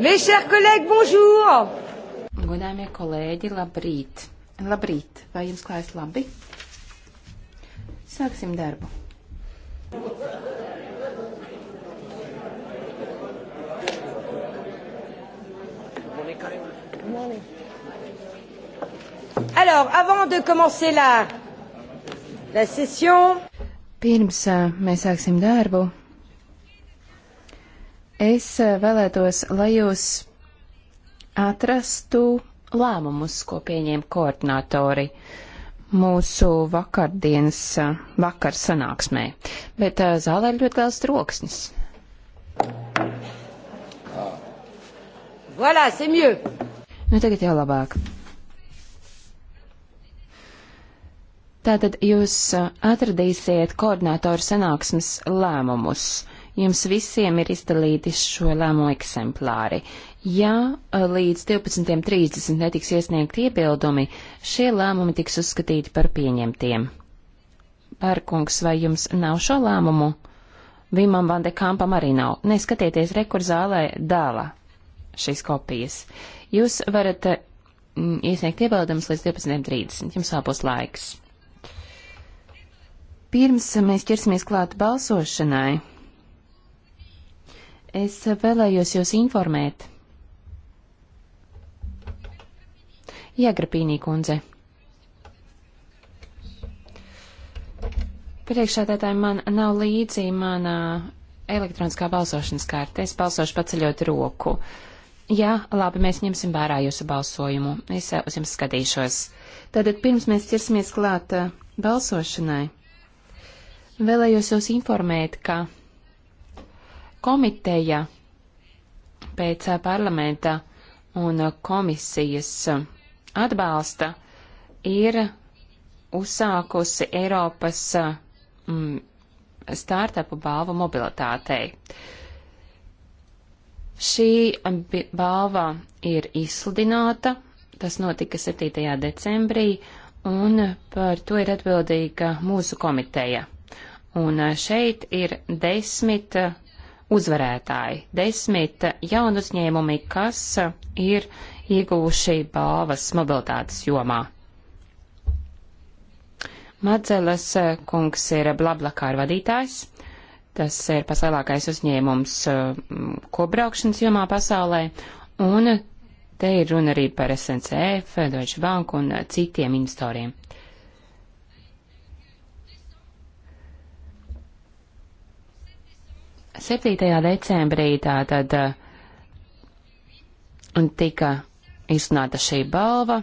Mes chers collègues, bonjour! Godājumie kolēģi, labrīt! Labrīt! Vai jums klājas labi? Sāksim darbu. Alors, avant de commencer la, la session, Pirms mēs sāksim darbu, es vēlētos, lai jūs atrastu lēmumus, ko pieņēma koordinātori mūsu vakardienas vakar sanāksmē. Bet zālē ir ļoti liels troksnis. Voilà, c'est mieux! Nu tagad jau labāk. Tātad jūs uh, atradīsiet koordinātoru sanāksmes lēmumus. Jums visiem ir izdalīti šo lēmumu eksemplāri. Ja uh, līdz 12.30 netiks iesniegti iebildumi, šie lēmumi tiks uzskatīti par pieņemtiem. Pērkungs, vai jums nav šo lēmumu? Vimam Vande Kampam arī nav. Neskatieties rekurzālē dāla šīs kopijas. Jūs varat uh, iesniegt iebildumus līdz 12.30. Jums vēl būs laiks. Pirms mēs ķersimies klāt balsošanai, es vēlējos jūs informēt. Jā, Grapīnī kundze. Priekšādātāji man nav līdzi manā elektroniskā balsošanas kārta. Es balsošu paceļot roku. Jā, labi, mēs ņemsim vērā jūsu balsojumu. Es uh, uz jums skatīšos. Tātad pirms mēs ķersimies klāt uh, balsošanai. Vēlējos jūs informēt, ka komiteja pēc parlamenta un komisijas atbalsta ir uzsākusi Eiropas mm, startupu balvu mobilitātei. Šī balva ir izsludināta, tas notika 7. decembrī, un par to ir atbildīga mūsu komiteja. Un eh, šeit ir desmit eh, uzvarētāji, desmit eh, jaunu uzņēmumi, kas ir ieguvuši balvas mobilitātes jomā. Madzelas kungs ir blablakār vadītājs. Tas ir pats lielākais uzņēmums kopbraukšanas jomā pasaulē. Un te ir runa arī par SNCF, Deutsche Bank un citiem investoriem. 7. decembrī tātad uh, tika izsnāta šī balva,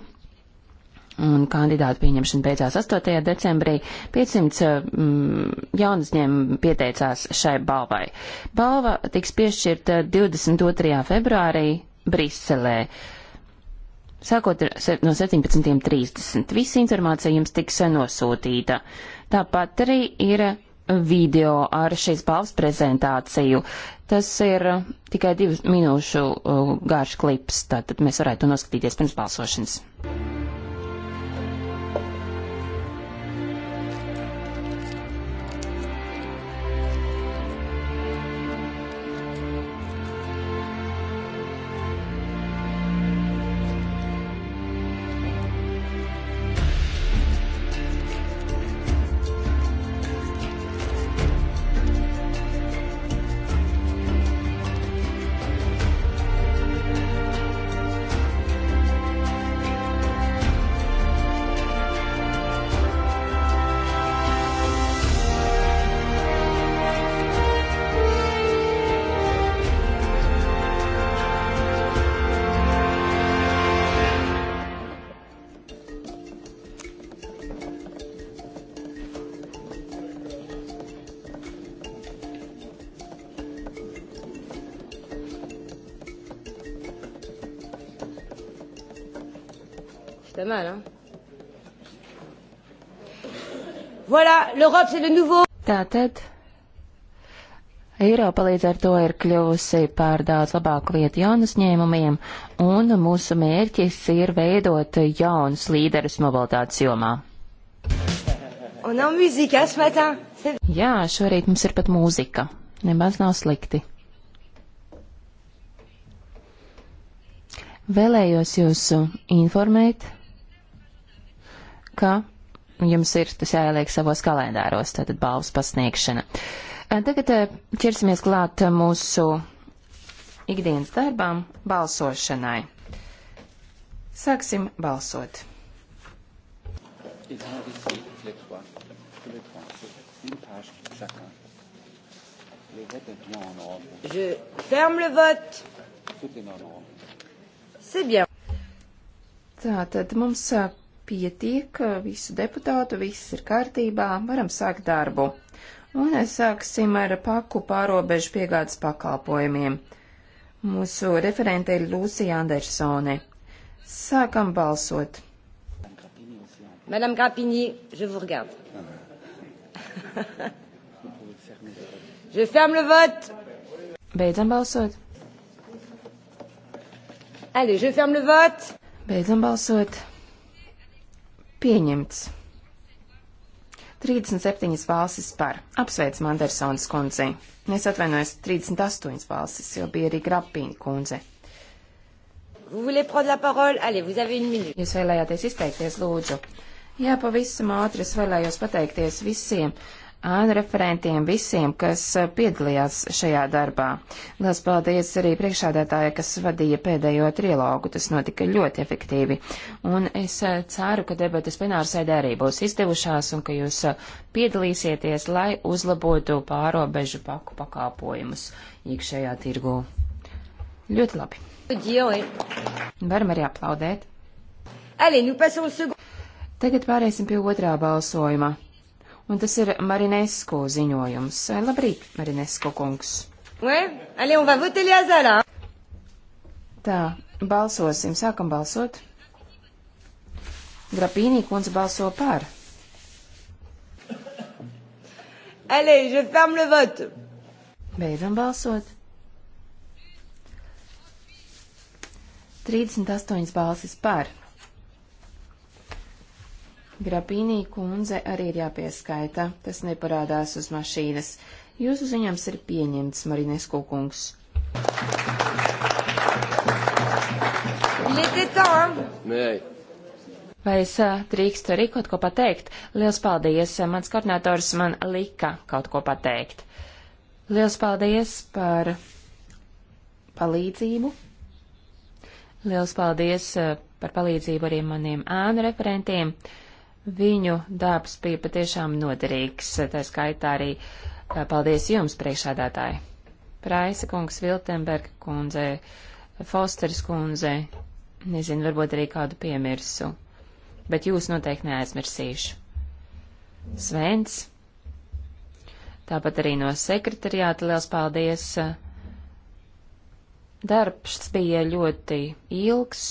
un kandidātu pieņemšana beidzās 8. decembrī. 500 uh, mm, jaunuzņēmumi pieteicās šai balvai. Balva tiks piešķirta 22. februārī Briselē. Sākot no 17.30. Visa informācija jums tiks nosūtīta. Tāpat arī ir video ar šīs balvas prezentāciju. Tas ir tikai divu minūšu uh, garš klips, tātad mēs varētu to noskatīties pirms balsošanas. Tātad Eiropa līdz ar to ir kļuvusi par daudz labāku vietu jaunu uzņēmumiem, un mūsu mērķis ir veidot jaunus līderus mobilitātes jomā. Jā, šorīt mums ir pat mūzika. Nemaz nav slikti. Vēlējos jūs informēt, ka jums ir tas jāieliek savos kalendāros, tātad balvas pasniegšana. Tagad ķersimies klāt mūsu ikdienas darbām balsošanai. Sāksim balsot. Je ferme le vote. C'est bien. Tātad mums pietiek, visu deputātu, viss ir kārtībā, varam sākt darbu. Un sāksim ar paku pārobežu piegādes pakalpojumiem. Mūsu referente ir Lūsija Andersone. Sākam balsot. Madame Grappini, je vous regarde. je ferme le vote. Beidzam balsot. Allez, je ferme le vote. Beidzam balsot. Pieņemts. 37 valstis par. Apsveic Mandersonas kundzi. Es atvainojos 38 valstis, jo bija arī Grappīna kundze. Jūs vēlējāties izteikties, lūdzu. Jā, pavisam ātri es vēlējos pateikties visiem ānu referentiem visiem, kas eh, piedalījās šajā darbā. Lielas paldies arī priekšādātāja, kas vadīja pēdējo trilogu. Tas notika ļoti efektīvi. Un es eh, ceru, ka debatas plenārsēdē arī būs izdevušās un ka jūs eh, piedalīsieties, lai uzlabotu pārobežu paku pakāpojumus iekšējā tirgū. Ļoti labi. Varam arī aplaudēt. Allez, nous passons au second. Tagad pāriesim pie otrā balsojuma un tas ir Marinesko ziņojums. Labrīt, Marinesko kungs! Tā, balsosim, sākam balsot. Grapīnī kundze balso par. Allez, je ferme le vote. Beidzam balsot. 38 balsis par. Grapīnī kundze arī ir jāpieskaita, tas neparādās uz mašīnas. Jūsu ziņams ir pieņemts, Marines Kukungs. Vai es drīkstu arī kaut ko pateikt? Liels paldies, mans koordinators man lika kaut ko pateikt. Liels paldies par palīdzību. Liels paldies par palīdzību arī maniem ēnu referentiem. Uh, Viņu darbs bija patiešām noderīgs, tā skaitā arī paldies jums, priekšādātāji. Praisa kungs, Viltenberga kundze, Fosters kundze, nezinu, varbūt arī kādu piemirsu, bet jūs noteikti neaizmirsīšu. Svens, tāpat arī no sekretariāta liels paldies. Darbs bija ļoti ilgs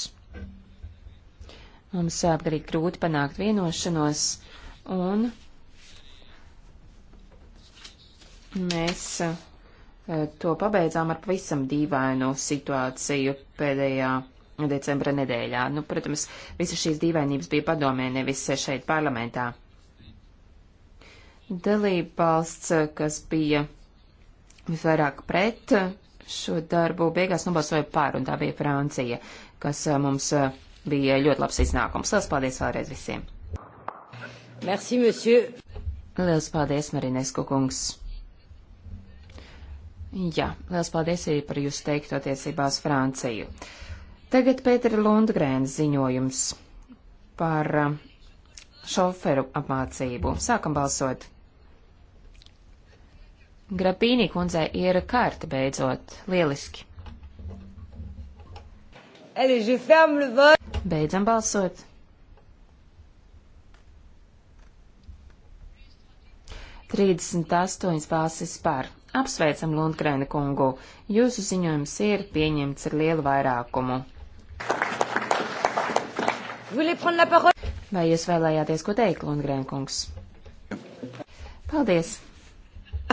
Mums arī grūti panākt vienošanos, un mēs eh, to pabeidzām ar pavisam dīvainu situāciju pēdējā decembra nedēļā. Nu, protams, visas šīs dīvainības bija padomē, nevis šeit parlamentā. Dalībvalsts, kas bija visvairāk pret šo darbu, beigās nobalsoja par, un tā bija Francija, kas eh, mums uh, bija ļoti labs iznākums. Lielas paldies vēlreiz visiem! Merci, monsieur! Lielas paldies, Marinesku kungs! Jā, liels paldies arī par jūsu teikto attiecībās Franciju. Tagad Pētera Lundgrēna ziņojums par uh, šoferu apmācību. Sākam balsot. Grapīnī kundzei ir karta beidzot. Lieliski. Allez, je ferme le vote. Beidzam balsot. Trīsdesmit astoņas balsis par. Apsveicam Lundgrēna kungu. Jūsu ziņojums ir pieņemts ar lielu vairākumu. Vai jūs vēlējāties ko teikt, Lundgrēna kungs? Paldies!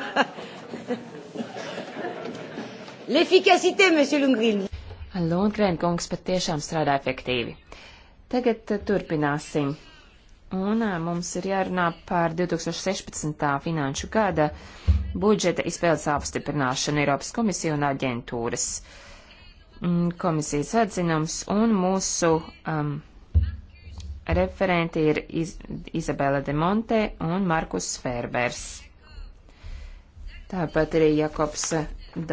L'efficacité, monsieur Lundgren. Lundgren kungs patiešām strādā efektīvi. Tagad eh, turpināsim. Un eh, mums ir jārunā par 2016. finanšu gada budžeta izpildes apstiprināšanu Eiropas komisija un aģentūras mm, komisijas atzinums un mūsu um, referenti ir Iz Izabela de Monte un Markus Ferbers. Tāpat arī Jakobs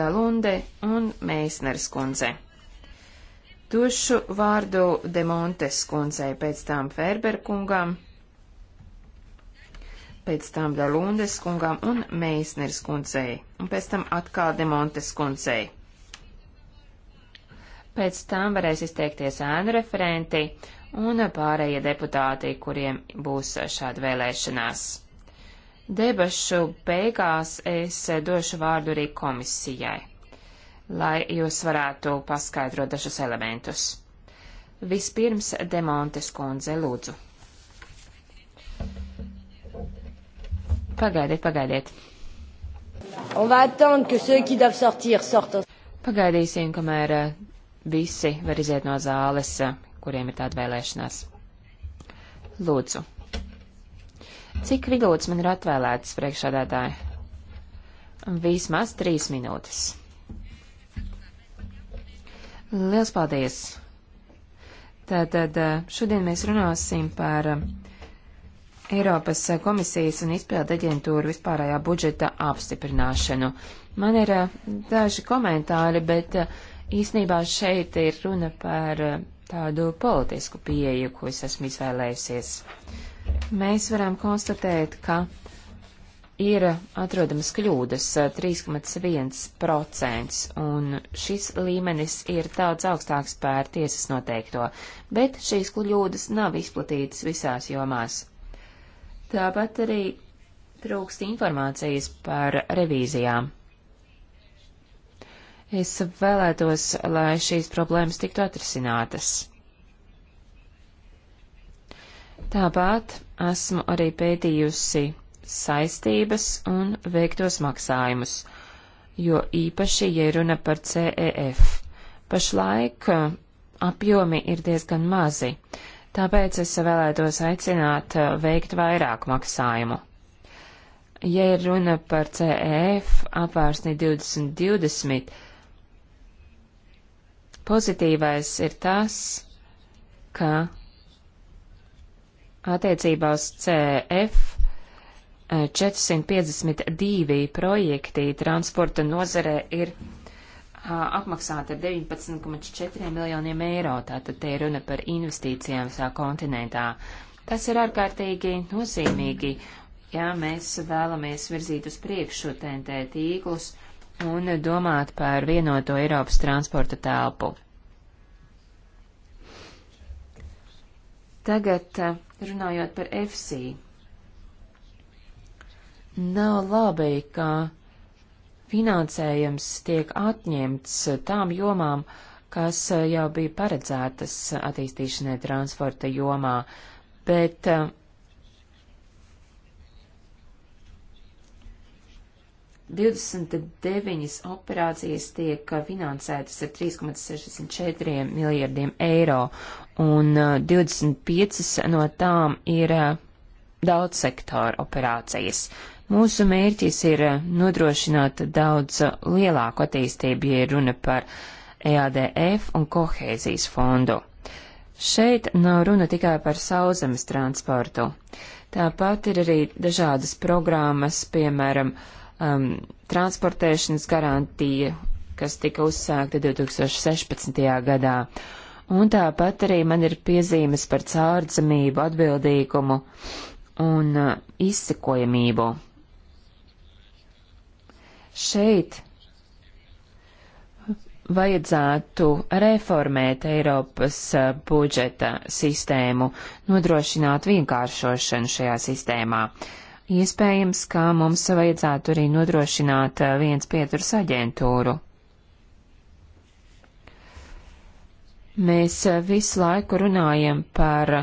Dalunde un Meisners kundze. Došu vārdu Demontes kundzei, pēc tām Ferber kungām, pēc tām Dalundes kungām un Meisners kundzei, un pēc tam atkal Demontes kundzei. Pēc tam varēs izteikties ēnu referenti un pārējie deputāti, kuriem būs šāda vēlēšanās. Debašu beigās es došu vārdu arī komisijai lai jūs varētu paskaidrot dažus elementus. Vispirms Demontes kundze lūdzu. Pagaidiet, pagaidiet. On va attendre que ceux qui doivent sortir sortent. Pagaidīsim, kamēr eh, visi var iziet no zāles, eh, kuriem ir tāda vēlēšanās. Lūdzu. Cik vidūts man ir atvēlētas priekšādātāji? Vismaz trīs minūtes. Liels paldies! Tātad eh, šodien mēs runāsim par eh, Eiropas komisijas un izpildu aģentūru vispārējā budžeta apstiprināšanu. Man ir eh, daži komentāri, bet īsnībā šeit ir runa par tādu politisku pieeju, ko es esmu izvēlējusies. Mēs varam konstatēt, ka ir atrodamas kļūdas 3,1%, eh, un šis līmenis ir daudz augstāks pār tiesas noteikto, bet šīs kļūdas nav izplatītas visās jomās. Tāpat arī trūkst informācijas par revīzijām. Es vēlētos, lai šīs problēmas tiktu atrisinātas. Tāpat esmu arī pētījusi saistības un veiktos maksājumus, jo īpaši, ja runa par CEF. Pašlaik uh, apjomi ir diezgan mazi, tāpēc es vēlētos aicināt uh, veikt vairāk maksājumu. Ja ir runa par CEF apvārsni 2020, pozitīvais ir tas, ka attiecībā uz CF e 452 projekti transporta nozarē ir apmaksāti ar 19,4 miljoniem eiro. Tātad te ir runa par investīcijām visā kontinentā. Tas ir ārkārtīgi nozīmīgi, ja mēs vēlamies virzīt uz priekšu TNT tīklus un domāt par vienoto Eiropas transporta telpu. Tagad runājot par FSI Nav labi, ka finansējums tiek atņemts tām jomām, kas e, jau bija paredzētas attīstīšanai transporta jomā, bet e, Divdesmit deviņas operācijas tiek e, finansētas ar 3,64 miljardiem eiro, un 25 no tām ir daudz sektoru operācijas. Mūsu mērķis ir eh, nodrošināt daudz eh, lielāku attīstību, ja runa par EADF un kohēzijas fondu. Šeit nav runa tikai par sauszemes transportu. Tāpat ir arī dažādas programmas, piemēram, um, transportēšanas garantija, kas tika uzsākta 2016. gadā. Un tāpat arī man ir piezīmes par caurdzamību, atbildīgumu un uh, izsekojamību. Šeit vajadzētu reformēt Eiropas eh, budžeta sistēmu, nodrošināt vienkāršošanu šajā sistēmā. Iespējams, ka mums vajadzētu arī nodrošināt eh, viens pieturs aģentūru. Mēs eh, visu laiku runājam par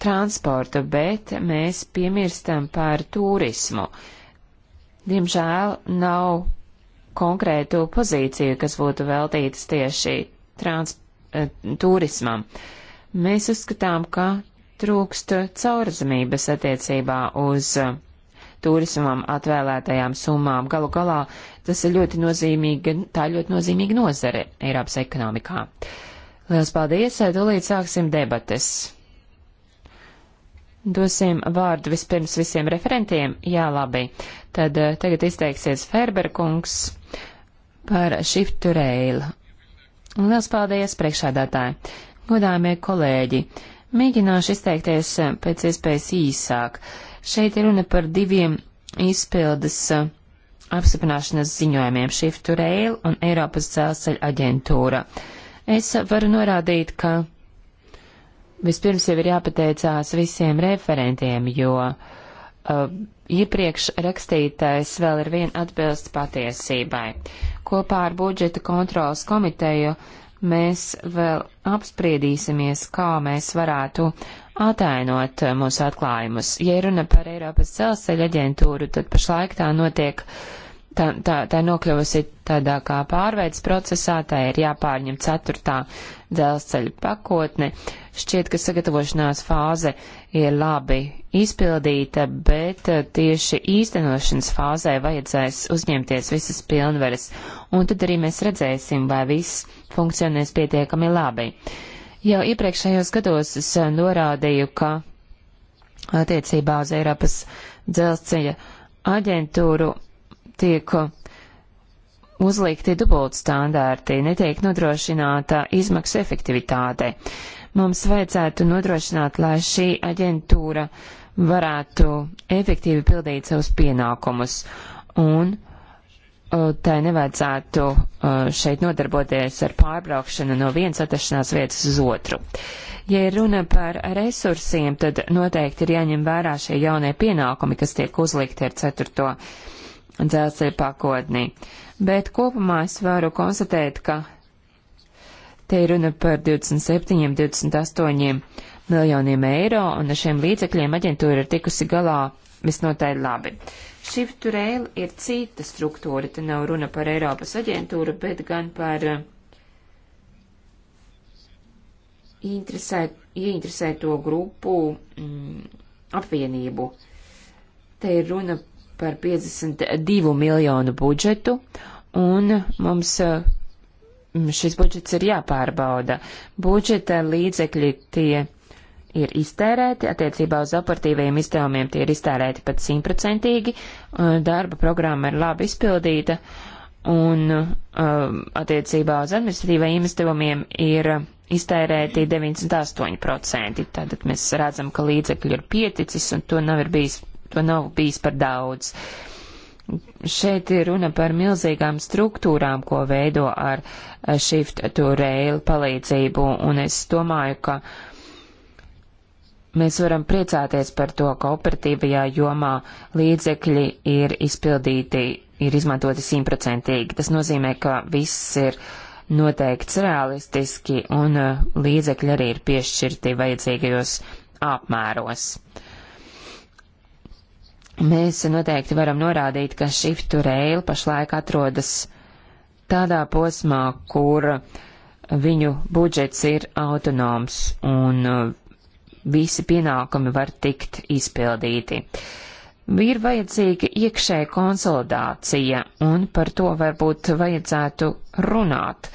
transportu, bet mēs piemirstam par turismu. Uh, Diemžēl nav konkrētu pozīciju, kas būtu veltītas tieši trans, eh, turismam. Mēs uzskatām, ka trūkst caurzemības attiecībā uz eh, turismam atvēlētajām summām. Galu galā tas ir ļoti nozīmīgi, tā ir ļoti nozīmīga nozare Eiropas ekonomikā. Liels paldies, tūlīt sāksim debates. Dosim vārdu vispirms visiem referentiem. Jā, labi. Tad eh, tagad izteiksies Ferberkungs par Shift to Rail. Un liels paldies priekšādātāji. Godāmie kolēģi, mēģināšu izteikties eh, pēc iespējas īsāk. Šeit ir runa par diviem izpildes eh, apstiprināšanas ziņojumiem Shift to Rail un Eiropas dzelzceļa aģentūra. Es varu norādīt, ka Vispirms jau ir jāpateicās visiem referentiem, jo uh, iepriekš rakstītais vēl ir vien atbilst patiesībai. Kopā ar budžeta kontrolas komiteju mēs vēl apspriedīsimies, kā mēs varētu atainot mūsu atklājumus. Ja runa par Eiropas celseļa aģentūru, tad pašlaik tā notiek uh, tā, tā, tā nokļuvusi tādā kā pārveids procesā, tā ir jāpārņem ceturtā dzelzceļa pakotne. Šķiet, ka sagatavošanās fāze ir labi izpildīta, bet eh, tieši īstenošanas fāzē vajadzēs uzņemties visas pilnveres, un tad arī mēs redzēsim, vai viss funkcionēs pietiekami labi. Jau iepriekšējos gados es eh, norādīju, ka attiecībā uz Eiropas dzelzceļa aģentūru tiek uzlikti dubultstandārti, netiek nodrošināta izmaksu efektivitāte. Mums vajadzētu nodrošināt, lai šī aģentūra varētu efektīvi pildīt savus pienākumus un uh, tai nevajadzētu uh, šeit nodarboties ar pārbraukšanu no vienas atrašanās vietas uz otru. Ja ir runa par resursiem, tad noteikti ir jāņem vērā šie jaunie pienākumi, kas tiek uzlikti ar ceturto dzelzceļa pakotnī. Bet kopumā es varu konstatēt, ka te ir runa par 27, 28 miljoniem eiro, un ar šiem līdzekļiem aģentūra ir tikusi galā visnotaļ labi. Shift to Rail ir cita struktūra, te nav runa par Eiropas aģentūru, bet gan par eh, interesēt, ieinteresēto grupu mm, apvienību. Te ir runa par 52 miljonu budžetu, un mums eh, šis budžets ir jāpārbauda. Budžeta līdzekļi tie ir iztērēti, attiecībā uz operatīviem izdevumiem tie ir iztērēti pat simtprocentīgi, eh, darba programma ir labi izpildīta, un eh, attiecībā uz administratīviem izdevumiem ir iztērēti 98%. Tātad mēs redzam, ka līdzekļi ir pieticis, un to nav ir bijis to nav bijis par daudz. Šeit ir runa par milzīgām struktūrām, ko veido ar eh, Shift to Rail palīdzību, un es domāju, ka mēs varam priecāties par to, ka operatīvajā jomā līdzekļi ir izpildīti, ir izmantoti simtprocentīgi. Tas nozīmē, ka viss ir noteikts realistiski, un eh, līdzekļi arī ir piešķirti vajadzīgajos apmēros. Uh, Mēs noteikti varam norādīt, ka Shift to Rail pašlaik atrodas tādā posmā, kur viņu budžets ir autonoms un uh, visi pienākumi var tikt izpildīti. Ir vajadzīga iekšēja konsolidācija, un par to varbūt vajadzētu runāt.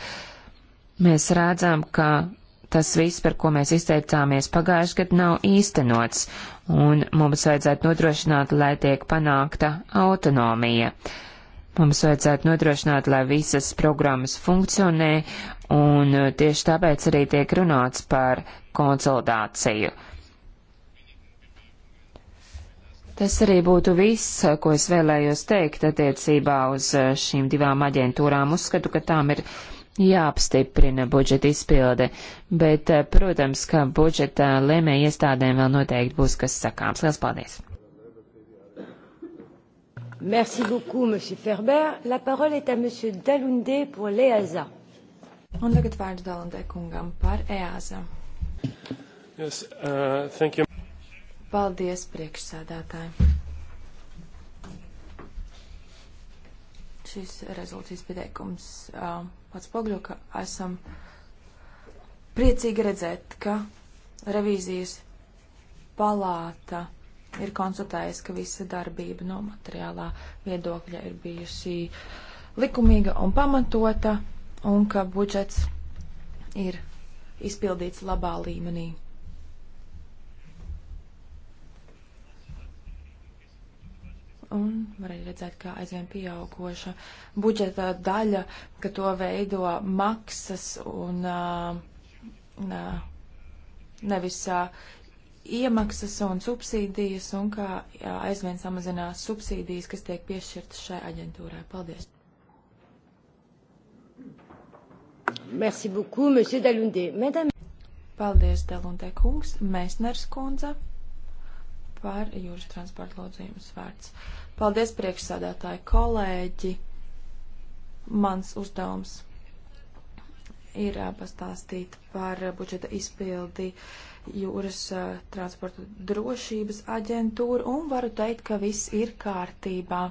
Mēs redzam, ka tas viss, par ko mēs izteicāmies pagājuši gadu, nav īstenots, un mums vajadzētu nodrošināt, lai tiek panākta autonomija. Mums vajadzētu nodrošināt, lai visas programmas funkcionē, un tieši tāpēc arī tiek runāts par konsolidāciju. Tas arī būtu viss, ko es vēlējos teikt attiecībā uz šīm divām aģentūrām. Uzskatu, ka tām ir jāapstiprina budžeta izpilde, bet, eh, protams, ka budžeta lēmē iestādēm vēl noteikti būs kas sakāms. Lielas paldies! Merci beaucoup, monsieur Ferber. La parole est à monsieur Dalunde pour l'EASA. Un tagad vārds Dalunde kungam par EASA. Yes, uh, thank you. Paldies, priekšsādātāji. Šis rezolūcijas pieteikums uh, pats pogļo, ka esam priecīgi redzēt, ka revīzijas palāta ir konstatējusi, ka visa darbība no materiālā viedokļa ir bijusi likumīga un pamatota, un ka budžets ir izpildīts labā līmenī. Un varēja redzēt, ka aizvien pieaugoša budžeta daļa, ka to veido maksas un uh, uh nevis uh, iemaksas un subsīdijas, un ka uh, aizvien samazinās subsīdijas, kas tiek piešķirtas šai aģentūrai. Paldies! Merci beaucoup, monsieur Dalundē. Madame... Paldies, Dalundē kungs. Mēsners kundze par jūras transporta lūdzījumus vērts. Paldies priekšsādātāji kolēģi. Mans uzdevums ir pastāstīt par budžeta izpildi jūras transporta drošības aģentūru un varu teikt, ka viss ir kārtībā.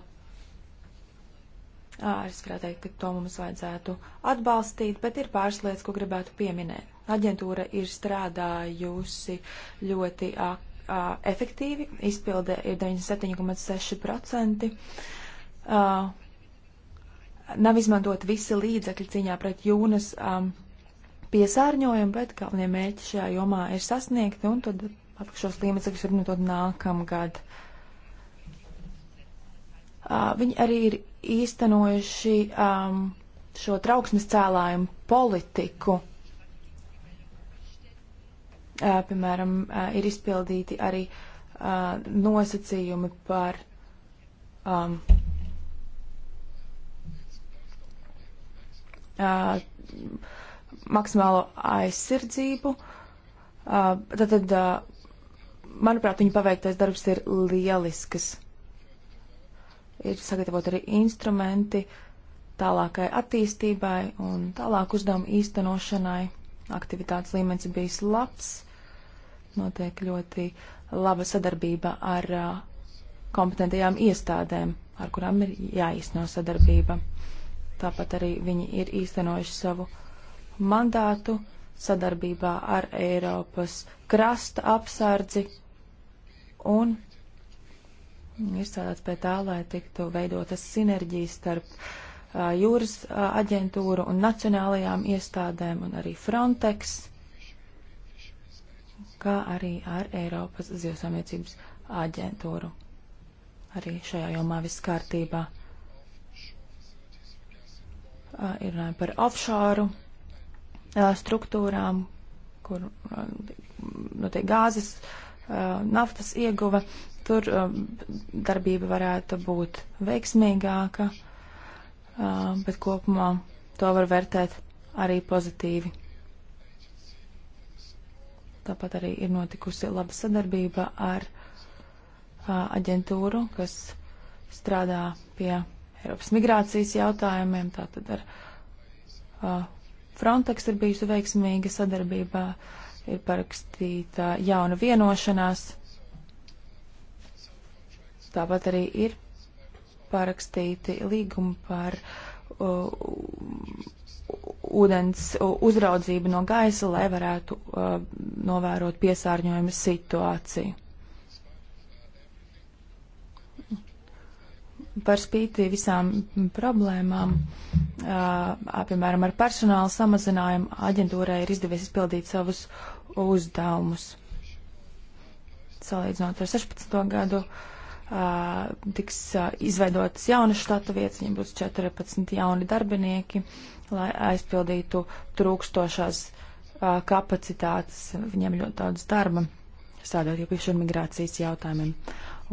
Ā, es varētu teikt, ka to mums vajadzētu atbalstīt, bet ir pāris lietas, ko gribētu pieminēt. Aģentūra ir strādājusi ļoti ak uh, efektīvi, izpilde ir 97,6%. Uh, nav izmantot visi līdzekļi cīņā pret jūnas um, piesārņojumu, bet galvenie mērķi šajā jomā ir sasniegti, un tad atlikušos līdzekļus var notot nākamgad. Uh, viņi arī ir īstenojuši um, šo trauksmes cēlājumu politiku piemēram, ir izpildīti arī nosacījumi par um, maksimālo aizsardzību. Tad, tad manuprāt, viņa paveiktais darbs ir lielisks. Ir sagatavot arī instrumenti tālākai attīstībai un tālāk uzdevumu īstenošanai. Aktivitātes līmenis bijis labs notiek ļoti laba sadarbība ar kompetentajām iestādēm, ar kurām ir jāīsteno sadarbība. Tāpat arī viņi ir īstenojuši savu mandātu sadarbībā ar Eiropas krasta apsardzi un ir strādāts pie tā, lai tiktu veidotas sinerģijas starp uh, jūras uh, aģentūru un nacionālajām iestādēm un arī Frontex kā arī ar Eiropas zivsamiecības aģentūru. Arī šajā jomā viss kārtībā. Ir runājumi par offshore struktūrām, kur notiek gāzes, naftas ieguva. Tur darbība varētu būt veiksmīgāka, bet kopumā to var vērtēt arī pozitīvi. Tāpat arī ir notikusi laba sadarbība ar a, aģentūru, kas strādā pie Eiropas migrācijas jautājumiem. Tātad ar a, Frontex ir bijusi veiksmīga sadarbība, ir parakstīta jauna vienošanās. Tāpat arī ir parakstīti līgumi par uh, ūdens uzraudzību no gaisa, lai varētu uh, novērot piesārņojuma situāciju. Par spīti visām problēmām, uh, piemēram, ar personāla samazinājumu, aģentūrai ir izdevies izpildīt savus uzdevumus. Salīdzinot ar 16. gadu, uh, tiks uh, izveidotas jaunas štata vietas, viņiem būs 14 jauni darbinieki. Uh, lai aizpildītu trūkstošās uh, kapacitātes. Viņiem ļoti daudz darba strādājot jau pie šiem migrācijas jautājumiem.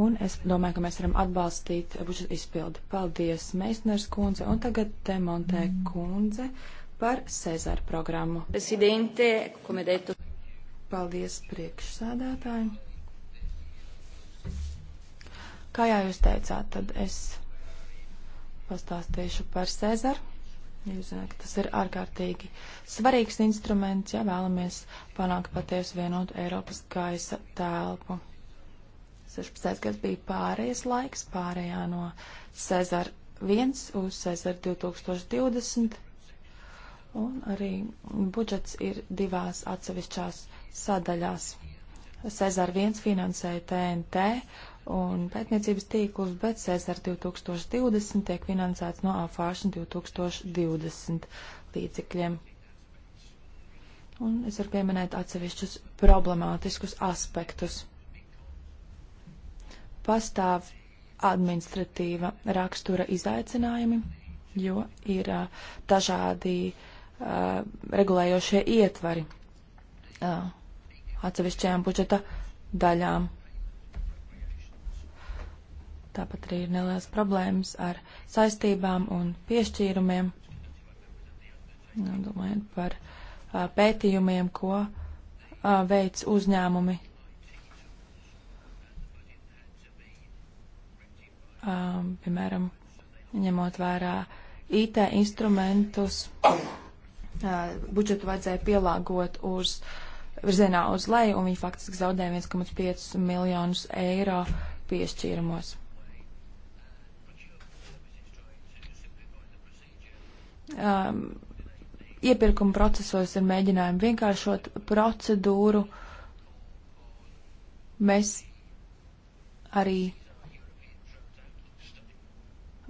Un es domāju, ka mēs varam atbalstīt budžeta izpildi. Paldies, Meisners kundze, un tagad Demontē kundze par Cezāru programmu. Presidente, komedētu. Paldies priekšsādātāji. Kā jau jūs teicāt, tad es pastāstīšu par Cezāru. Jūs zināt, tas ir ārkārtīgi svarīgs instruments, ja vēlamies panākt patiesu vienotu Eiropas gaisa telpu. 16. gads bija pārējais laiks, pārējā no Cezar 1 uz Cezar 2020, un arī budžets ir divās atsevišķās sadaļās. Cezar 1 finansēja TNT un pētniecības tīklus, bet CESAR 2020 tiek finansēts no AFARSHN 2020 līdzekļiem. Un es varu pieminēt atsevišķus problemātiskus aspektus. Pastāv administratīva rakstura izaicinājumi, jo ir uh, dažādi uh, regulējošie ietvari uh, atsevišķajām budžeta daļām Tāpat arī ir nelielas problēmas ar saistībām un piešķīrumiem. Nu, domājot par a, pētījumiem, ko a, veic uzņēmumi. A, piemēram, ņemot vērā IT instrumentus, budžetu vajadzēja pielāgot uz virzienā uz leju, un viņi faktiski zaudēja 1,5 miljonus eiro piešķīrumos. um, iepirkuma procesos ir mēģinājumi vienkāršot procedūru. Mēs arī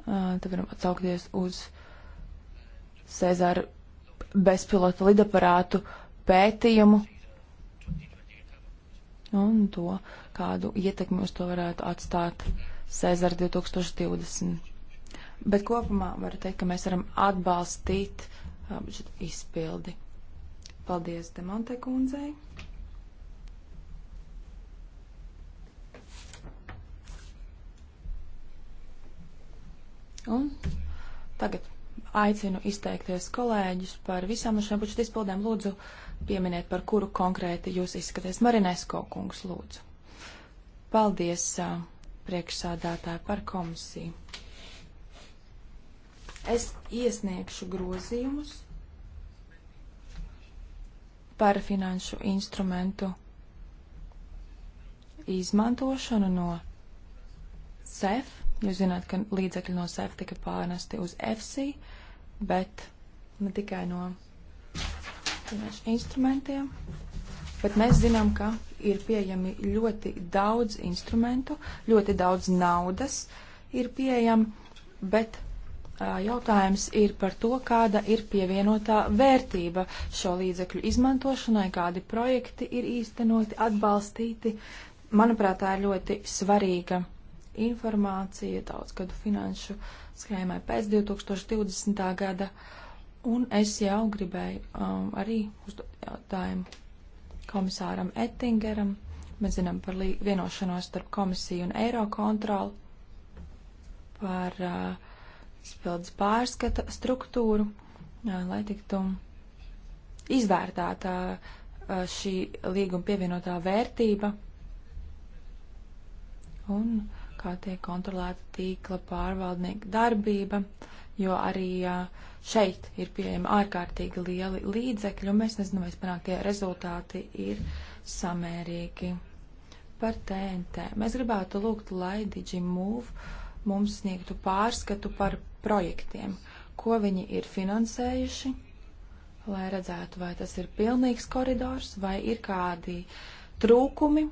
uh, te varam atsaukties uz Cezāra bezpilota lidaparātu pētījumu un to, kādu ietekmi uz to varētu atstāt Cezāra 2020. Bet kopumā varu teikt, ka mēs varam atbalstīt um, izpildi. Paldies Demonte kundzei. Un tagad aicinu izteikties kolēģus par visām šiem budžeta izpildēm. Lūdzu, pieminiet, par kuru konkrēti jūs izskaties. Marinesko kungs, lūdzu. Paldies uh, priekšsādātāji par komisiju. Es iesniegšu grozījumus par finanšu instrumentu izmantošanu no SEF. Jūs zināt, ka līdzekļi no SEF tika pārnesti uz FC, bet ne tikai no finanšu instrumentiem. Bet mēs zinām, ka ir pieejami ļoti daudz instrumentu, ļoti daudz naudas ir pieejama, bet jautājums ir par to, kāda ir pievienotā vērtība šo līdzekļu izmantošanai, kādi projekti ir īstenoti, atbalstīti. Manuprāt, tā ir ļoti svarīga informācija daudzgadu finanšu schēmai pēc 2020. gada. Un es jau gribēju um, arī uzdot jautājumu komisāram Ettingeram. Mēs zinām par vienošanos starp komisiju un Eirokontrolu par uh, izpildes pārskata struktūru, lai tiktu izvērtētā šī līguma pievienotā vērtība un kā tiek kontrolēta tīkla pārvaldnieka darbība, jo arī šeit ir pieejami ārkārtīgi lieli līdzekļi, un mēs nezinām, vai panāktie rezultāti ir samērīgi. Par TNT. Mēs gribētu lūgt, lai DigiMove mums sniegtu pārskatu par projektiem, ko viņi ir finansējuši, lai redzētu, vai tas ir pilnīgs koridors, vai ir kādi trūkumi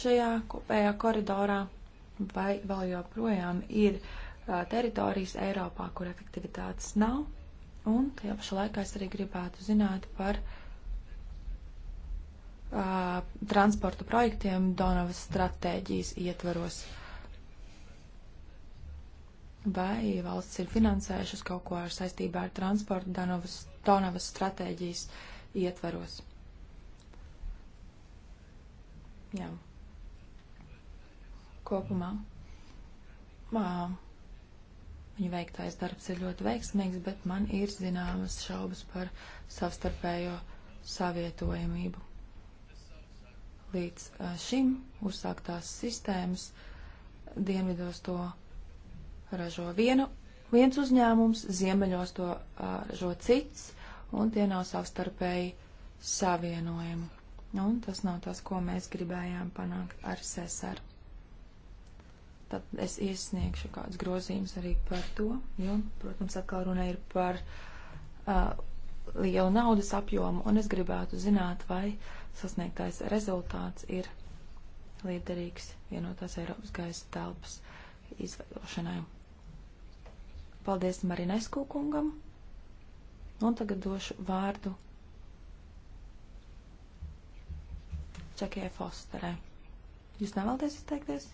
šajā kopējā koridorā, vai vēl joprojām ir uh, teritorijas Eiropā, kur efektivitātes nav. Un tajā pašā laikā es arī gribētu zināt par uh, transporta projektiem Donavas stratēģijas ietvaros. Uh, vai valsts ir finansējušas kaut ko ar saistībā ar transportu Danovas, Donavas stratēģijas ietvaros. Jā. Kopumā. Mā. Viņa veiktais darbs ir ļoti veiksmīgs, bet man ir zināmas šaubas par savstarpējo savietojamību. Līdz šim uzsāktās sistēmas dienvidos to ražo vienu, viens uzņēmums, ziemeļos to uh, ražo cits, un tie nav savstarpēji savienojami. Un tas nav tas, ko mēs gribējām panākt ar SESAR. Tad es iesniegšu kāds grozījums arī par to, jo, protams, atkal runa ir par uh, lielu naudas apjomu, un es gribētu zināt, vai sasniegtais rezultāts ir liederīgs vienotās Eiropas gaisa telpas izveidošanai. Paldies Marinesku kungam. Un tagad došu vārdu Čekijai Fosterai. Jūs nevēlaties izteikties?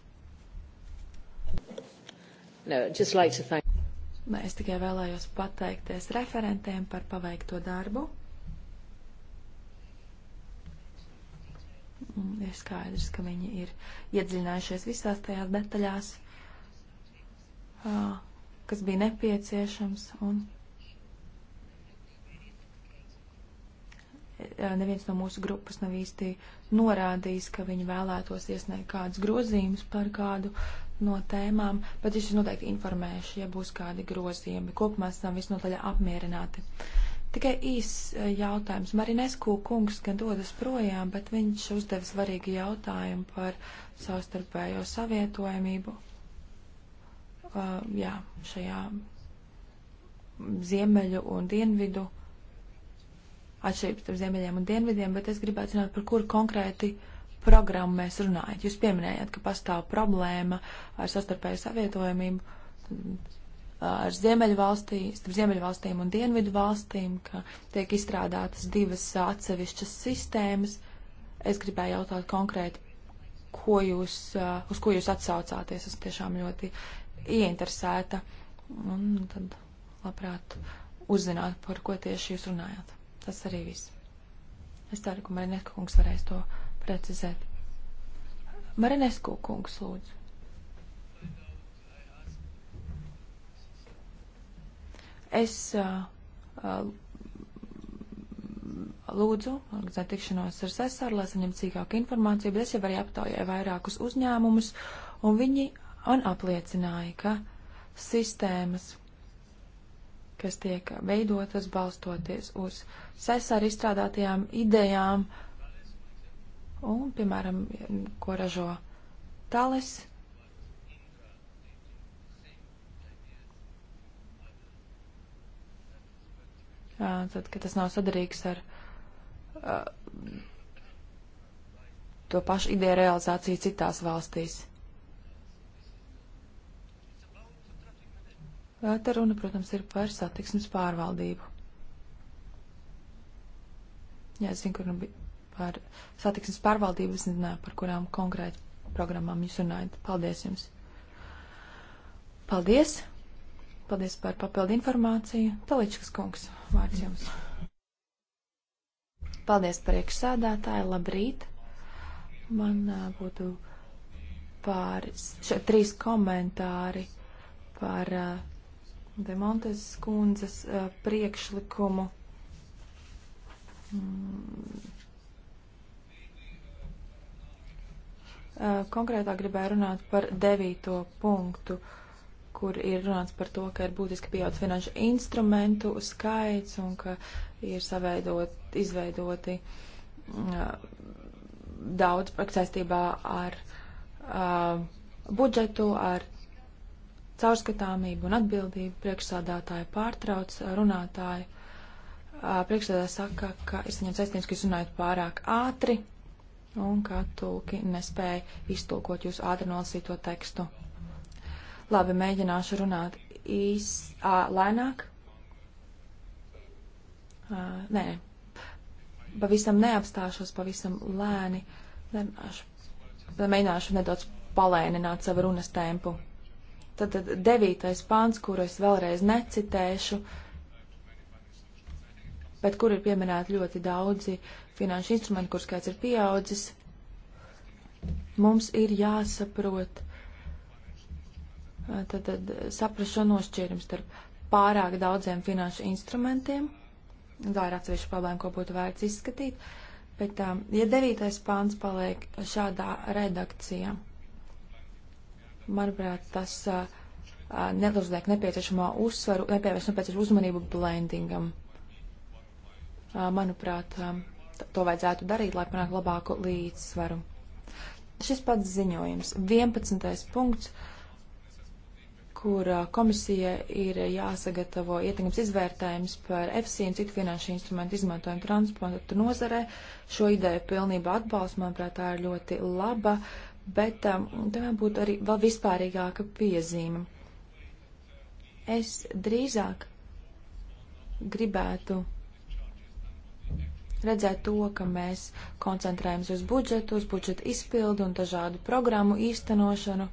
No, just like to thank. Nē, es tikai vēlējos pateikties referentiem par paveikto darbu. Ir skaidrs, ka viņi ir iedziļinājušies visās tajās detaļās. Uh, kas bija nepieciešams, un e, neviens no mūsu grupas nav īsti norādījis, ka viņi vēlētos iesniegt kādus grozījumus par kādu no tēmām, bet es jūs noteikti informēšu, ja būs kādi grozījumi. Kopumā esam visnotaļ apmierināti. Tikai īss e, jautājums. Marinesku kungs gan dodas projām, bet viņš uzdeva svarīgu jautājumu par savstarpējo savietojamību jā, šajā ziemeļu un dienvidu atšķirības starp ziemeļiem un dienvidiem, bet es gribētu zināt, par kuru konkrēti programmu mēs runājam. Jūs pieminējāt, ka pastāv problēma ar sastarpēju savietojamību ar ziemeļu valstīm, starp ziemeļu valstīm un dienvidu valstīm, ka tiek izstrādātas divas atsevišķas sistēmas. Es gribēju jautāt konkrēti, ko jūs, uz ko jūs atsaucāties. Es tiešām ļoti ieinteresēta. Un tad labprāt uzzināt, par ko tieši jūs runājāt. Tas arī viss. Es ceru, ka Marinesko kungs varēs to precizēt. Marinesko kungs, lūdzu. Es uh, uh, lūdzu, organizēt tikšanos ar sesaru, lai saņemtu cīkāku informāciju, bet es jau arī aptaujāju vairākus uzņēmumus, un viņi un apliecināja, ka sistēmas, kas tiek veidotas balstoties uz sesāri izstrādātajām idejām, un, piemēram, ko ražo talis, tad, ka tas nav sadarīgs ar uh, to pašu ideju realizāciju citās valstīs. Te runa, protams, ir par satiksmes pārvaldību. Jā, es zinu, kur nu bija par satiksmes pārvaldību, es nezināju, par kurām konkrēti programmām jūs runājat. Paldies jums! Paldies! Paldies par papildu informāciju. Taličkas kungs, vārds jums. Paldies priekšsēdētāji, labrīt! Man uh, būtu pāris, še, trīs komentāri par uh, Demontes skundzes uh, eh, priekšlikumu. Mm. Uh, konkrētāk gribēju runāt par devīto punktu, kur ir runāts par to, ka ir būtiski pieaudz finanšu instrumentu skaits un ka ir saveidot, izveidoti uh, daudz saistībā ar uh, budžetu, ar caurskatāmību un atbildību. Priekšsādātāja pārtrauc runātāju. Priekšsādātāja saka, ka ir saņemts aizsniegums, ka jūs runājat pārāk ātri un ka tulki nespēja iztulkot jūsu ātri nolasīto tekstu. Labi, mēģināšu runāt īs, ā, lēnāk. Uh, nē, pavisam neapstāšos, pavisam lēni. Mēģināšu nedaudz palēnināt savu runas tempu. Tad devītais pāns, kuru es vēlreiz necitēšu, bet kur ir pieminēti ļoti daudzi finanšu instrumenti, kur skaits ir pieaudzis. Mums ir jāsaprot, tad, tad saprast šo nošķīrumu starp pārāk daudziem finanšu instrumentiem. Tā ir atsevišķa problēma, ko būtu vērts izskatīt. Bet, um, ja devītais pāns paliek šādā redakcijā, Manuprāt, tas uh, neuzliek nepieciešamo uzsvaru, nepievērš nepieciešamo uzmanību blendingam. Uh, manuprāt, um, to vajadzētu darīt, lai panāktu labāku līdzsvaru. Šis pats ziņojums, 11. punkts, kur komisija ir jāsagatavo ietekmes izvērtējums par EFSI un citu finanšu instrumentu izmantojumu transporta nozarē. Šo ideju pilnībā atbalstu, manuprāt, tā ir ļoti laba. Uh, bet um, tam būtu arī vēl vispārīgāka piezīme. Es drīzāk gribētu redzēt to, ka mēs koncentrējamies uz budžetu, uz budžeta izpildu un dažādu programmu īstenošanu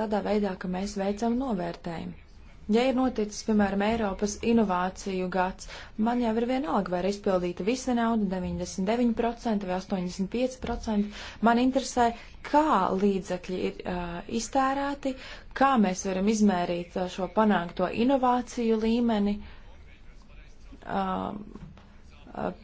tādā veidā, ka mēs veicam novērtējumu. Ja ir noticis, piemēram, Eiropas inovāciju gads, man jau ir vienalga, vai ir izpildīta visa nauda, 99% vai 85%. Man interesē, kā līdzekļi ir uh, iztērēti, kā mēs varam izmērīt uh, šo panākto inovāciju līmeni. Uh,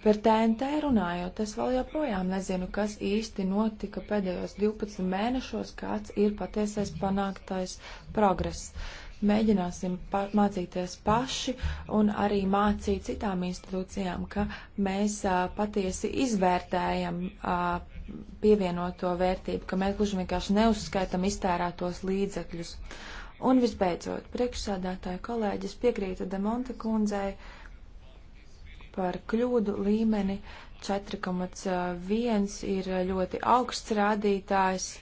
Par TNT runājot, es vēl joprojām nezinu, kas īsti notika pēdējos 12 mēnešos, kāds ir patiesais panāktais progress. Uh, mēģināsim pa mācīties paši un arī mācīt citām institūcijām, ka mēs a, patiesi izvērtējam a, pievienoto vērtību, ka mēs gluži vienkārši neuzskaitam iztērētos līdzekļus. Un visbeidzot, priekšsādātāja kolēģis piekrīta Demonte kundzei par kļūdu līmeni 4,1 ir ļoti augsts rādītājs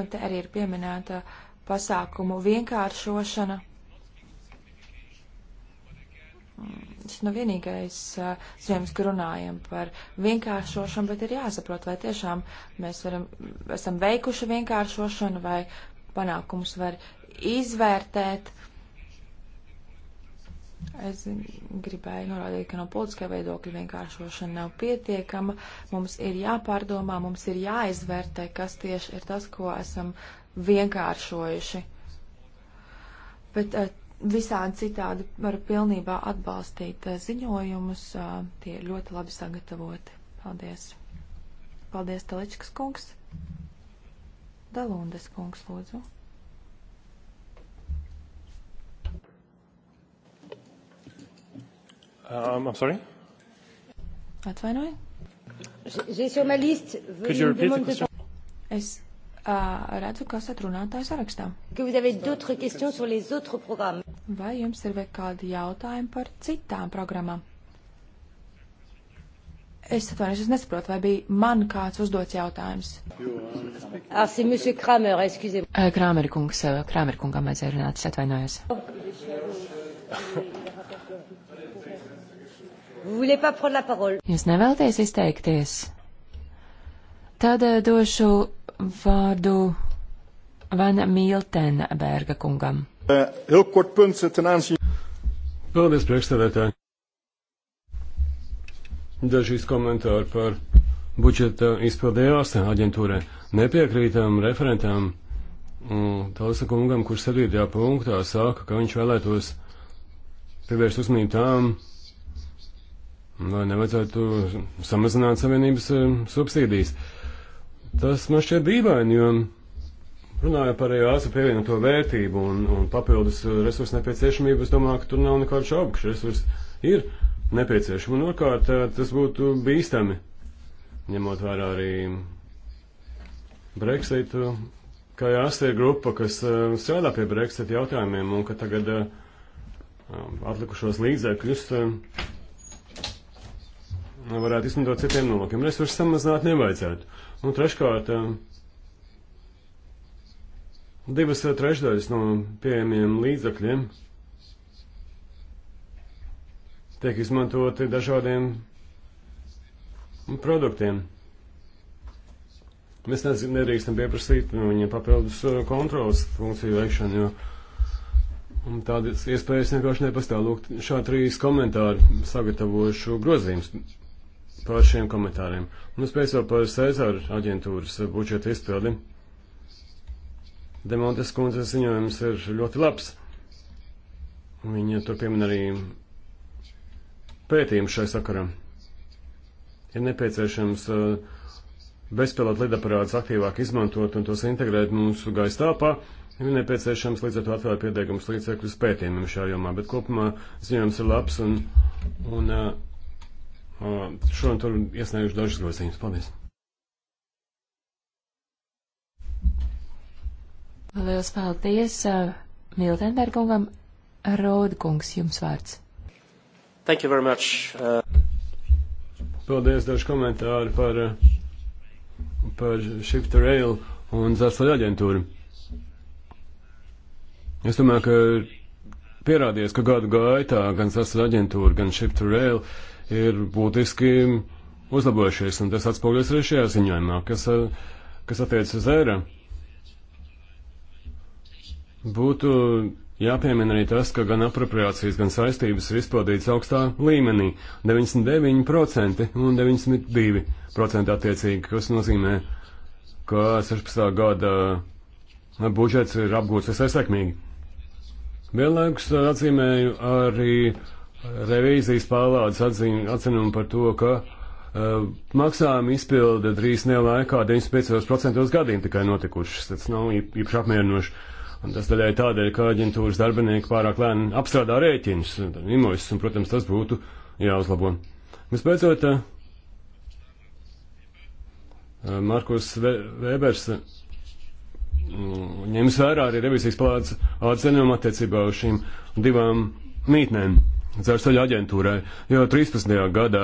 Un te arī ir pieminēta pasākumu vienkāršošana. Tas nav nu vienīgais ziņojums, kur runājam par vienkāršošanu, bet ir jāsaprot, vai tiešām mēs varam, esam veikuši vienkāršošanu, vai panākumus var izvērtēt. Uh, Es gribēju norādīt, ka no politiskā viedokļa vienkāršošana nav pietiekama. Mums ir jāpārdomā, mums ir jāizvērtē, kas tieši ir tas, ko esam vienkāršojuši. Bet eh, visādi citādi var pilnībā atbalstīt eh, ziņojumus. Eh, tie ir ļoti labi sagatavoti. Paldies. Paldies, Taličkas kungs. Dalundes kungs, lūdzu. Um, I'm sorry? Atvainoju. Es uh, redzu, kas ir runātājs sarakstā. Vai jums ir vēl kādi jautājumi par citām programmām? Es atvainojos, es nesaprotu, vai bija man kāds uzdots jautājums. Ah, c'est monsieur Kramer, excusez-moi. Uh, Kramer kungs, uh, Kramer kungam aizēju runāt, es atvainojos. Jūs nevēlaties izteikties? Tad eh, došu vārdu Vana Miltenberga kungam. Eh, Paldies, priekšstādētāji. Dažīs komentāri par budžeta izpildējās aģentūrē. Nepiekrītam referentam mm, Talsa kungam, kurš 7. punktā saka, ka viņš vēlētos pievērst uzmanību tām lai nevajadzētu samazināt savienības eh, subsīdijas. Tas man šķiet dīvaini, jo runāja par jāsa pievienoto vērtību un, un papildus eh, resursu nepieciešamību. Es domāju, ka tur nav nekādu šaubu, ka šis resurs ir nepieciešams. Un otrkārt, eh, tas būtu bīstami, ņemot vērā arī Brexitu, ka jāsa ir grupa, kas strādā pie Brexit jautājumiem un ka tagad um, atlikušos līdzekļus. Uh, Nu, varētu izmantot citiem nolūkiem. Resursus samazināt nevajadzētu. Un treškārt, eh, divas trešdaļas no pieejamiem līdzakļiem tiek izmantoti dažādiem produktiem. Mēs nedrīkstam pieprasīt no viņiem papildus eh, kontrolas funkciju veikšanu, jo Un tādas iespējas vienkārši nepastāv. Lūk, šādi trīs komentāri sagatavojuši grozījumus par šiem komentāriem. Un nu, es pēc vēl par Cēzāru aģentūras budžeta izpildi. Demontes kundzes ziņojums ir ļoti labs. Viņa tur piemin arī pētījumu šai sakaram. Ir nepieciešams uh, bezpilota lidaparātus aktīvāk izmantot un tos integrēt mūsu gaisa telpā. Ir nepieciešams līdz ar to atvēlēt pietiekams līdzekļus pētījumiem šajā jomā, bet kopumā ziņojums ir labs un, un uh, Šodien tur iesnieguši dažas grozījumus. Paldies! Lielas paldies Miltenbergungam. Rūdkungs, jums vārds. Thank you very much. Uh... Paldies, daži komentāri par, par Shift Rail un Zārstaļa aģentūru. Es domāju, ka pierādies, ka gadu gaitā gan Zārstaļa aģentūra, gan Shift Rail uh, ir būtiski uzlabojušies, un tas atspoguļos arī šajā ziņojumā, kas, kas attiecas uz eiro. Būtu jāpiemina arī tas, ka gan apropriācijas, gan saistības ir izpildīts augstā līmenī - 99% un 92% attiecīgi, kas nozīmē, ka 16. gada budžets ir apgūts visai sekmīgi. Vienlaikus atzīmēju arī uh, revīzijas pārvaldes atzinumu par to, ka uh, e, maksājuma izpilde drīz nelaikā 95% gadiem tikai notikušas. Tas nav īpaši apmierinoši. Un tas daļai tādēļ, ka aģentūras darbinieki pārāk lēni apstrādā rēķinus, invoices, un, protams, tas būtu jāuzlabo. Vispēcot, uh, e, Markus Vēbers e, ņems vērā arī revizijas palādes atzinumu attiecībā uz šīm divām mītnēm. Dzelzceļa aģentūrai, jo 13. gadā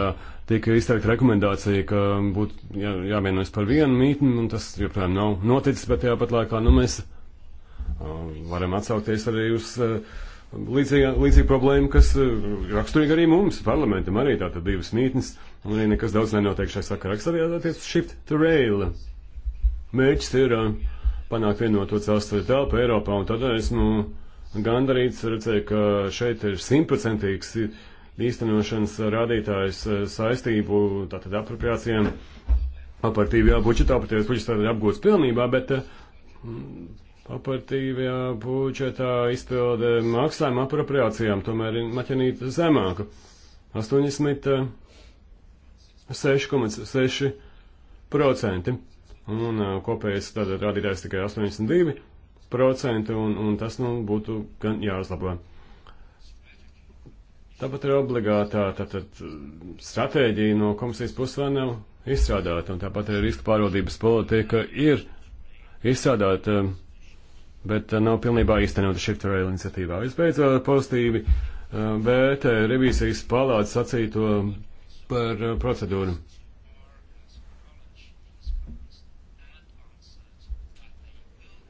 tika izteikta rekomendācija, ka būtu jā, jāvienojas par vienu mītni, un tas joprojām nav noticis, bet tajā pat laikā nu, mēs varam atsaukties arī uz līdzīgu, līdzīgu problēmu, kas raksturīga arī mums, parlamentam arī tātad divas mītnes, un arī nekas daudz nenotiek šai sakarā, kas aviāties uz Shift to Rail. Mērķis ir panākt vienoto dzelzceļa telpu Eiropā, un tad esmu. Nu, gandarīts, redzēju, ka šeit ir simtprocentīgs īstenošanas rādītājs eh, saistību, tātad apropriācijām, apartīvajā budžetā, apartīvajā budžetā ir apgūts pilnībā, bet eh, apartīvajā budžetā izpilde maksājuma apropriācijām tomēr ir maķenīta zemāka. 86,6%. Un eh, kopējais tātad rādītājs tikai 82 procenti, un, un tas nu, būtu gan jāuzlabo. Tāpat ir obligātā tātad, stratēģija no komisijas puses vēl nav izstrādāta, un tāpat arī riska pārvaldības politika ir izstrādāta, bet uh, nav pilnībā īstenota Shifter Rail iniciatīvā. Vispēcot pozitīvi uh, vērtē revīzijas palāca sacīto par uh, procedūru.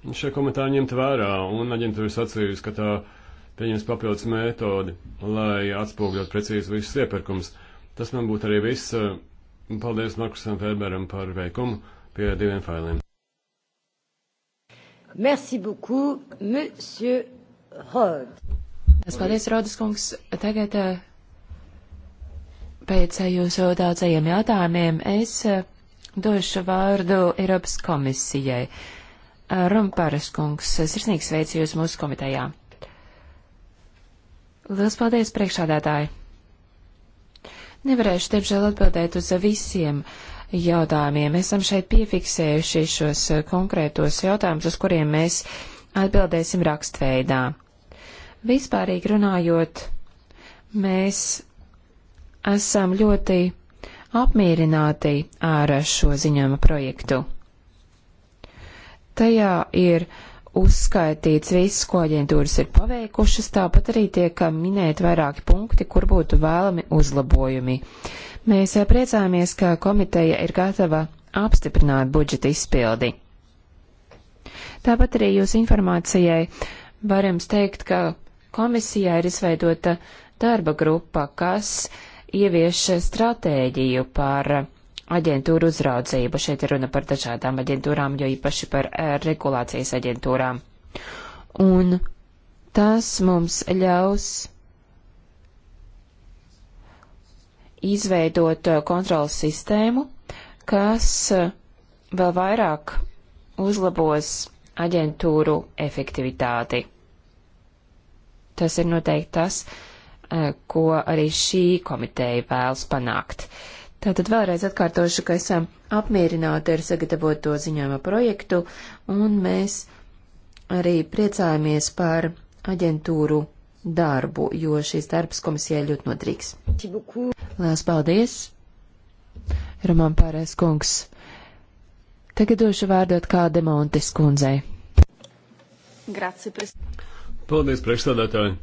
šie komentāri ņemt vērā, un aģentūra sacījusi, ka tā pieņems papildus metodi, lai atspūgļot precīzi visus iepirkums. Tas man būtu arī viss. Paldies Markusam Ferberam par veikumu pie diviem failiem. Merci beaucoup, monsieur Rod. Paldies, Rodas kungs. Tagad eh, pēc jūsu daudzajiem jautājumiem es eh, došu vārdu Eiropas komisijai. Uh, Rumparas kungs, sirsnīgi sveicu jūs mūsu komitejā. Lielas paldies, priekšādātāji! Nevarēšu, diemžēl, atbildēt uz visiem jautājumiem. Esam šeit piefiksējuši šos konkrētos jautājumus, uz kuriem mēs atbildēsim rakstveidā. Vispārīgi runājot, mēs esam ļoti apmierināti ar šo ziņojuma projektu. Tajā ir uzskaitīts viss, ko aģentūras ir paveikušas, tāpat arī tiek minēti vairāki punkti, kur būtu vēlami uzlabojumi. Mēs priecājamies, ka komiteja ir gatava apstiprināt budžeta izpildi. Tāpat arī jūs informācijai varam teikt, ka komisijā ir izveidota darba grupa, kas ievieš stratēģiju par aģentūru uzraudzību. Šeit ir runa par dažādām aģentūrām, jo īpaši par eh, regulācijas aģentūrām. Un tas mums ļaus izveidot eh, kontrolas sistēmu, kas eh, vēl vairāk uzlabos aģentūru efektivitāti. Tas ir noteikti tas, ko arī šī komiteja vēlas panākt. Uh, Tātad vēlreiz atkārtošu, ka esam apmierināti ar sagatavoto ziņojuma projektu, un mēs arī priecājamies par aģentūru darbu, jo šīs darbs komisijai ļoti nodrīgs. Lielas paldies! Roman Pārēs kungs. Tagad došu vārdu atkal Demontes kundzei. Grazie, pres... Paldies, priekšstādātāji.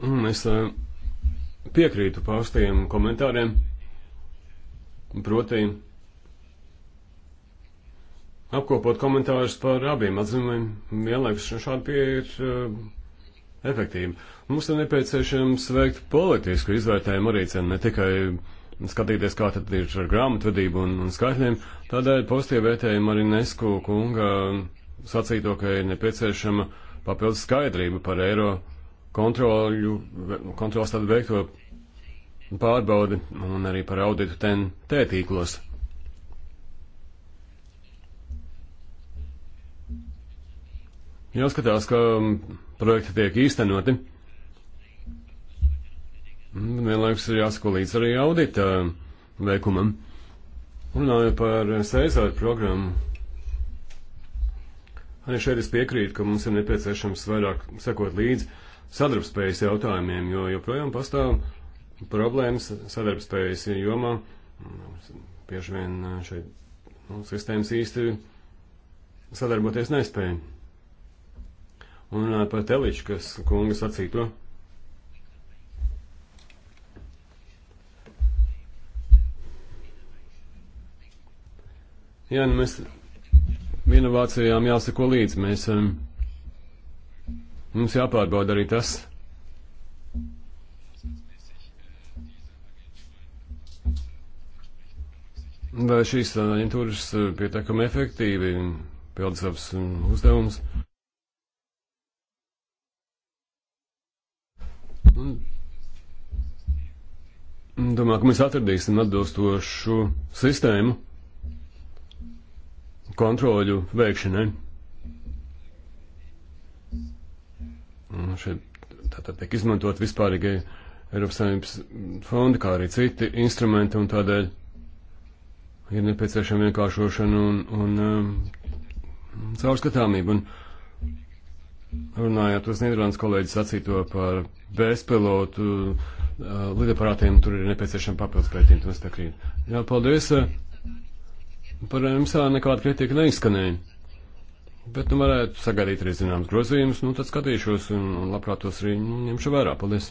Mm, es eh, piekrītu paustiem komentāriem. Proti, apkopot komentārus par abiem atzīmēm, vienlaikus šāda pieeja ir uh, efektīva. Mums ir nepieciešams veikt politisku izvērtējumu arī cenu, ne tikai skatīties, kā tad ir ar grāmatvedību un, un skaitļiem. Tādēļ pozitīvi vērtējumi arī Nesku kunga sacīto, ka ir nepieciešama papildus skaidrība par eiro kontroļu, kontrols tādu veikto pārbaudi un arī par auditu TNT tīklos. Jāskatās, ka projekti tiek īstenoti. Vienlaikus ir jāsako līdz arī audita veikumam. Runājot par Sēzāru programmu, arī šeit es piekrītu, ka mums ir nepieciešams vairāk sekot līdz sadarbspējas jautājumiem, jo joprojām pastāv problēmas sadarbspējas jomā. Bieži vien šeit nu, sistēmas īsti sadarboties nespēja. Un runāt par Teliču, kas kungas sacīto. Jā, nu mēs inovācijām jāsako līdzi. Mēs, um, mums jāpārbauda arī tas, vai šīs aģentūras eh, pietiekami efektīvi pilda savus mm, uzdevumus. Domāju, ka mēs atradīsim atbilstošu sistēmu kontroļu veikšanai. Un šeit tātad tiek izmantot vispārīgie Eiropas Savienības fondi, kā arī citi instrumenti, un tādēļ ir nepieciešama vienkāršošana un, un um, caurskatāmība. Un, runājot uz Nīderlandes kolēģis sacīto par bezpilotu uh, lidaparātiem, tur ir nepieciešama papildus pētījuma, tas tā krīt. Jā, paldies. Uh, par MSA nekāda kritika neizskanēja. Bet, nu, varētu sagaidīt arī zināmas grozījumus, nu, tad skatīšos un, un labprāt tos arī nu, ņemšu vērā. Paldies!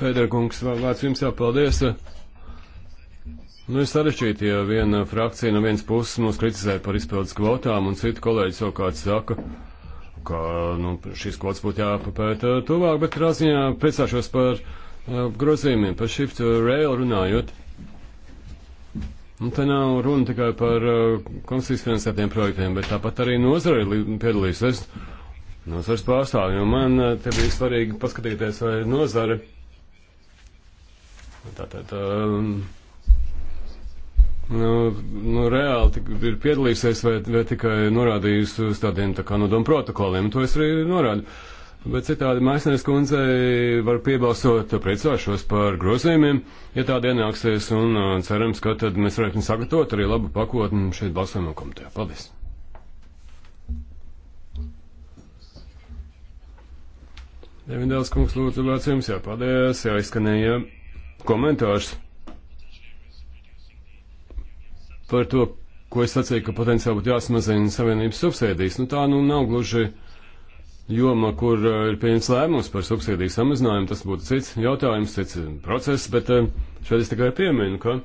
Federkungs, vārds jums jāpaldies. Nu, ir sarežģīti, ja viena frakcija no vienas puses mūs kritizē par izpildes kvotām, un citi kolēģi savukārt saka, ka nu, šīs kvotas būtu jāpapēta tuvāk, bet katrā ziņā priecāšos par uh, grozījumiem, par Shift Rail runājot. Un nu, te nav runa tikai par uh, komisijas finansētiem projektiem, bet tāpat arī nozara ir piedalījusies. Es nozars pārstāvju. Man eh, te bija svarīgi paskatīties, vai nozare. Tātad, tā, ehm, nu, nu, reāli tik, ir piedalīsies vai, vai tikai norādījusi uz tādiem tā kā nodomu nu, protokoliem. To es arī norādu. Bet citādi Maisnēs kundzei var piebalsot, priecāšos par grozījumiem, ja tādi ienāksies, un eh, cerams, ka tad mēs varēsim sagatavot arī labu pakotni šeit balsojumā komitejā. Paldies! Devindēls kungs, lūdzu, vārds jums jāpaldies, jā, izskanēja komentārs par to, ko es sacīju, ka potenciāli būtu jāsamazina savienības subsēdijas. Nu, tā nu nav gluži joma, kur uh, ir pieņems lēmums par subsēdiju samazinājumu. Tas būtu cits jautājums, cits uh, process, bet uh, šeit es tikai pieminu, ka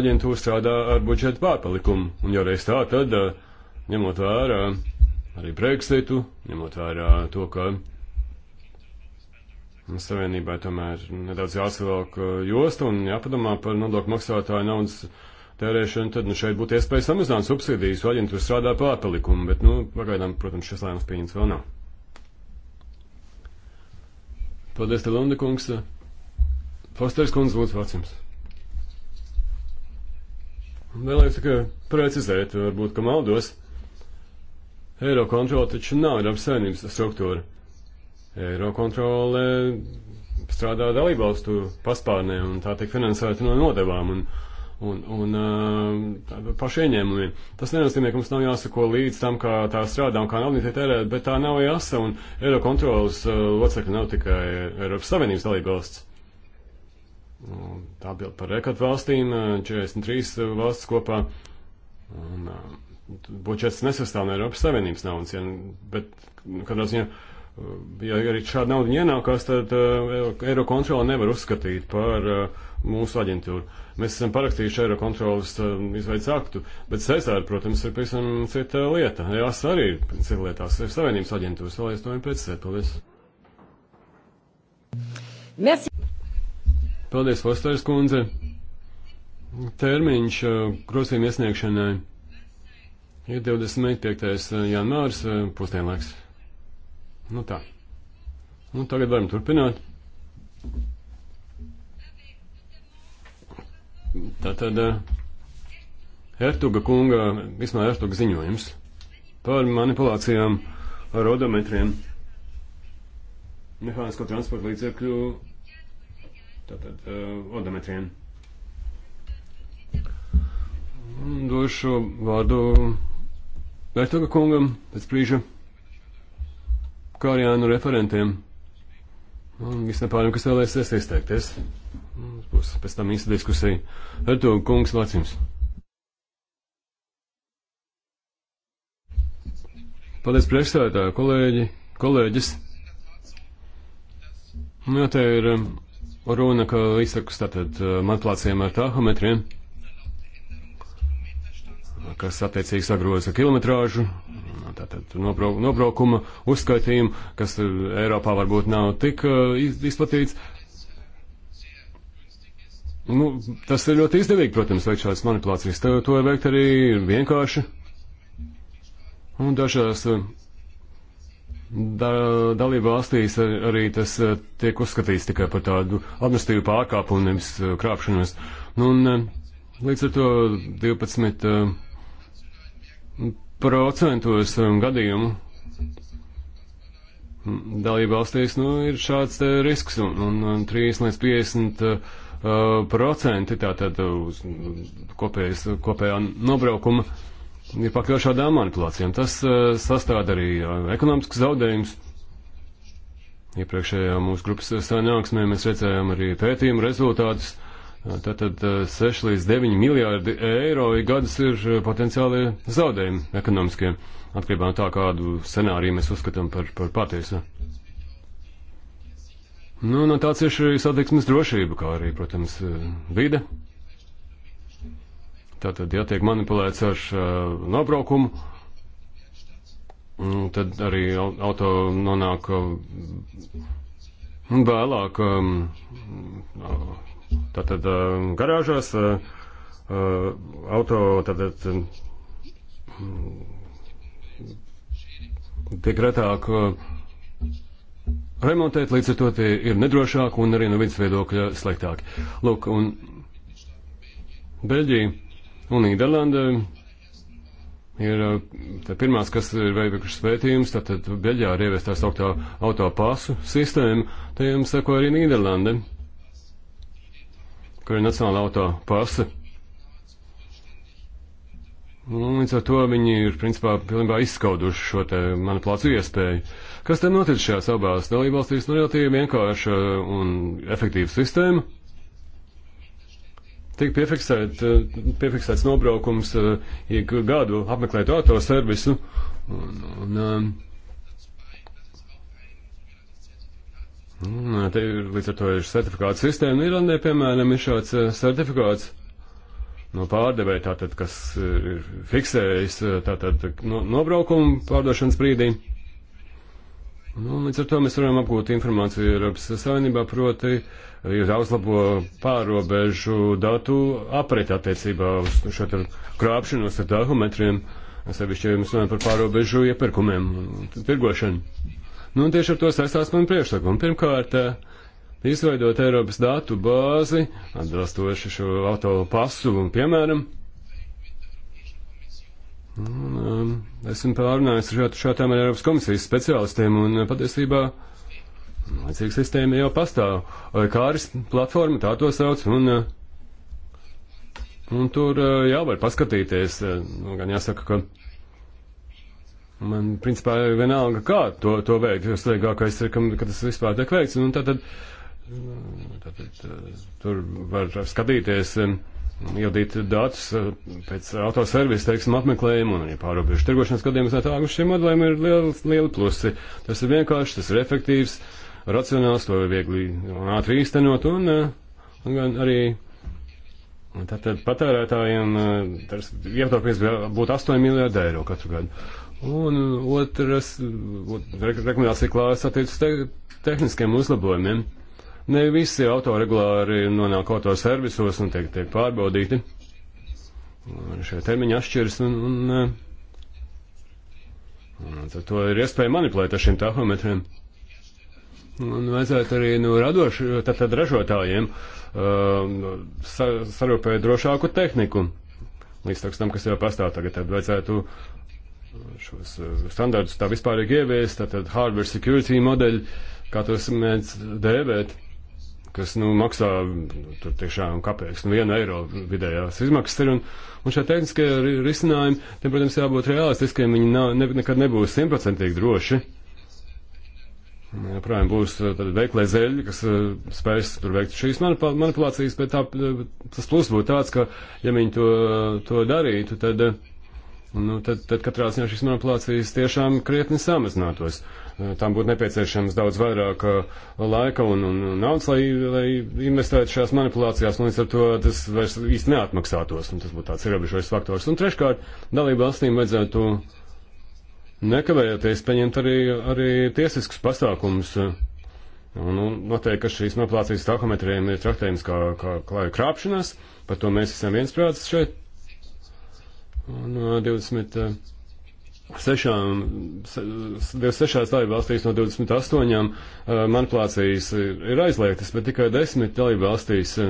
aģentūra strādā ar budžeta pārpalikumu. Un jau reiz tā, tad ņemot vērā arī Brexitu, ņemot vērā to, ka Mums savienībai tomēr nedaudz jāsavilk uh, jostu un jāpadomā par nodokļu maksātāju naudas tērēšanu, tad nu, šeit būtu iespēja samazināt subsīdijas, jo aģentūra strādā pārpalikumu, bet, nu, pagaidām, protams, šis lēmums pieņems vēl nav. Paldies, Telonda kungs. Fosters kundze, lūdzu, vārds jums. Vēlējos tikai precizēt, varbūt, ka maldos. Eiro kontrola taču nav Eiropas saimnības struktūra. Eirokontrole strādā dalībvalstu paspārnē un tā tiek finansēta no nodevām un, un, un pašu ieņēmumiem. Tas nenozīmē, ka mums nav jāsako līdz tam, kā tā strādā un kā naudu tiek tērēta, bet tā nav jāsa un Eirokontrolas locekļi nav tikai Eiropas Savienības dalībvalsts. Tā bija par rekatu valstīm, 43 valsts kopā. Un, Budžets nesastāv no Eiropas Savienības naudas, ja, bet nu, kādā ziņā. Ja, ja arī šāda nauda ienākās, tad uh, eh, eiro kontrola nevar uzskatīt par uh, mūsu aģentūru. Mēs esam parakstījuši eiro kontrolas uh, eh, izveidas aktu, bet Cezāra, protams, ir pavisam cita lieta. Jās arī ir cita lietā, ir savienības aģentūras, vēlēs to viņu precizēt. Paldies! Merci. Paldies, Fosteris kundze! Termiņš uh, grozījuma iesniegšanai ir 25. janvārs, uh, pusdienlaiks. Nu tā. Nu tagad varam turpināt. Tātad eh, Ertuga kunga, vismaz Ertuga ziņojums par manipulācijām ar odometriem mehānisko transporta līdzekļu tātad uh, odometriem. Došu vārdu Ertuga kungam pēc brīža kā arī ānu referentiem. Un visiem pāriem, kas vēlēsies izteikties. Mums būs pēc tam īsta diskusija. Ar to kungs Vācijums. Paldies priekšstādātāju, kolēģi, kolēģis. Nu, jā, te ir um, runa, ka izsakus tātad uh, manipulācijām ar tāhometriem kas attiecīgi sagroza kilometrāžu, tātad nobraukuma uzskaitījumu, kas uh, Eiropā varbūt nav tik uh, izplatīts. Nu, tas ir ļoti izdevīgi, protams, veikt šādas manipulācijas. To, to veikt arī vienkārši. Un dažās uh, da, dalību valstīs arī tas tiek uzskatīts tikai par tādu administratīvu pārkāpumu, nevis krāpšanos. Nu, un, līdz ar to 12 procentos um, gadījumu mm, dalību valstīs nu, ir šāds uh, risks, un, un, un 3 līdz 50 uh, procenti tātad uz kopējas, kopējā nobraukuma ir pakļauts šādām manipulācijām. Tas uh, sastāv arī uh, ekonomisks zaudējums. Iepriekšējā mūsu grupas sanāksmē mēs redzējām arī pētījumu rezultātus. Uh, Tātad 6 līdz 9 miljārdi eiro ik gadus ir potenciāli zaudējumi ekonomiskie, atkarībā no tā, kādu scenāriju mēs uzskatām par, par patiesu. Nu, no tāds ir šī satiksmes drošība, kā arī, protams, vide. Tātad, ja tiek manipulēts ar uh, nobraukumu, mm, tad arī auto nonāk vēlāk. Um, Tātad um, garāžās uh, uh, auto tātad, um, tiek retāk uh, remontēt, līdz ar to tie ir nedrošāk un arī no vidas viedokļa sliktāk. Lūk, un Beļģija un Nīderlanda ir pirmās, kas ir veikušas pētījums, tātad Beļģijā ir ievestās augtā autopāsu sistēma, tajiem sako arī Nīderlanda kur ir nacionāla auto pase. Un līdz ar to viņi ir principā pilnībā izskauduši šo te manipulāciju iespēju. Kas te notic šajās abās dalībvalstīs? Nu, relatīvi vienkārša un efektīva sistēma. Tik piefiksēt, piefiksēts nobraukums eh, ik gadu apmeklēt autoservisu. Un, un, um, Nu, te ir līdz ar to ir certifikāta sistēma. Ir, ne, piemēram, ir šāds eh, certifikāts no pārdevēja, tātad, kas eh, ir fiksējis eh, tātad, no, nobraukumu pārdošanas brīdī. Nu, līdz ar to mēs varam apgūt informāciju Eiropas Savienībā, proti, jāuzlabo pārobežu datu apreti attiecībā uz šo krāpšanos ar tahometriem, sevišķi, ja mēs runājam par pārobežu iepirkumiem un tirgošanu. Nu, un tieši ar to saistās man priekšlikumi. Pirmkārt, eh, izveidot Eiropas datu bāzi, atbilstoši šo auto pasu, piemēram, Un, um, esmu pārunājis ar šādām Eiropas komisijas speciālistiem, un eh, patiesībā līdzīga sistēma jau pastāv. Kāris platforma tā to sauc, un, eh, un tur jau var paskatīties. Nu, gan jāsaka, ka Man, principā, vienalga, kā to, to veikt, jo sliekākais ir, ka, ka tas vispār tiek veikts. Un tad, tad, tad, tad tur var skatīties, um, iedīt datus uh, pēc autoservisa, teiksim, apmeklējumu un arī pārobežu tirgošanas gadījumus. Tā, šiem modeliem ir lieli, lieli plusi. Tas ir vienkārši, tas ir efektīvs, racionāls, to ir viegli un ātri īstenot un, uh, un arī. Tātad patērētājiem uh, tas ietaupījums būtu 8 miljārdi eiro katru gadu. Un otras rekomendācija klājas attiecas te, tehniskiem uzlabojumiem. Ne visi autoregulāri nonāk autoservisos un tiek, tiek pārbaudīti. Un šie termiņi atšķiras un, un, un, un tad to ir iespēja manipulēt ar šiem tahometriem. Un vajadzētu arī nu, radoši, tad, tad ražotājiem uh, sa, sarūpēt drošāku tehniku. Līdz tam, kas jau pastāv tagad, tad vajadzētu šos eh, standartus tā vispārīgi ievies, tātad hardware security modeļi, kā tos mēdz dēvēt, kas, nu, maksā, nu, tur tiešām kāpēc, nu, viena eiro vidējās izmaksas ir, un, un šie tehniskie risinājumi, tiem, protams, jābūt realistiskiem, viņi nav, ne, nekad nebūs simtprocentīgi droši. Joprojām būs eh, tādi veiklie zeļi, kas eh, spēs tur veikt šīs manipulācijas, bet tā, tas plus būtu tāds, ka, ja viņi to, to darītu, tad. Uh, nu, tad, tad katrā ziņā šīs manipulācijas tiešām krietni samazinātos. Nu, tam būtu nepieciešams daudz vairāk uh, laika un, un naudas, lai, lai investētu šajās manipulācijās, un līdz ar to tas vairs īsti neatmaksātos, un tas būtu tāds ierobežojas faktors. Un treškārt, dalību valstīm vajadzētu nekavējoties pieņemt arī, arī tiesiskus pasākumus. Un, un noteikti, ka šīs manipulācijas tahometriem ir traktējums kā, kā, kā krāpšanās, par to mēs esam viensprāts šeit no 26, 26 eh, dalību valstīs no 28 eh, manipulācijas ir aizliegtas, bet tikai 10 dalību valstīs eh,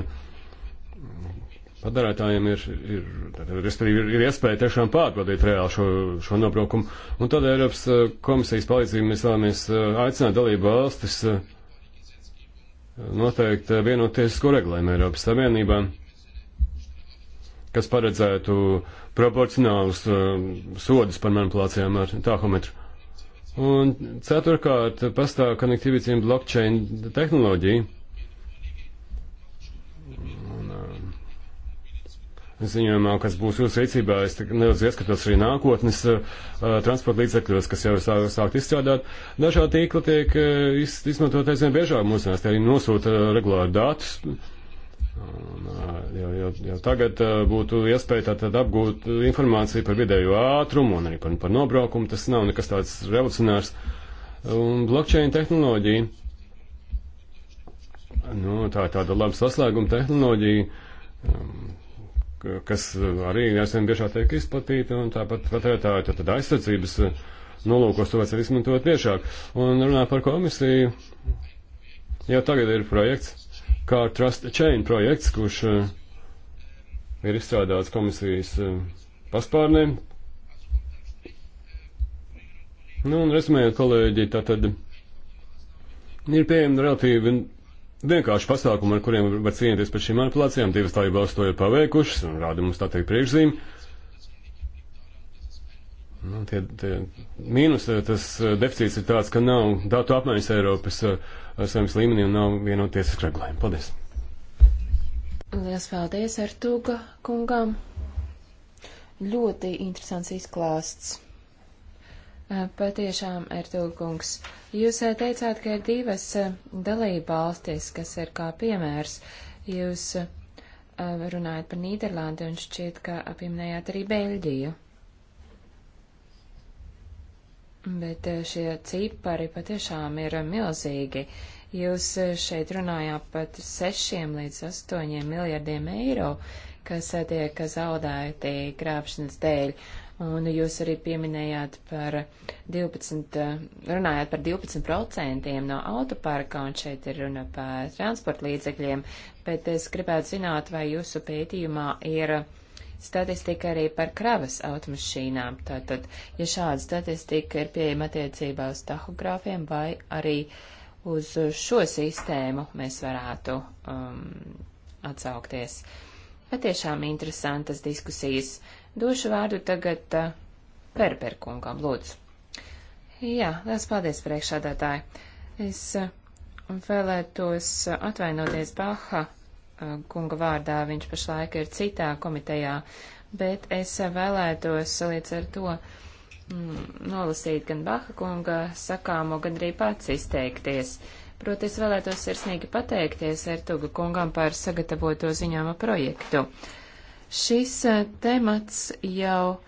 padarētājiem ir, ir, respektīvi, ir, ir iespēja tiešām pārbaudīt reāli šo, šo nobraukumu. Un tad Eiropas komisijas palīdzību mēs vēlamies aicināt dalību valstis noteikt vienotiesisko regulējumu Eiropas Savienībā, kas paredzētu uh, proporcionālus uh, eh, sodus par manipulācijām ar tāhometru. Un ceturkārt, pastāv konektivitāte un blockchain tehnoloģija. Un, uh, ziņojumā, kas būs jūsu rīcībā, es nedaudz ieskatos arī nākotnes uh, transporta līdzekļos, kas jau ir sāk, sākt izstrādāt. Dažādi tīkli tiek uh, iz, izmantot aizvien biežāk mūsdienās, tie arī nosūta regulāri datus Un, jau, jau, jau tagad būtu iespēja tātad apgūt informāciju par vidējo ātrumu un arī par, par nobraukumu. Tas nav nekas tāds revolucionārs. Un blockchain tehnoloģija, nu, tā ir tāda laba saslēguma tehnoloģija, um, kas arī aizvien biežāk tiek izplatīta un tāpat patērētāju tā, tad aizsardzības nolūkos to vajadzētu izmantot biežāk. Un runā par komisiju, jau tagad ir projekts kā Trust Chain projekts, kurš eh, ir izstrādāts komisijas eh, paspārnē. Nu, un resumējot, kolēģi, tā tad ir pieejama relatīvi vienkārši pasākumi, ar kuriem var cīnīties par šīm manipulācijām. Divas tā jau balstoja paveikušas un rāda mums tā teikt priekšzīmi. Nu, tie, tie mīnus, eh, tas eh, deficīts ir tāds, ka nav datu apmaiņas Eiropas eh, savienības līmenī un nav vienoties skraglējumi. Paldies! Lielas paldies ar Tūga kungam! Ļoti interesants izklāsts. Patiešām, Ertūga kungs, jūs teicāt, ka ir divas dalība valstis, kas ir kā piemērs. Jūs runājat par Nīderlandi un šķiet, ka pieminējāt arī Beļģiju. Bet eh, šie cipari patiešām ir milzīgi. Jūs eh, šeit runājāt pat 6 līdz 8 miljardiem eiro, kas eh, tiek zaudēti krāpšanas dēļ. Un jūs arī pieminējāt par 12, runājāt par 12% no autoparka, un šeit ir runa par transporta līdzekļiem, bet es gribētu zināt, vai jūsu pētījumā ir uh, statistika arī par kravas automašīnām. Tātad, ja šāda statistika ir pieejama attiecībā uz tahogrāfiem vai arī uz šo sistēmu, mēs varētu um, atsaukties. Patiešām interesantas diskusijas. Došu vārdu tagad uh, Perperkungam, lūdzu. Jā, liels paldies, priekšādātāji. Es uh, vēlētos uh, atvainoties Baha Eh, kunga vārdā, viņš pašlaik ir citā komitejā, bet es vēlētos līdz ar to mm, nolasīt gan Baha kunga sakāmo, gan arī pats izteikties. Proti, es vēlētos sirsnīgi pateikties Ertuga kungam par sagatavoto ziņāma projektu. Šis eh, temats jau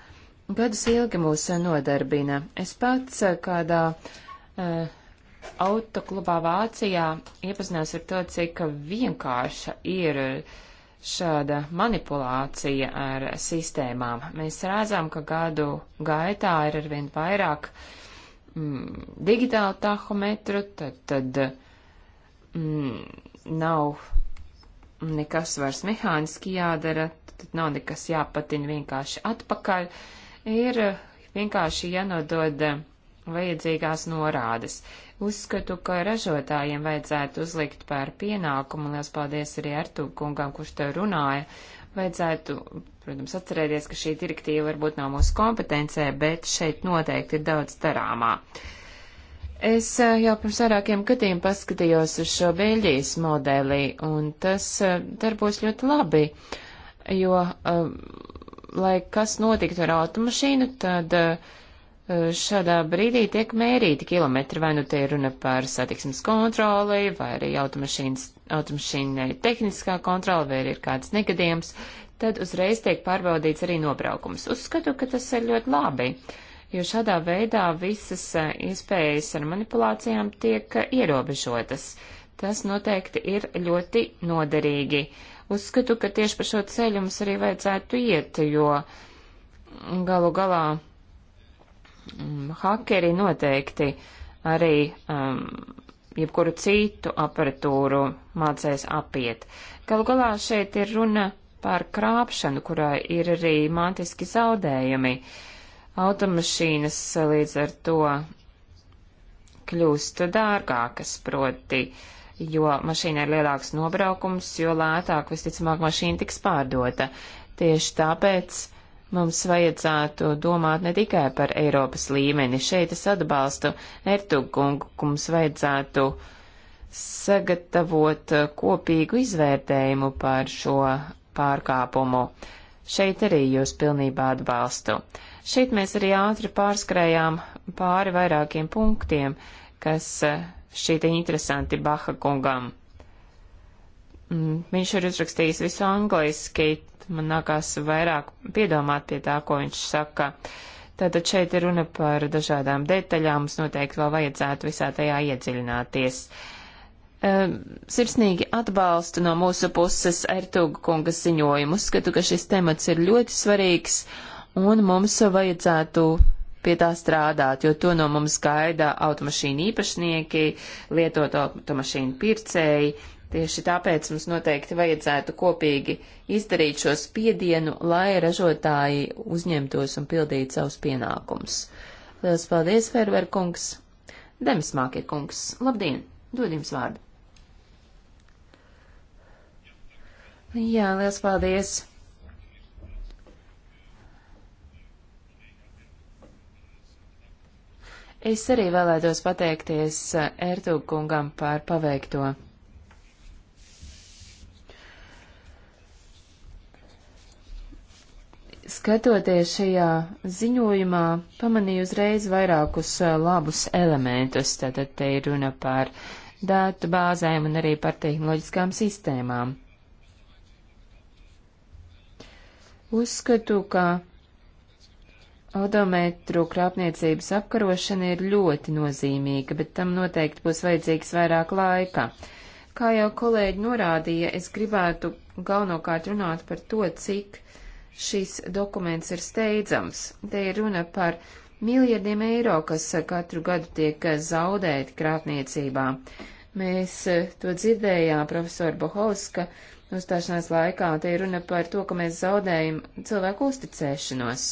gadus ilgi mūs nodarbina. Es pats eh, kādā uh, autoklubā Vācijā iepazinās ar to, cik vienkārša ir šāda manipulācija ar sistēmām. Mēs redzam, ka gadu gaitā ir arvien vairāk mm, digitālu tahometru, tad, tad mm, nav nekas vairs mehāniski jādara, tad nav nekas jāpatina vienkārši atpakaļ. Ir vienkārši jānodod vajadzīgās norādes. Uzskatu, ka ražotājiem vajadzētu uzlikt par pienākumu, un liels paldies arī Artu kungam, kurš te runāja. Vajadzētu, protams, atcerēties, ka šī direktīva varbūt nav mūsu kompetencē, bet šeit noteikti ir daudz darāmā. Es eh, jau pirms vairākiem gadiem paskatījos uz šo Beļģijas modeli, un tas eh, darbos ļoti labi, jo, eh, lai kas notiktu ar automašīnu, tad uh, šādā brīdī tiek mērīti kilometri, vai nu te ir runa par satiksmes kontroli, vai arī automašīnai tehniskā kontrola, vai ir kāds negadījums, tad uzreiz tiek pārbaudīts arī nobraukums. Uzskatu, ka tas ir ļoti labi, jo šādā veidā visas eh, iespējas ar manipulācijām tiek eh, ierobežotas. Tas noteikti ir ļoti noderīgi. Uzskatu, ka tieši pa šo ceļu mums arī vajadzētu iet, jo galu galā Mm, hakeri noteikti arī um, jebkuru citu aparatūru mācēs apiet. Galu galā šeit ir runa par krāpšanu, kurai ir arī mantiski zaudējumi. Automašīnas līdz ar to kļūst dārgākas, proti, jo mašīna ir lielāks nobraukums, jo lētāk visticamāk mašīna tiks pārdota. Tieši tāpēc uh, Mums vajadzētu domāt ne tikai par Eiropas līmeni. Šeit es atbalstu Ertugungu, ka mums vajadzētu sagatavot uh, kopīgu izvērtējumu par šo pārkāpumu. Šeit arī jūs pilnībā atbalstu. Šeit mēs arī ātri pārskrējām pāri vairākiem punktiem, kas uh, šķīta interesanti Baha kungam. Mm, viņš ir uzrakstījis visu angliski, bet man nākās vairāk piedomāt pie tā, ko viņš saka. Tātad šeit ir runa par dažādām detaļām, mums noteikti vēl vajadzētu visā tajā iedziļināties. Um, sirsnīgi atbalstu no mūsu puses Ertuga kungas ziņojumu. Uzskatu, ka šis temats ir ļoti svarīgs un mums vajadzētu pie tā strādāt, jo to no mums gaida automašīnu īpašnieki, lietot automašīnu pircēji, Tieši tāpēc mums noteikti vajadzētu kopīgi izdarīt šo spiedienu, lai ražotāji uzņemtos un pildītu savus pienākumus. Lielas paldies, Ferver kungs! Demis Mākir kungs, labdien! Dod jums vārdu! Jā, liels paldies! Es arī vēlētos pateikties eh, Ertūkungam par paveikto. Skatoties šajā ziņojumā, pamanīju uzreiz vairākus labus elementus, tātad te ir runa par datu bāzēm un arī par tehnoloģiskām sistēmām. Uzskatu, ka odometru krāpniecības apkarošana ir ļoti nozīmīga, bet tam noteikti būs vajadzīgs vairāk laika. Kā jau kolēģi norādīja, es gribētu galvenokārt runāt par to, cik šis dokuments ir steidzams. Te ir runa par miljardiem eiro, kas katru gadu tiek zaudēti krāpniecībā. Mēs eh, to dzirdējām profesora Bohovska uzstāšanās laikā. Te ir runa par to, ka mēs zaudējam cilvēku uzticēšanos.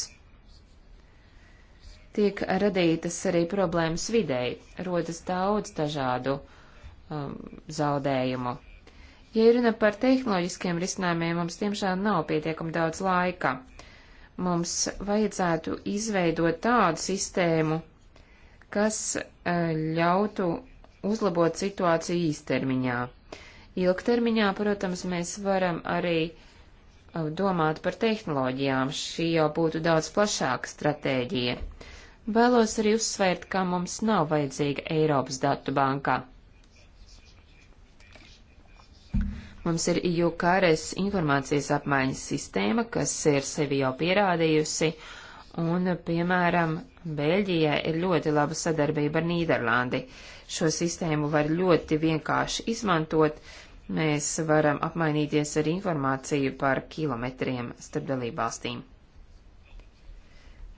Tiek radītas arī problēmas videi, rodas daudz dažādu um, zaudējumu. Ja runa par tehnoloģiskiem risinājumiem, mums tiemžēl nav pietiekami daudz laika. Mums vajadzētu izveidot tādu sistēmu, kas e, ļautu uzlabot situāciju īstermiņā. Ilgtermiņā, protams, mēs varam arī e, domāt par tehnoloģijām. Šī jau būtu daudz plašāka stratēģija. Vēlos arī uzsvērt, ka mums nav vajadzīga Eiropas datu bankā. Mums ir jūkāres informācijas apmaiņas sistēma, kas ir sevi jau pierādījusi, un, piemēram, Beļģijai ir ļoti laba sadarbība ar Nīderlandi. Šo sistēmu var ļoti vienkārši izmantot. Mēs varam apmainīties ar informāciju par kilometriem starp dalībvalstīm.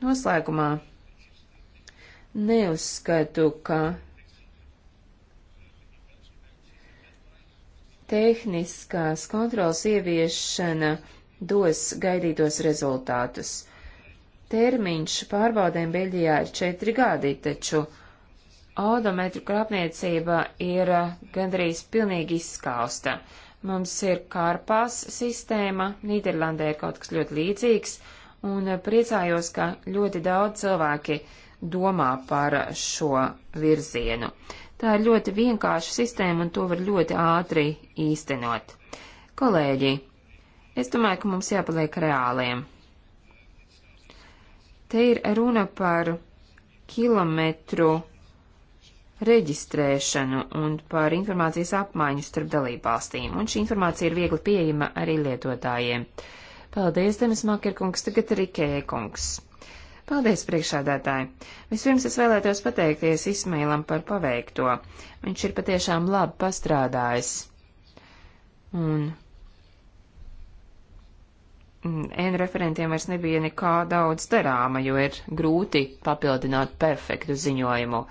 Noslēgumā neuzskatu, ka tehniskās kontrolas ieviešana dos gaidītos rezultātus. Termiņš pārbaudēm Beļģijā ir četri gadi, taču audometru krāpniecība ir eh, gandrīz pilnīgi izskausta. Mums ir kārpās sistēma, Nīderlandē ir kaut kas ļoti līdzīgs, un eh, priecājos, ka ļoti daudz cilvēki domā par šo virzienu. Uh, Tā ir ļoti vienkārša sistēma un to var ļoti ātri īstenot. Kolēģi, es domāju, ka mums jāpaliek reāliem. Te ir runa par kilometru reģistrēšanu un par informācijas apmaiņu starp dalībvalstīm, un šī informācija ir viegli pieejama arī lietotājiem. Paldies, Demis Makirkungs, tagad Rikēja kungs. Paldies, priekšādātāji! Vispirms es vēlētos pateikties Ismailam par paveikto. Viņš ir patiešām labi pastrādājis. Un mm, N referentiem vairs nebija nekā daudz darāma, jo ir grūti papildināt perfektu ziņojumu.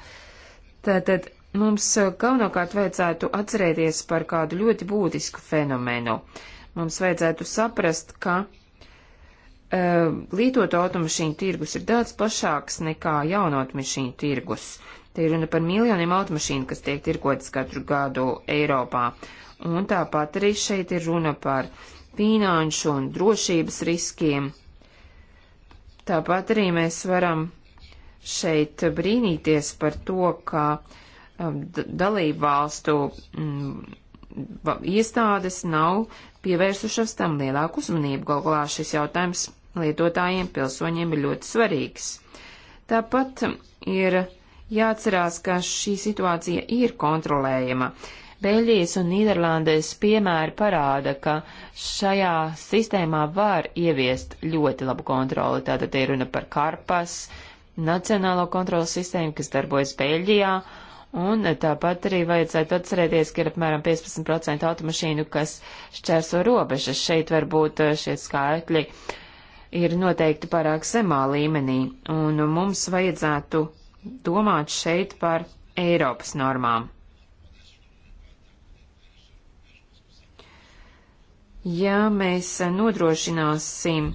Tātad mums uh, galvenokārt vajadzētu atcerēties par kādu ļoti būtisku fenomenu. Mums vajadzētu saprast, ka Uh, Lietoto automašīnu tirgus ir daudz plašāks nekā jauno automašīnu tirgus. Te ir runa par miljoniem automašīnu, kas tiek tirgotas katru gadu Eiropā. Un tāpat arī šeit ir runa par finanšu un drošības riskiem. Tāpat arī mēs varam šeit brīnīties par to, ka um, dalību valstu mm, iestādes nav pievērsušas tam lielāku uzmanību. Galvā šis jautājums lietotājiem, pilsoņiem ir ļoti svarīgs. Tāpat ir jāatcerās, ka šī situācija ir kontrolējama. Beļģijas un Nīderlandes piemēri parāda, ka šajā sistēmā var ieviest ļoti labu kontroli. Tātad ir runa par karpas, nacionālo kontrolas sistēmu, kas darbojas Beļģijā, Un tāpat arī vajadzētu atcerēties, ka ir apmēram 15% automašīnu, kas šķērso robežas. Šeit varbūt eh, šie skaitļi ir noteikti pārāk zemā līmenī, un mums vajadzētu domāt šeit par Eiropas normām. Ja mēs nodrošināsim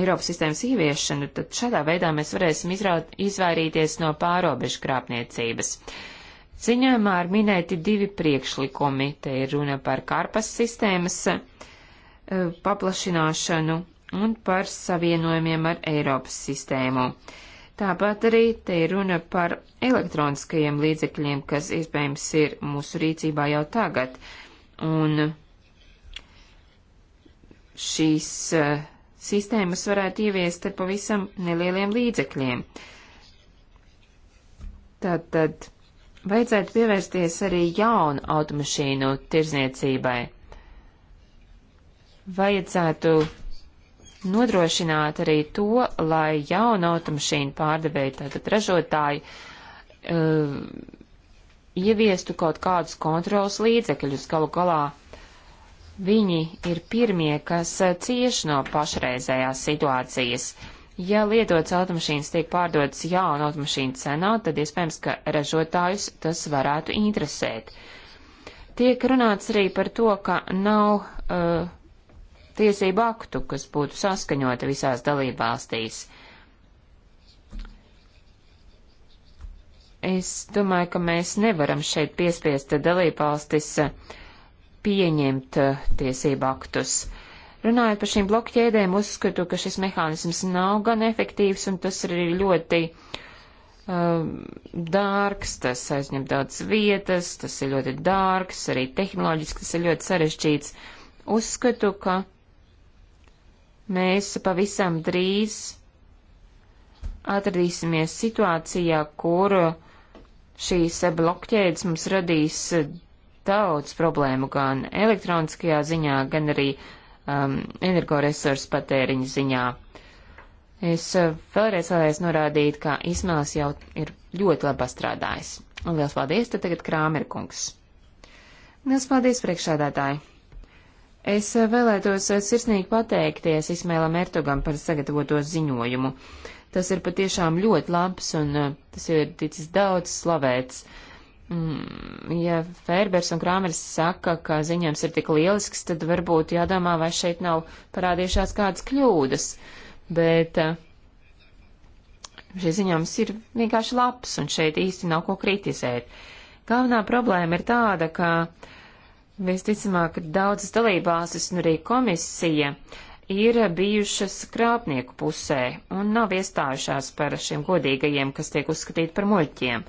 Eiropas sistēmas ieviešanu, tad šādā veidā mēs varēsim izraut, izvairīties no pārobežu krāpniecības. Ziņojumā ir minēti divi priekšlikumi. Te ir runa par karpas sistēmas eh, paplašināšanu un par savienojumiem ar Eiropas sistēmu. Tāpat arī te ir runa par elektroniskajiem līdzekļiem, kas iespējams ir mūsu rīcībā jau tagad, un šīs uh, sistēmas varētu ieviest ar pavisam nelieliem līdzekļiem. Tātad vajadzētu pievērsties arī jaunu automašīnu tirzniecībai. Vajadzētu nodrošināt arī to, lai jauna automašīna pārdevēja, tātad ražotāji, uh, ieviestu kaut kādus kontrolas līdzekļus. Galu galā viņi ir pirmie, kas eh, cieš no pašreizējās situācijas. Ja lietotas automašīnas tiek pārdotas jauna automašīna cenā, tad iespējams, ka ražotājus tas varētu interesēt. Tiek runāts arī par to, ka nav uh, tiesību aktu, kas būtu saskaņota visās dalībvalstīs. Es domāju, ka mēs nevaram šeit piespiest dalībvalstis eh, pieņemt eh, tiesību aktus. Runājot par šīm blokķēdēm, uzskatu, ka šis mehānisms nav gan efektīvs un tas ir ļoti um, dārgs, tas aizņem daudz vietas, tas ir ļoti dārgs, arī tehnoloģiski tas ir ļoti sarežģīts. Uzskatu, ka mēs pavisam drīz atradīsimies situācijā, kur šīs blokķēdes mums radīs daudz problēmu gan elektroniskajā ziņā, gan arī um, energoresursu patēriņa ziņā. Es uh, vēlreiz vēlreiz norādīt, ka Ismēls jau ir ļoti labi pastrādājis. Un liels paldies, tad tagad Krāmerkungs. Liels paldies priekšādātāji! Es eh, vēlētos eh, sirsnīgi pateikties Ismēlam Ertogam par sagatavoto ziņojumu. Tas ir patiešām ļoti labs un eh, tas ir ticis daudz slavēts. Mm, ja Fērbers un Krāmeris saka, ka ziņojums ir tik lielisks, tad varbūt jādomā, vai šeit nav parādījušās kādas kļūdas. Bet šis ziņojums ir vienkārši labs un šeit īsti nav ko kritizēt. Galvenā problēma ir tāda, ka uh, Visticamāk, daudzas dalībāsis un arī komisija ir bijušas krāpnieku pusē un nav iestājušās par šiem godīgajiem, kas tiek uzskatīti par muļķiem.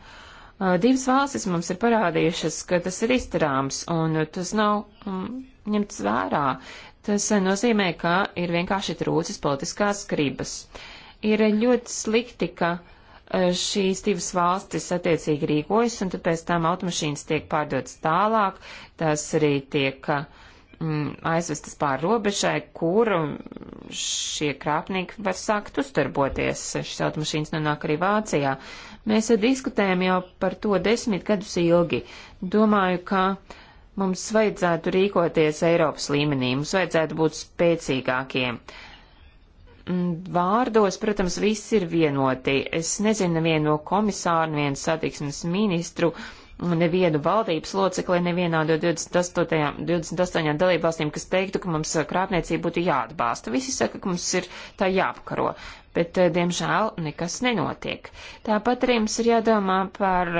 Divas valstis mums ir parādījušas, ka tas ir izdarāms un tas nav mm, ņemts vērā. Tas nozīmē, ka ir vienkārši trūcis politiskās gribas. Ir ļoti slikti, ka uh, E, šīs divas valstis attiecīgi rīkojas, un tad pēc tam automašīnas tiek pārdotas tālāk, tās arī tiek mm, aizvestas pār robežai, kur mm, šie krāpnieki var sākt uzturboties. Šis automašīnas nonāk arī Vācijā. Mēs diskutējam jau par to desmit gadus ilgi. Domāju, ka mums vajadzētu rīkoties Eiropas līmenī, mums vajadzētu būt spēcīgākiem. Uh, Mm, vārdos, protams, viss ir vienoti. Es nezinu nevienu no komisāru, nevienu satiksmes ministru, nevienu valdības locekli, nevienā no 28, 28 dalībvalstīm, kas teiktu, ka mums krāpniecība būtu jāatbalsta. Visi saka, ka mums ir tā jāapkaro, bet, eh, diemžēl, nekas nenotiek. Tāpat arī mums ir jādomā par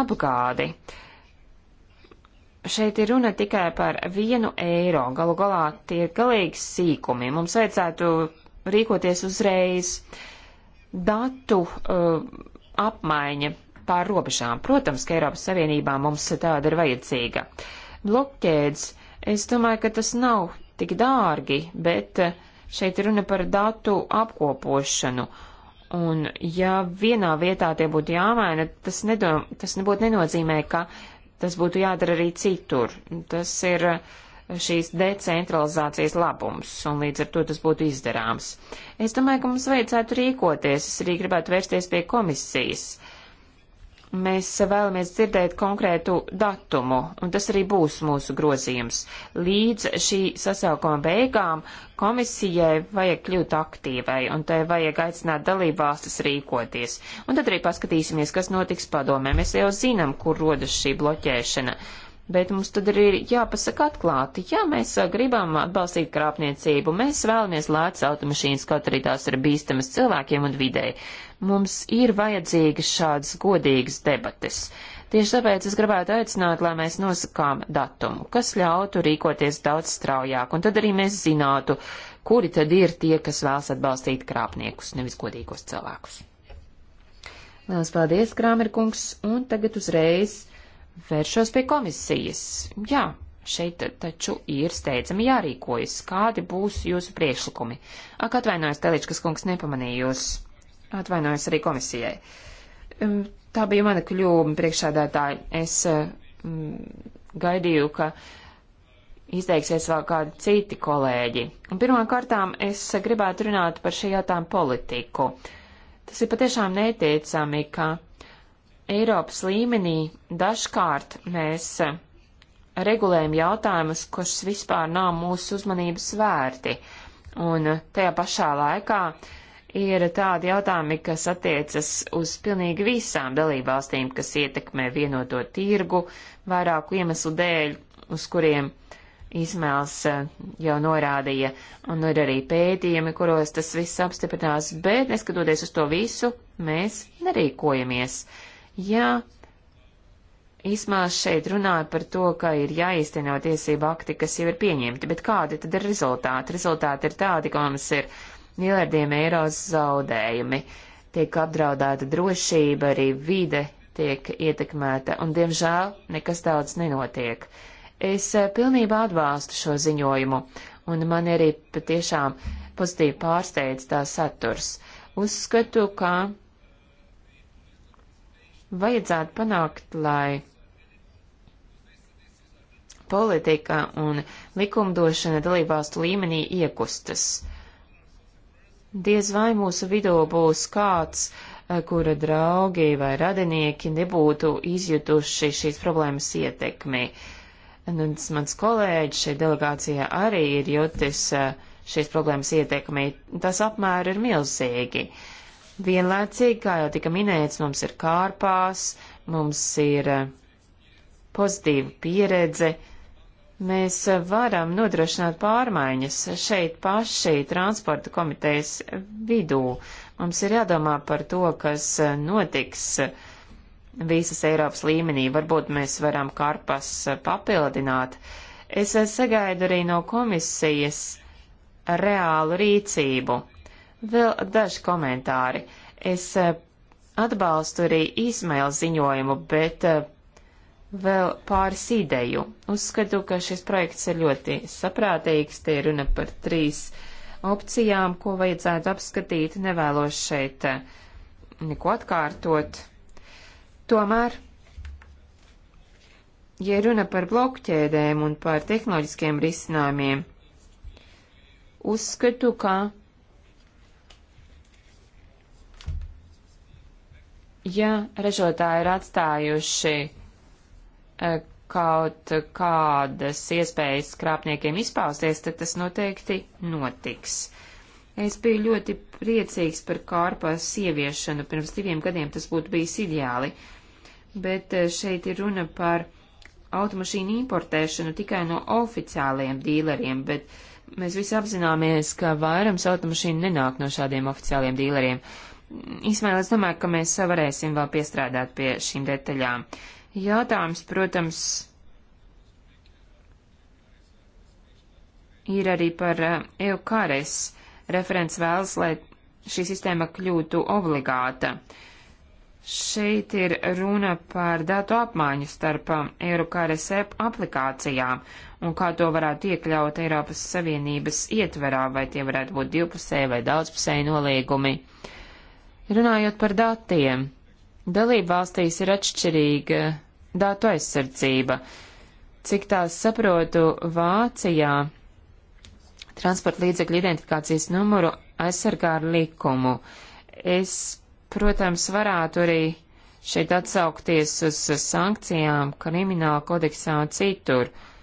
apgādi. Eh, Šeit ir runa tikai par vienu eiro. Galu galā tie ir galīgi sīkumi. Mums vajadzētu rīkoties uzreiz. Datu uh, apmaiņa pār robežām. Protams, ka Eiropas Savienībā mums tāda ir vajadzīga. Blokķēdes, es domāju, ka tas nav tik dārgi, bet uh, šeit runa par datu apkopošanu. Un ja vienā vietā tie būtu jāmaina, tas, nedom, tas nebūtu nenozīmē, ka tas būtu jādara arī citur. Tas ir uh, šīs decentralizācijas labums, un līdz ar to tas būtu izdarāms. Es domāju, ka mums vajadzētu rīkoties, es arī gribētu vērsties pie komisijas. Mēs vēlamies dzirdēt konkrētu datumu, un tas arī būs mūsu grozījums. Līdz šī sasaukuma beigām komisijai vajag kļūt aktīvai, un tai vajag aicināt dalībvalstis rīkoties. Un tad arī paskatīsimies, kas notiks padomē. Mēs jau zinām, kur rodas šī bloķēšana. Uh, Bet mums tad ir jāpasaka atklāti, ja mēs gribam atbalstīt krāpniecību, mēs vēlamies lētas automašīnas, kaut arī tās ir bīstamas cilvēkiem un videi. Mums ir vajadzīgas šādas godīgas debates. Tieši tāpēc es gribētu aicināt, lai mēs nosakām datumu, kas ļautu rīkoties daudz straujāk, un tad arī mēs zinātu, kuri tad ir tie, kas vēlas atbalstīt krāpniekus, nevis godīgos cilvēkus. Lielas paldies, Krāmerkungs, un tagad uzreiz vēršos pie komisijas. Jā, šeit taču ir steidzami jārīkojas. Kādi būs jūsu priekšlikumi? Ak, atvainojos, Teličkas kungs, nepamanīju jūs. Atvainojos arī komisijai. Tā bija mana kļūme priekšādātāji. Es mm, gaidīju, ka izteiksies vēl kādi citi kolēģi. Un pirmām kārtām es gribētu runāt par šī jautājuma politiku. Tas ir patiešām neticami, ka Eiropas līmenī dažkārt mēs eh, regulējam jautājumus, kurus vispār nav mūsu uzmanības vērti, un eh, tajā pašā laikā ir tādi jautājumi, kas attiecas uz pilnīgi visām dalībvalstīm, kas ietekmē vienoto tirgu vairāku iemeslu dēļ, uz kuriem Ismēls eh, jau norādīja, un ir arī pētījumi, kuros tas viss apstiprinās, bet neskatoties uz to visu, mēs nerīkojamies. Uh, Jā, īsmās šeit runāja par to, ka ir jāīsteno tiesību akti, kas jau ir pieņemti, bet kādi tad ir rezultāti? Rezultāti ir tādi, ka mums ir miljardiem eiro zaudējumi, tiek apdraudēta drošība, arī vide tiek ietekmēta, un diemžēl nekas daudz nenotiek. Es eh, pilnībā atbalstu šo ziņojumu, un man arī patiešām pozitīvi pārsteidz tā saturs. Uzskatu, ka vajadzētu panākt, lai politika un likumdošana dalībvalstu līmenī iekustas. Diez vai mūsu vidū būs kāds, eh, kura draugi vai radinieki nebūtu izjutuši šīs problēmas ietekmi. Nu, un mans kolēģis šeit delegācijā arī ir jutis eh, šīs problēmas ietekmi. Tas apmēri ir milzīgi. Uh, Vienlaicīgi, kā jau tika minēts, mums ir kārpās, mums ir eh, pozitīva pieredze, mēs eh, varam nodrošināt pārmaiņas šeit paši transporta komitejas vidū. Mums ir jādomā par to, kas eh, notiks visas Eiropas līmenī. Varbūt mēs varam karpas papildināt. Es sagaidu arī no komisijas reālu rīcību. Vēl daži komentāri. Es e, atbalstu arī Īsmaila ziņojumu, bet e, vēl pāris ideju. Uzskatu, ka šis projekts ir ļoti saprātīgs, te ir runa par trīs opcijām, ko vajadzētu apskatīt, nevēlos šeit e, neko atkārtot. Tomēr, ja runa par blokķēdēm un par tehnoloģiskiem risinājumiem, uzskatu, ka Ja ražotāji ir atstājuši e, kaut kādas iespējas krāpniekiem izpausties, tad tas noteikti notiks. Es biju ļoti priecīgs par kārpas ieviešanu. Pirms diviem gadiem tas būtu bijis ideāli. Bet e, šeit ir runa par automašīnu importēšanu tikai no oficiāliem dīleriem, bet mēs visi apzināmies, ka vairums automašīnu nenāk no šādiem oficiāliem dīleriem. Īsmēl, es domāju, ka mēs varēsim vēl piestrādāt pie šīm detaļām. Jautājums, protams, ir arī par EUKARES. Eh, Referents vēlas, lai šī sistēma kļūtu obligāta. Šeit ir runa par datu apmaiņu starp EUKARES eh, aplikācijām un kā to varētu iekļaut Eiropas Savienības ietverā, vai tie varētu būt divpusēji vai daudzpusēji nolīgumi. Uh, Runājot par datiem, dalību valstīs ir atšķirīga datu aizsardzība. Cik tās saprotu, Vācijā transporta līdzekļu identifikācijas numuru aizsargā ar likumu. Es, protams, varētu arī šeit atsaukties uz sankcijām krimināla kodeksā un citur. Uh,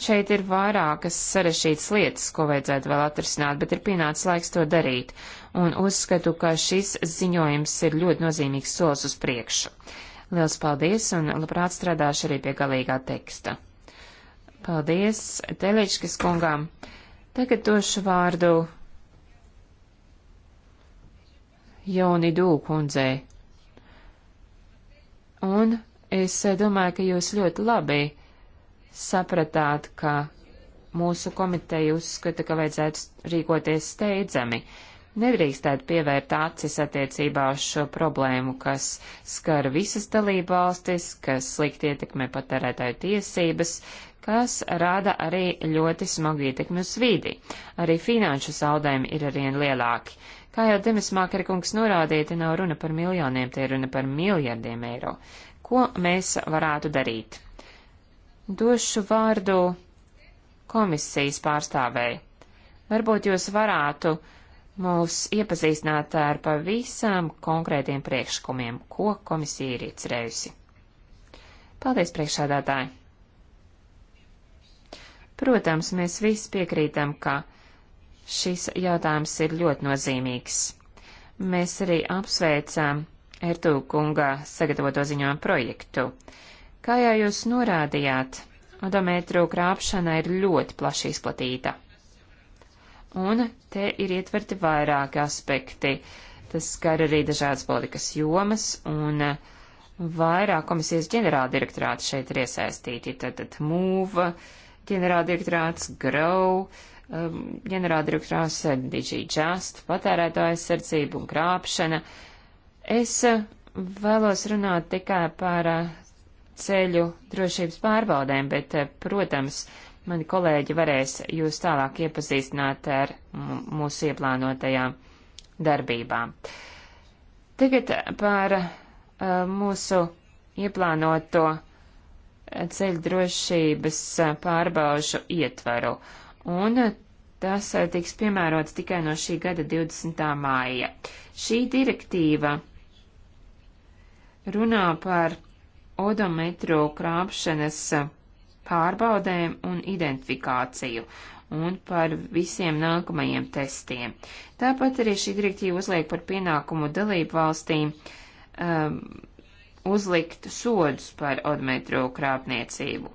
Šeit ir vairākas sarešķītas lietas, ko vajadzētu vēl atrisināt, bet ir pienācis laiks to darīt, un uzskatu, ka šis ziņojums ir ļoti nozīmīgs solis uz priekšu. Liels paldies, un labprāt strādāšu arī pie galīgā teksta. Paldies Teličkas kungām. Tagad došu vārdu Joni Dūkundzei. Un es domāju, ka jūs ļoti labi sapratāt, ka mūsu komiteja uzskata, ka vajadzētu rīkoties steidzami. Nedrīkstētu pievērt acis attiecībā uz šo problēmu, kas skar visas dalībvalstis, kas slikti ietekmē patērētāju tiesības, kas rada arī ļoti smagu ietekmi uz vidi. Arī finanšu zaudējumi ir arvien lielāki. Kā jau Demis Mākerkungs norādīja, te nav runa par miljoniem, te ir runa par miljardiem eiro. Ko mēs varētu darīt? Došu vārdu komisijas pārstāvēji. Varbūt jūs varētu mūs iepazīstināt ar pavisam konkrētiem priekšlikumiem, ko komisija ir iecerējusi. Paldies, priekšādātāji! Protams, mēs visi piekrītam, ka šis jautājums ir ļoti nozīmīgs. Mēs arī apsveicām Ertūkunga sagatavoto ziņojumu projektu. Kā jau jūs norādījāt, odometru krāpšana ir ļoti plaši izplatīta. Un te ir ietverti vairāki aspekti. Tas skar arī dažādas politikas jomas, un vairāk komisijas ģenerāldirektorāti šeit ir iesaistīti. Tātad MUVA, ģenerāldirektorāts, GROW, um, ģenerāldirektorāts DG Just, patērētāja aizsardzība un krāpšana. Es uh, vēlos runāt tikai par uh, ceļu drošības pārbaudēm, bet, eh, protams, mani kolēģi varēs jūs tālāk iepazīstināt ar mūsu ieplānotajām darbībām. Tagad par eh, mūsu ieplānoto ceļu drošības eh, pārbaužu ietvaru, un tas tiks piemērots tikai no šī gada 20. māja. Šī direktīva runā par odometru krāpšanas pārbaudēm un identifikāciju un par visiem nākamajiem testiem. Tāpat arī šī direktīva uzliek par pienākumu dalību valstīm um, uzlikt sodus par odometru krāpniecību.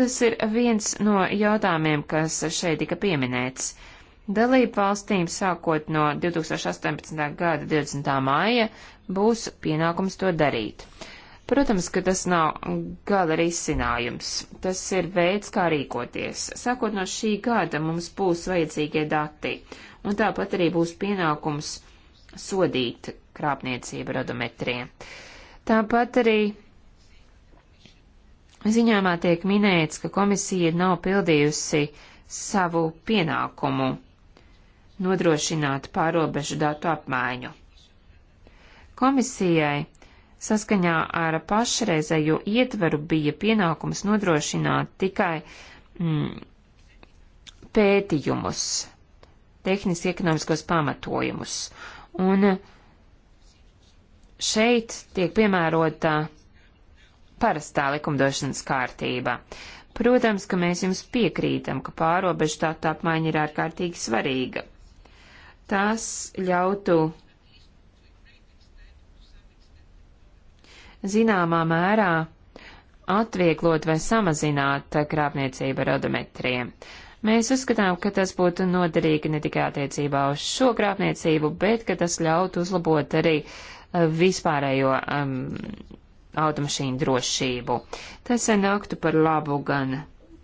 Tas ir viens no jautājumiem, kas šeit tika pieminēts. Dalību valstīm sākot no 2018. gada 20. māja būs pienākums to darīt. Uh, Protams, ka tas nav gala risinājums. Tas ir veids, kā rīkoties. Sākot no šī gada mums būs vajadzīgie dati, un tāpat arī būs pienākums sodīt krāpniecību radometriem. Tāpat arī ziņāmā tiek minēts, ka komisija nav pildījusi savu pienākumu nodrošināt pārobežu datu apmaiņu. Komisijai Saskaņā ar pašreizējo ietveru bija pienākums nodrošināt tikai mm, pētījumus, tehniski ekonomiskos pamatojumus. Un šeit tiek piemērota parastā likumdošanas kārtība. Protams, ka mēs jums piekrītam, ka pārobežu tāta apmaiņa ir ārkārtīgi svarīga. Tas ļautu zināmā mērā atvieglot vai samazināt krāpniecību ar odometriem. Mēs uzskatām, ka tas būtu noderīgi ne tikai attiecībā uz šo krāpniecību, bet ka tas ļautu uzlabot arī eh, vispārējo um, automašīnu drošību. Tas nāktu par labu gan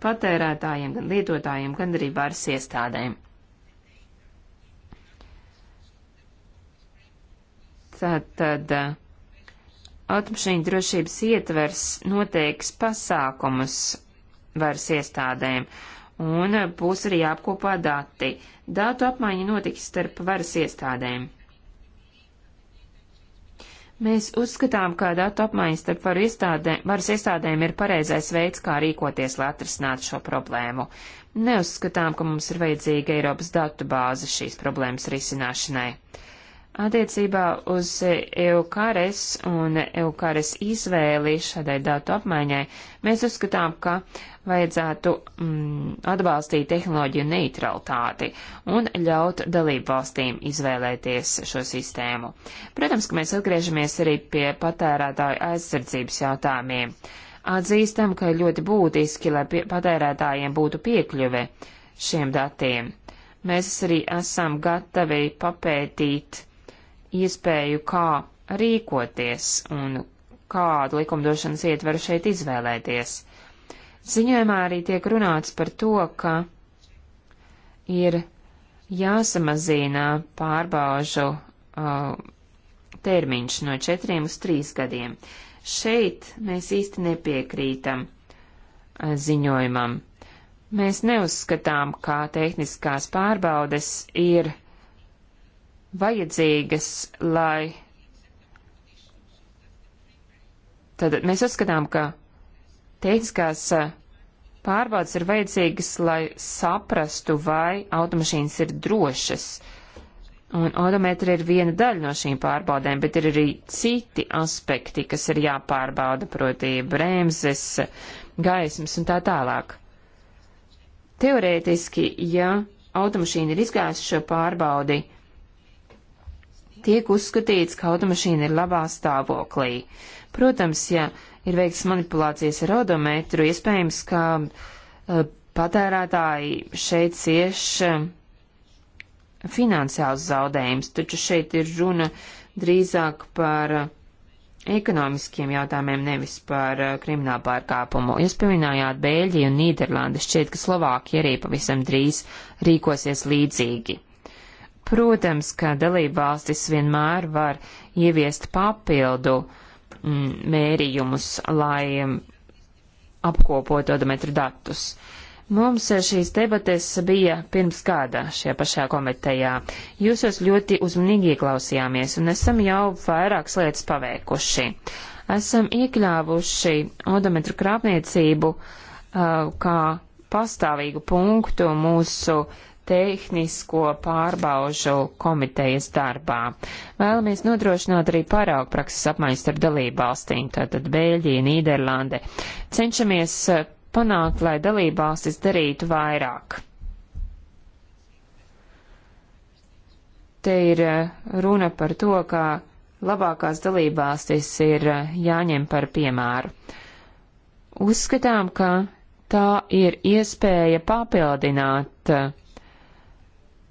patērētājiem, gan lietotājiem, gan arī varas iestādēm. Tātad. Tā, Automašīnu drošības ietvers noteiks pasākumus varas iestādēm, un būs arī jāapkopā dati. Dātu apmaiņa notiks starp varas iestādēm. Mēs uzskatām, ka datu apmaiņa starp varu iestādē, varas iestādēm ir pareizais veids, kā rīkoties, lai atrisinātu šo problēmu. Neuzskatām, ka mums ir vajadzīga Eiropas datu bāze šīs problēmas risināšanai. Attiecībā uz EUKARES un EUKARES izvēli šādai datu apmaiņai mēs uzskatām, ka vajadzētu mm, atbalstīt tehnoloģiju neutralitāti un ļaut dalību valstīm izvēlēties šo sistēmu. Protams, ka mēs atgriežamies arī pie patērētāju aizsardzības jautājumiem. Atzīstam, ka ir ļoti būtiski, lai pie, patērētājiem būtu piekļuve šiem datiem. Mēs arī esam gatavi papētīt iespēju, kā rīkoties un kādu likumdošanas ietveru šeit izvēlēties. Ziņojumā arī tiek runāts par to, ka ir jāsamazina pārbaužu uh, termiņš no četriem uz trīs gadiem. Šeit mēs īsti nepiekrītam uh, ziņojumam. Mēs neuzskatām, kā tehniskās pārbaudes ir uh, vajadzīgas, lai. Tad mēs uzskatām, ka tehniskās uh, pārbaudas ir vajadzīgas, lai saprastu, vai automašīnas ir drošas. Un odometri ir viena daļa no šīm pārbaudēm, bet ir arī citi aspekti, kas ir jāpārbauda, proti bremzes, gaismas un tā tālāk. Teorētiski, ja automašīna ir izgājusi šo pārbaudi, tiek uzskatīts, ka automašīna ir labā stāvoklī. Protams, ja ir veikts manipulācijas ar odometru, iespējams, ka uh, patērētāji šeit cieš uh, finansiāls zaudējums, taču šeit ir runa drīzāk par uh, ekonomiskiem jautājumiem, nevis par uh, kriminālu pārkāpumu. Jūs pieminējāt Bēļģiju un Nīderlandi, šķiet, ka Slovākija arī pavisam drīz rīkosies līdzīgi. Protams, ka dalībvalstis vienmēr var ieviest papildu mm, mērījumus, lai mm, apkopotu odometru datus. Mums šīs debates bija pirms gada šajā pašā komitejā. Jūsos ļoti uzmanīgi ieklausījāmies un esam jau vairākas lietas paveikuši. Esam iekļāvuši odometru krāpniecību uh, kā pastāvīgu punktu mūsu uh, tehnisko pārbaužu komitejas darbā. Vēlamies nodrošināt arī pārāk prakses apmaiņas starp dalībvalstīm, tātad Bēļģija, Nīderlande. Cenšamies eh, panākt, lai dalībvalstis darītu vairāk. Te ir eh, runa par to, ka labākās dalībvalstis ir eh, jāņem par piemēru. Uzskatām, ka tā ir iespēja papildināt uh,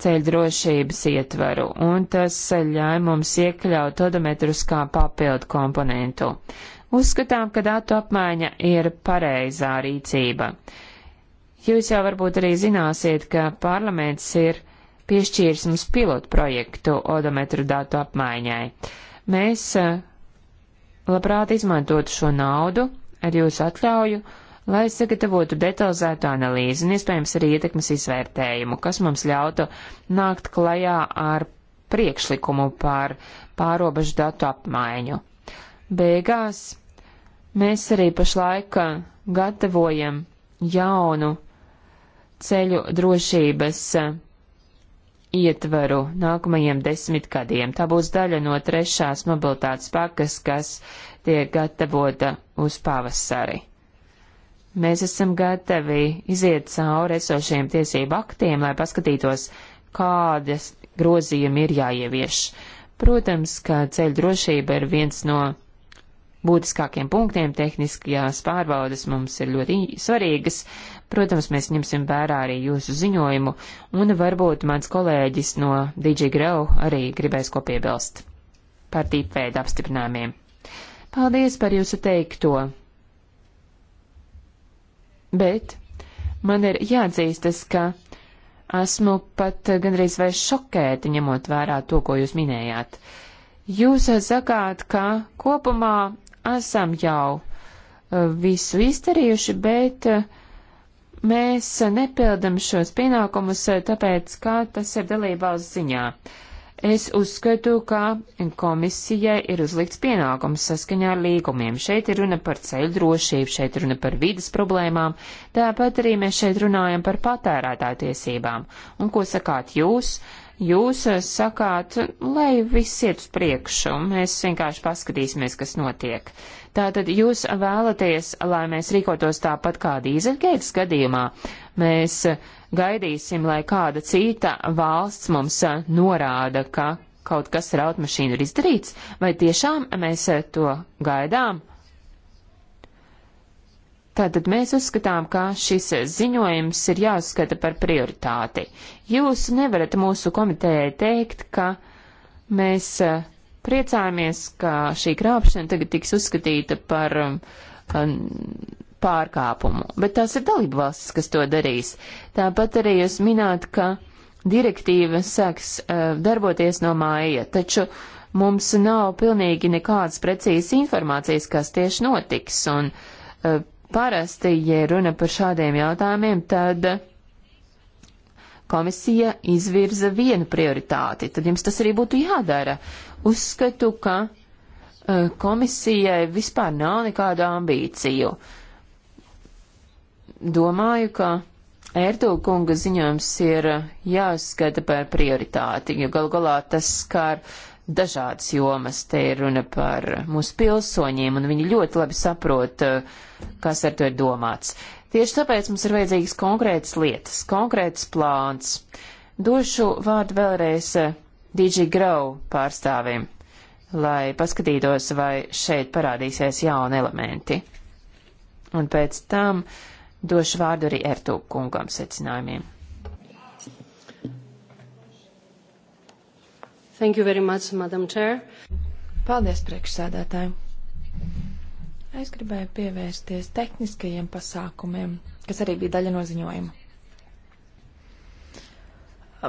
ceļu drošības ietvaru, un tas ļauj mums iekļaut odometrus kā papildu komponentu. Uzskatām, ka datu apmaiņa ir pareizā rīcība. Jūs jau varbūt arī zināsiet, ka parlaments ir piešķīris mums pilotu projektu odometru datu apmaiņai. Mēs eh, labprāt izmantotu šo naudu ar jūsu atļauju lai sagatavotu detalizētu analīzi un iespējams arī ietekmes izvērtējumu, kas mums ļautu nākt klajā ar priekšlikumu par pārobežu datu apmaiņu. Beigās mēs arī pašlaik gatavojam jaunu ceļu drošības ietvaru nākamajiem desmitgadiem. Tā būs daļa no trešās mobilitātes pakas, kas tiek gatavota uz pavasari. Mēs esam gatavi iziet cauri esošiem tiesību aktiem, lai paskatītos, kādas grozījumi ir jāievieš. Protams, ka ceļu drošība ir viens no būtiskākiem punktiem, tehniskajās pārbaudas mums ir ļoti svarīgas. Protams, mēs ņemsim vērā arī jūsu ziņojumu, un varbūt mans kolēģis no DJ Grau arī gribēs ko piebilst par tīpveida apstiprinājumiem. Paldies par jūsu teikto! bet man ir jāatzīstas, ka esmu pat gandrīz vai šokēti ņemot vērā to, ko jūs minējāt. Jūs sakāt, ka kopumā esam jau uh, visu izdarījuši, bet uh, mēs nepildam šos pienākumus, uh, tāpēc, ka tas ir dalībvalsts ziņā. Uh, Es uzskatu, ka komisijai ir uzlikts pienākums saskaņā ar līgumiem. Šeit ir runa par ceļu drošību, šeit runa par vidas problēmām, tāpat arī mēs šeit runājam par patērētāju tiesībām. Un ko sakāt jūs? Jūs sakāt, lai viss iet uz priekšu, mēs vienkārši paskatīsimies, kas notiek. Tātad jūs vēlaties, lai mēs rīkotos tāpat kā dīzeļgeitas gadījumā, Mēs gaidīsim, lai kāda cita valsts mums norāda, ka kaut kas ar automašīnu ir izdarīts, vai tiešām mēs to gaidām? Tātad mēs uzskatām, ka šis ziņojums ir jāuzskata par prioritāti. Jūs nevarat mūsu komitējai teikt, ka mēs eh, priecājamies, ka šī krāpšana tagad tiks uzskatīta par um, pārkāpumu, bet tās ir dalību valstis, kas to darīs. Tāpat arī jūs minēt, ka direktīva sāks uh, darboties no māja, taču mums nav pilnīgi nekādas precīzas informācijas, kas tieši notiks, un uh, parasti, ja runa par šādiem jautājumiem, tad komisija izvirza vienu prioritāti, tad jums tas arī būtu jādara. Uzskatu, ka eh, komisijai vispār nav nekādu ambīciju. Uh, domāju, ka Ertūga kunga ziņojums ir eh, jāuzskata par prioritāti, jo gal galā tas skar dažādas jomas. Te ir runa par mūsu pilsoņiem, un viņi ļoti labi saprot, eh, kas ar to ir domāts. Tieši tāpēc mums ir vajadzīgas konkrētas lietas, konkrēts plāns. Došu vārdu vēlreiz eh, DJ Grau pārstāvim, lai paskatītos, vai šeit parādīsies jauni elementi. Un pēc tam uh, došu vārdu arī Ertu kungam secinājumiem. Thank you very much, Madam Chair. Paldies, priekšsēdētāji. Es gribēju pievērsties tehniskajiem pasākumiem, kas arī bija daļa no ziņojuma.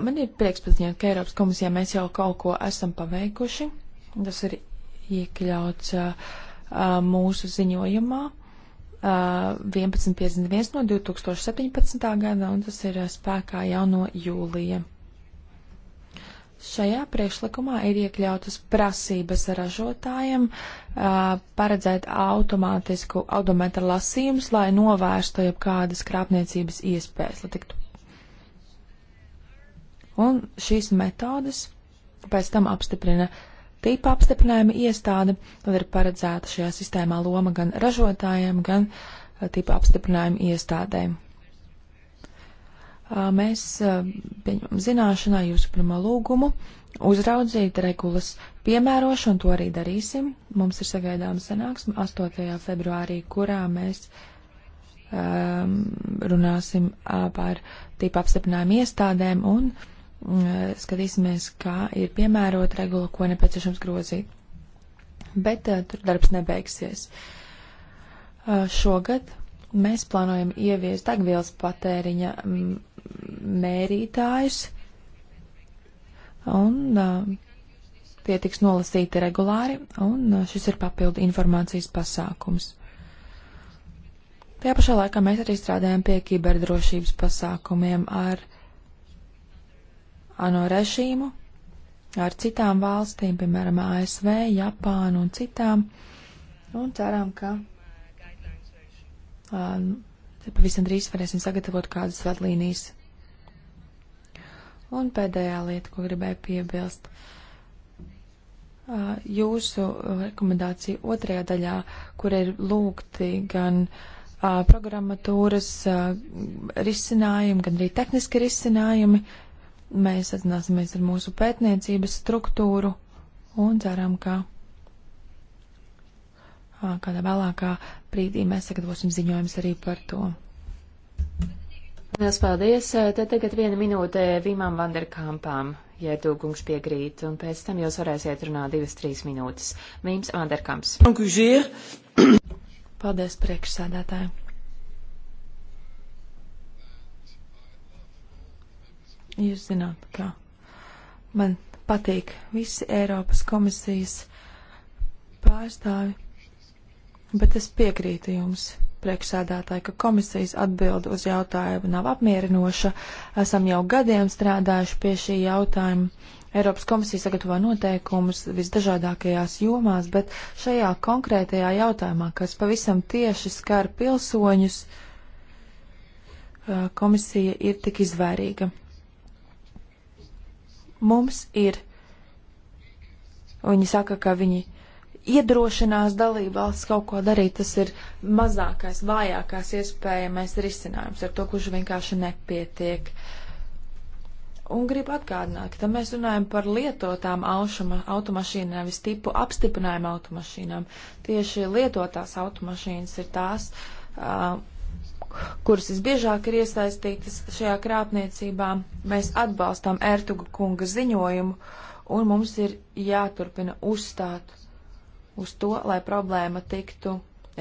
Man ir prieks paziņot, ka Eiropas komisijā mēs jau kaut ko esam paveikuši. Tas ir iekļauts uh, uh mūsu ziņojumā. Uh, Uh, 1151 no 2017. gada, un tas ir uh, spēkā jau no jūlija. Šajā priekšlikumā ir iekļautas prasības ražotājiem uh, paredzēt automātisku audometra lasījumus, lai novērstu jebkādas krāpniecības iespējas. Un šīs metodas pēc tam apstiprina uh, tipa apstiprinājuma iestāde, tad ir paredzēta šajā sistēmā loma gan ražotājiem, gan tipa apstiprinājuma iestādēm. Mēs pieņemam zināšanā jūsu pirmo lūgumu uzraudzīt regulas piemērošanu, to arī darīsim. Mums ir sagaidāms sanāksme 8. februārī, kurā mēs um, runāsim par tipa apstiprinājuma iestādēm un uh, Eh, skatīsimies, kā ir piemērota regula, ko nepieciešams grozīt. Bet uh, tur darbs nebeigsies. Uh, šogad mēs plānojam ieviest degvielas patēriņa mm, mērītājus, un uh, tie tiks nolasīti regulāri, un uh, šis ir papildu informācijas pasākums. Tajā pašā laikā mēs arī strādājam pie kiberdrošības pasākumiem ar uh, ANO režīmu ar citām valstīm, piemēram, ASV, Japānu un citām. Un ceram, ka uh, pavisam drīz varēsim sagatavot kādas vadlīnijas. Un pēdējā lieta, ko gribēju piebilst. Uh, jūsu rekomendācija otrajā daļā, kur ir lūgti gan uh, programmatūras uh, risinājumi, gan arī tehniski risinājumi, uh, Mēs sazināsimies ar mūsu pētniecības struktūru un ceram, ka kādā vēlākā brīdī mēs sagatavosim ziņojums arī par to. Lielas paldies! Te tagad viena minūte Vimam Vanderkampām, ja tūkungs piekrīt, un pēc tam jūs varēsiet runāt divas, trīs minūtes. Vīms Vanderkamps. Paldies, priekšsēdētāji! Jūs zināt, ka man patīk visi Eiropas komisijas pārstāvi, bet es piekrītu jums, priekšsēdētāji, ka komisijas atbilde uz jautājumu nav apmierinoša. Esam jau gadiem strādājuši pie šī jautājuma. Eiropas komisija sagatavo noteikumus visdažādākajās jomās, bet šajā konkrētajā jautājumā, kas pavisam tieši skar pilsoņus, komisija ir tik izvērīga mums ir. Viņi saka, ka viņi iedrošinās dalībvalsts kaut ko darīt. Tas ir mazākais, vājākais iespējamais risinājums, ar to, kurš vienkārši nepietiek. Un gribu atgādināt, ka mēs runājam par lietotām aušama, automašīnām, nevis tipu apstiprinājuma automašīnām. Tieši lietotās automašīnas ir tās. Uh, kuras visbiežāk ir iesaistītas šajā krāpniecībā. Mēs atbalstām Ertuga kunga ziņojumu, un mums ir jāturpina uzstāt uz to, lai problēma tiktu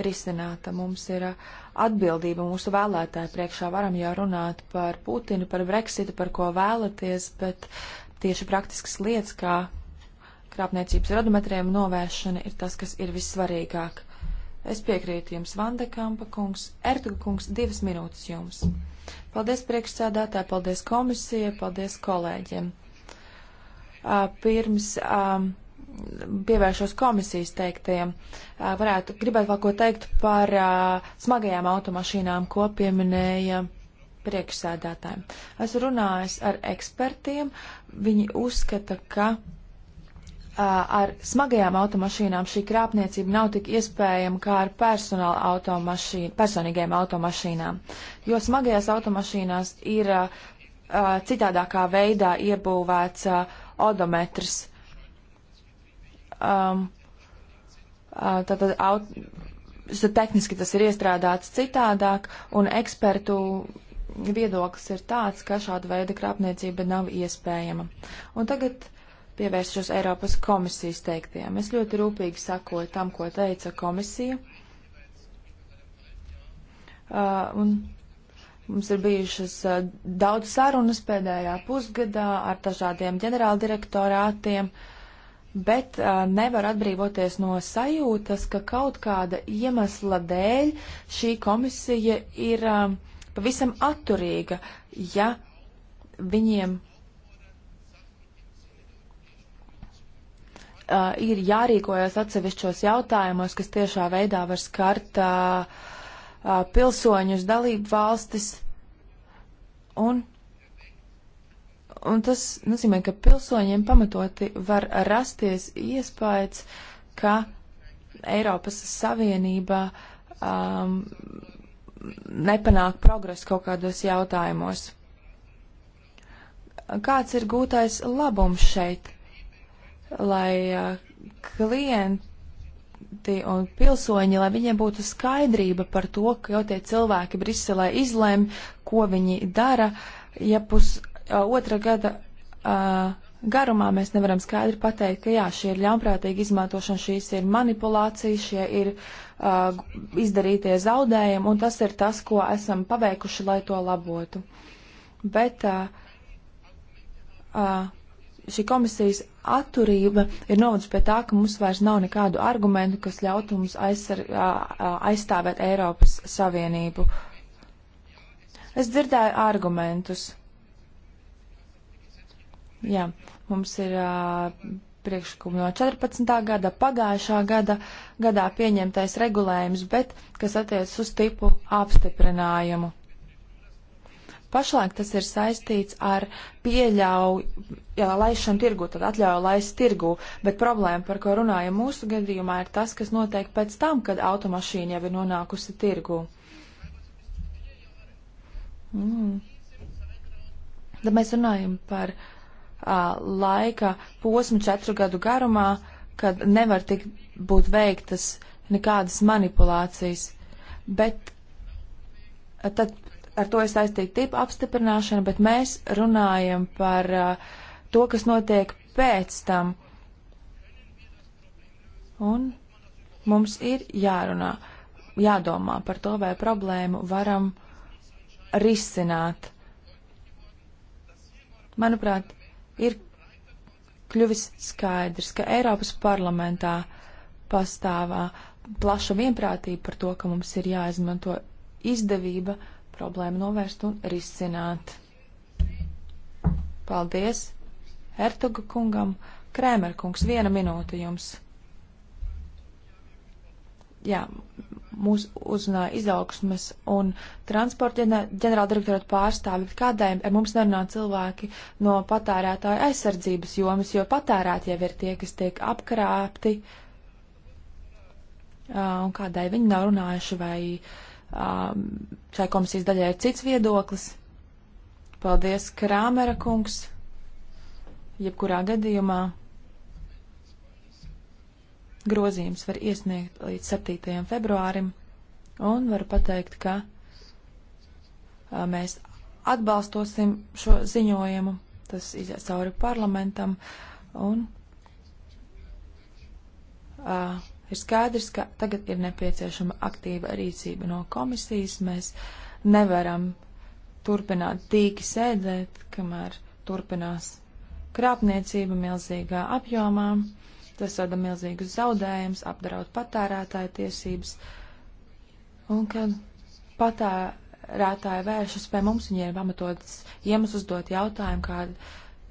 risināta. Mums ir uh, atbildība mūsu vēlētāju priekšā. Varam jau runāt par Putinu, par Brexitu, par ko vēlaties, bet tieši praktiskas lietas, kā krāpniecības radometriem novēršana, ir tas, kas ir vissvarīgāk. Es piekrītu jums, Vandekampa kungs, Ertuga kungs, divas minūtes jums. Paldies priekšsēdētāji, paldies komisijai, paldies kolēģiem. Pirms pievēršos komisijas teiktajiem, varētu gribēt vēl ko teikt par smagajām automašīnām, ko pieminēja priekšsēdētājiem. Es runāju ar ekspertiem, viņi uzskata, ka ar smagajām automašīnām šī krāpniecība nav tik iespējama kā ar personāla automašīnu, personīgajām automašīnām, jo smagajās automašīnās ir uh, citādākā veidā iebūvēts uh, odometrs. Um, uh, tātad aut, tehniski tas ir iestrādāts citādāk, un ekspertu viedoklis ir tāds, ka šāda veida krāpniecība nav iespējama. Un tagad uh, pievēršos Eiropas komisijas teiktiem. Es ļoti rūpīgi sakoju tam, ko teica komisija. Uh, un mums ir bijušas uh, daudz sarunas pēdējā pusgadā ar dažādiem ģenerāldirektorātiem, bet uh, nevar atbrīvoties no sajūtas, ka kaut kāda iemesla dēļ šī komisija ir uh, pavisam atturīga, ja viņiem uh, ir jārīkojas atsevišķos jautājumos, kas tiešā veidā var skart uh, uh, pilsoņus, dalību valstis. Un, un tas nozīmē, ka pilsoņiem pamatoti var rasties iespējas, ka Eiropas Savienība um, nepanāk progresu kaut kādos jautājumos. Kāds ir gūtais labums šeit? lai klienti un pilsoņi, lai viņiem būtu skaidrība par to, ka jau tie cilvēki Briselē izlēm, ko viņi dara, ja pus otra gada garumā mēs nevaram skaidri pateikt, ka jā, šie ir ļaunprātīgi izmantošana, šīs ir manipulācijas, šie ir uh, izdarītie zaudējumi, un tas ir tas, ko esam paveikuši, lai to labotu. Bet uh, uh, šī komisijas atturība ir novedusi pie tā, ka mums vairs nav nekādu argumentu, kas ļautu mums aizsar, aizstāvēt Eiropas Savienību. Es dzirdēju argumentus. Jā, mums ir uh, priekšlikumi no 14. gada, pagājušā gada gadā pieņemtais regulējums, bet kas attiecas uz tipu apstiprinājumu. Pašlaik tas ir saistīts ar pieļauju, jā, laišanu tirgu, tad atļauju laist tirgu, bet problēma, par ko runājam mūsu gadījumā, ir tas, kas notiek pēc tam, kad automašīna jau ir nonākusi tirgu. Mm. Tad mēs runājam par uh, laika posmu četru gadu garumā, kad nevar tik būt veiktas nekādas manipulācijas. Bet tad ar to ir saistīta tipa apstiprināšana, bet mēs runājam par uh, to, kas notiek pēc tam. Un mums ir jārunā, jādomā par to, vai problēmu varam risināt. Manuprāt, ir kļuvis skaidrs, ka Eiropas parlamentā pastāvā plaša vienprātība par to, ka mums ir jāizmanto izdevība uh, problēmu novērst un risināt. Paldies Hertoga kungam. Krēmer kungs, viena minūte jums. Jā, mūs uzrunāja izaugsmes un transporta ģenerāldirektorāta pārstāvi, bet kādēļ ar mums nerunā cilvēki no patērētāja aizsardzības jomas, jo patērētie ir tie, kas tiek apkrāpti, un kādēļ viņi nav runājuši vai uh, Um, šai komisijas daļai ir cits viedoklis. Paldies, Krāmera kungs. Jebkurā gadījumā grozījums var iesniegt līdz 7. februārim, un varu pateikt, ka uh, mēs atbalstosim šo ziņojumu. Tas izies cauri parlamentam, un uh, Ir skaidrs, ka tagad ir nepieciešama aktīva rīcība no komisijas. Mēs nevaram turpināt tīki sēdēt, kamēr turpinās krāpniecība milzīgā apjomā. Tas rada milzīgus zaudējumus, apdraud patērētāju tiesības. Un kad patērētāji vēršas pie mums, viņiem ir pamatots iemesls dot jautājumu, kāda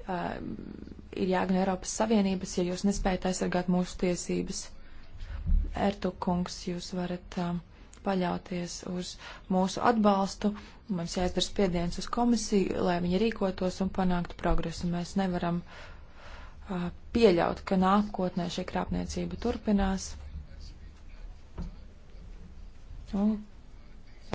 uh, ir jāgana Eiropas Savienības, ja jūs nespējat aizsargāt mūsu tiesības. Ertu kungs, jūs varat uh, paļauties uz mūsu atbalstu. Mums jāizdara spiediens uz komisiju, lai viņi rīkotos un panāktu progresu. Mēs nevaram uh, pieļaut, ka nākotnē šī krāpniecība turpinās. Un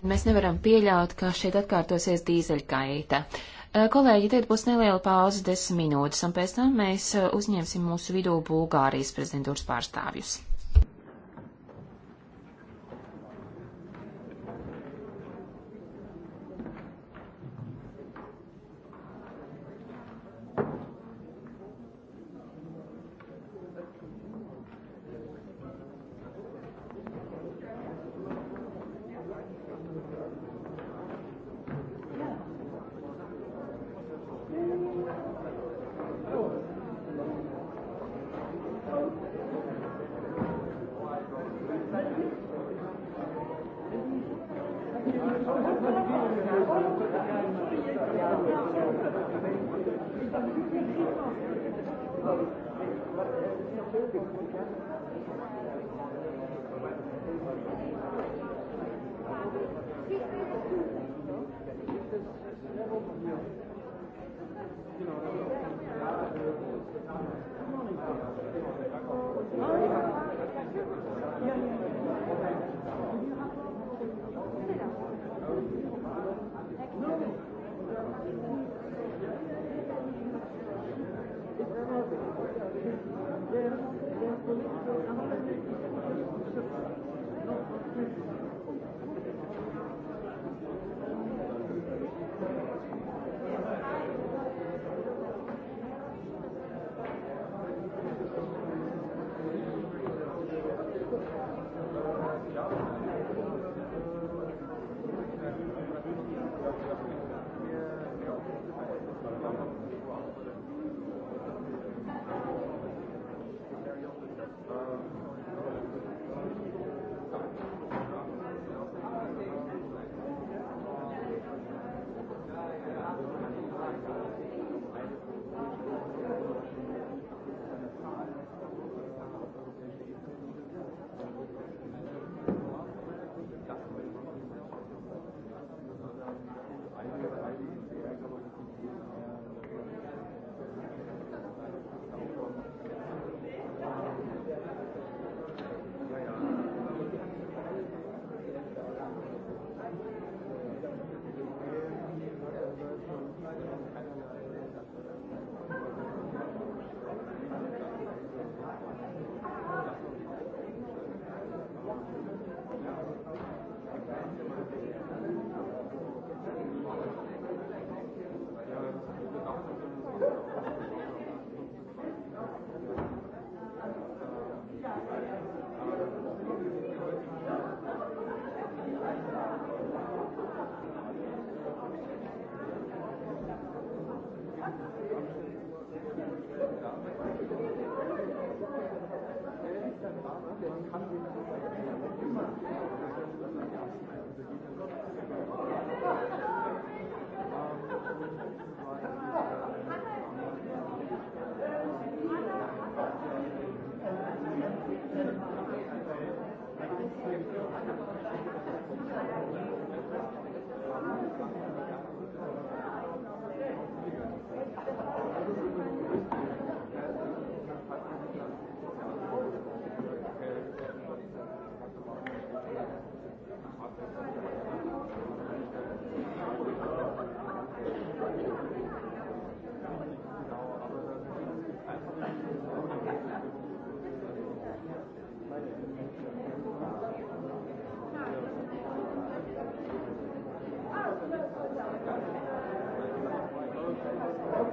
Mēs nevaram pieļaut, ka šeit atkārtosies dīzeļkaita. Uh, kolēģi, tagad būs neliela pauze, desmit minūtes, un pēc tam mēs uh, uzņemsim mūsu vidū Bulgārijas prezidentūras pārstāvjus.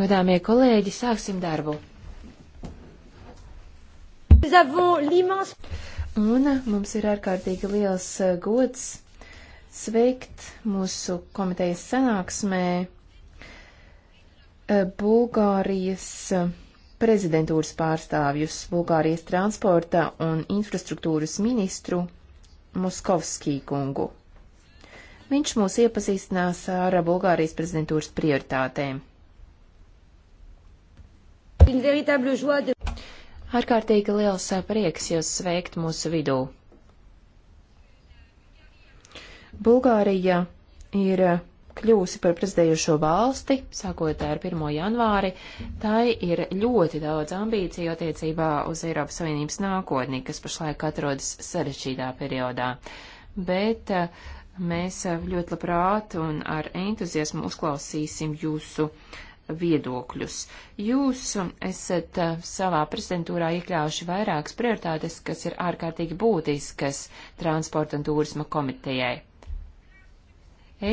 Godāmie kolēģi, sāksim darbu. Un mums ir ārkārtīgi liels eh, gods sveikt mūsu komitejas sanāksmē eh, Bulgārijas eh, prezidentūras pārstāvjus, Bulgārijas transporta un infrastruktūras ministru Moskovskī kungu. Viņš mūs iepazīstinās ar Bulgārijas prezidentūras prioritātēm. Ārkārtīgi liels prieks jūs sveikt mūsu vidū. Bulgārija ir kļūsi par prezidējušo valsti, sākot ar 1. janvāri, tai ir ļoti daudz ambīciju attiecībā uz Eiropas Savienības nākotni, kas pašlaik atrodas sarešķītā periodā. Bet Mēs eh, ļoti labprāt un ar entuziasmu uzklausīsim jūsu viedokļus. Jūs esat eh, savā prezidentūrā iekļāvuši vairākas prioritātes, kas ir ārkārtīgi būtiskas transporta un turisma komitejai.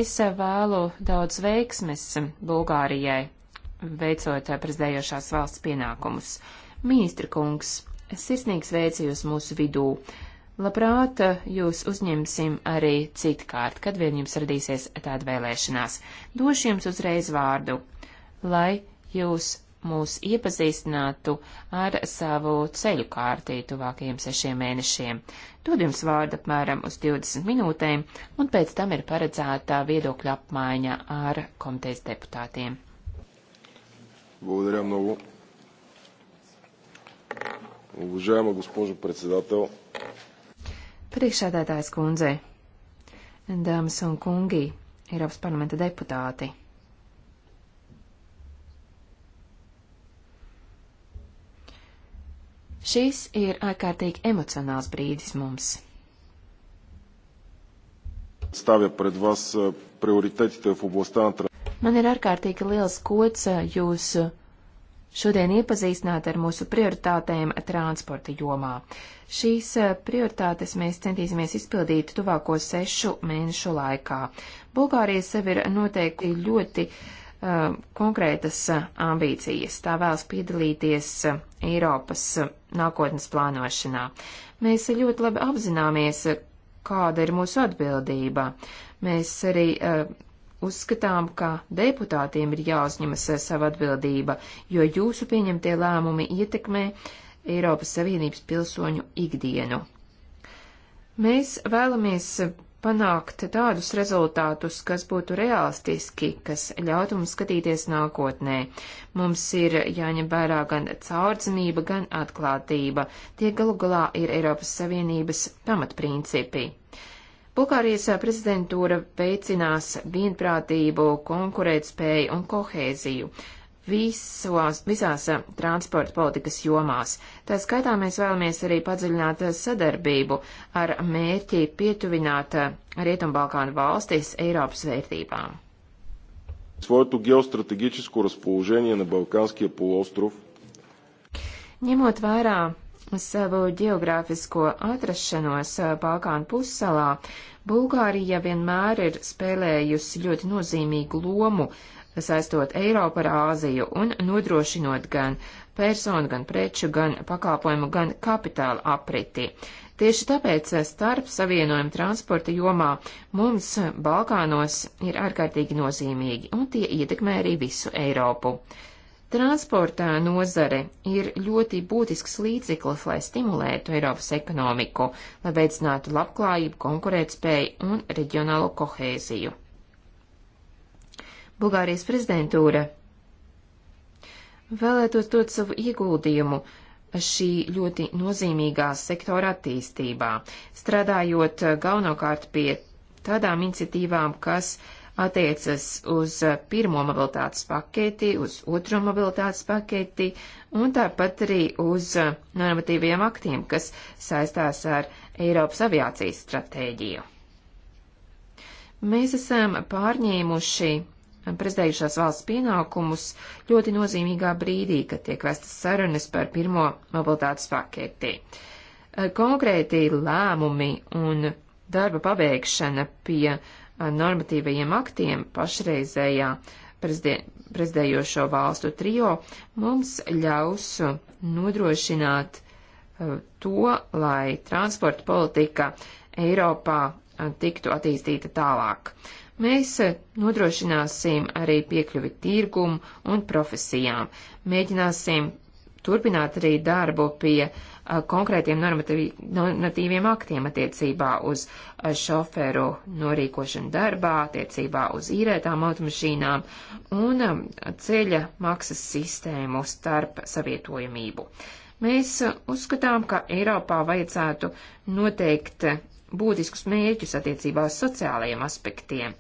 Es eh, vēlu daudz veiksmes Bulgārijai, veicot prezidējošās valsts pienākumus. Ministra kungs, sirsnīgs veicījus mūsu vidū. Labprāt, eh, jūs uzņemsim arī citkārt, kad vien jums radīsies tāda vēlēšanās. Došu jums uzreiz vārdu, lai jūs mūs iepazīstinātu ar savu ceļu kārtī tuvākajiem sešiem mēnešiem. Dod jums vārdu apmēram uz 20 minūtēm, un pēc tam ir paredzēta viedokļa apmaiņa ar komitejas deputātiem. Благодаря много. Уважаема госпожо председател, Priekšsēdētājs kundze, dāmas un kungi, Eiropas parlamenta deputāti. Šis ir ārkārtīgi emocionāls brīdis mums. Eh, Man ir ārkārtīgi liels gods eh, jūs šodien iepazīstināt ar mūsu prioritātēm transporta jomā. Šīs eh, prioritātes mēs centīsimies izpildīt tuvāko sešu mēnešu laikā. Bulgārija sev ir noteikti ļoti uh, konkrētas eh, ambīcijas. Tā vēlas piedalīties Eiropas nākotnes plānošanā. Mēs ļoti labi apzināmies, kāda ir mūsu atbildība. Mēs arī uh, uzskatām, ka deputātiem ir jāuzņemas eh, sava atbildība, jo jūsu pieņemtie lēmumi ietekmē Eiropas Savienības pilsoņu ikdienu. Mēs vēlamies eh, panākt tādus rezultātus, kas būtu realistiski, kas ļautu mums skatīties nākotnē. Mums ir jāņem vērā gan caurdzinība, gan atklātība. Tie galu galā ir Eiropas Savienības pamatprincipi. Bulgārijas prezidentūra veicinās vienprātību, konkurētspēju un kohēziju visos, visās eh, transporta politikas jomās. Tā skaitā mēs vēlamies arī padziļināt eh, sadarbību ar mērķi pietuvināt eh, Rietumbalkānu valstis Eiropas vērtībām. Своето геостратегическо разположение на Балканския полуостров Ņemot vērā savu geogrāfisko atrašanos eh, Balkānu pussalā, Bulgārija vienmēr ir spēlējusi ļoti nozīmīgu lomu, saistot Eiropu ar Āziju un nodrošinot gan personu, gan preču, gan pakalpojumu, gan kapitāla apriti. Tieši tāpēc eh, starp savienojumu transporta jomā mums Balkānos ir ārkārtīgi nozīmīgi, un tie ietekmē arī visu Eiropu. Transportā nozare ir ļoti būtisks līdzeklis, lai stimulētu Eiropas ekonomiku, lai veicinātu labklājību, konkurētspēju un reģionālo kohēziju. Bulgārijas prezidentūra vēlētos dot savu ieguldījumu šī ļoti nozīmīgā sektora attīstībā, strādājot galvenokārt pie tādām iniciatīvām, kas uh, attiecas uz uh, pirmo mobilitātes paketi, uz otro mobilitātes paketi un tāpat arī uz uh, normatīviem aktiem, kas saistās ar Eiropas aviācijas stratēģiju. Mēs esam pārņēmuši prezidējušās valsts pienākumus ļoti nozīmīgā brīdī, kad tiek vestas sarunas par pirmo mobilitātes paketi. Uh, konkrēti lēmumi un darba pabeigšana pie uh, normatīvajiem aktiem pašreizējā prezidējošo valstu trijo mums ļaus nodrošināt uh, to, lai transporta politika Eiropā uh, tiktu attīstīta tālāk. Mēs uh, nodrošināsim arī piekļuvi tirgumu un profesijām. Mēģināsim turpināt arī darbu pie uh, konkrētiem normatīviem aktiem attiecībā uz šoferu norīkošanu darbā, attiecībā uz īrētām automašīnām un ceļa maksas sistēmu starp savietojamību. Mēs uzskatām, ka Eiropā vajadzētu noteikt būtiskus mērķus attiecībā uz sociālajiem aspektiem,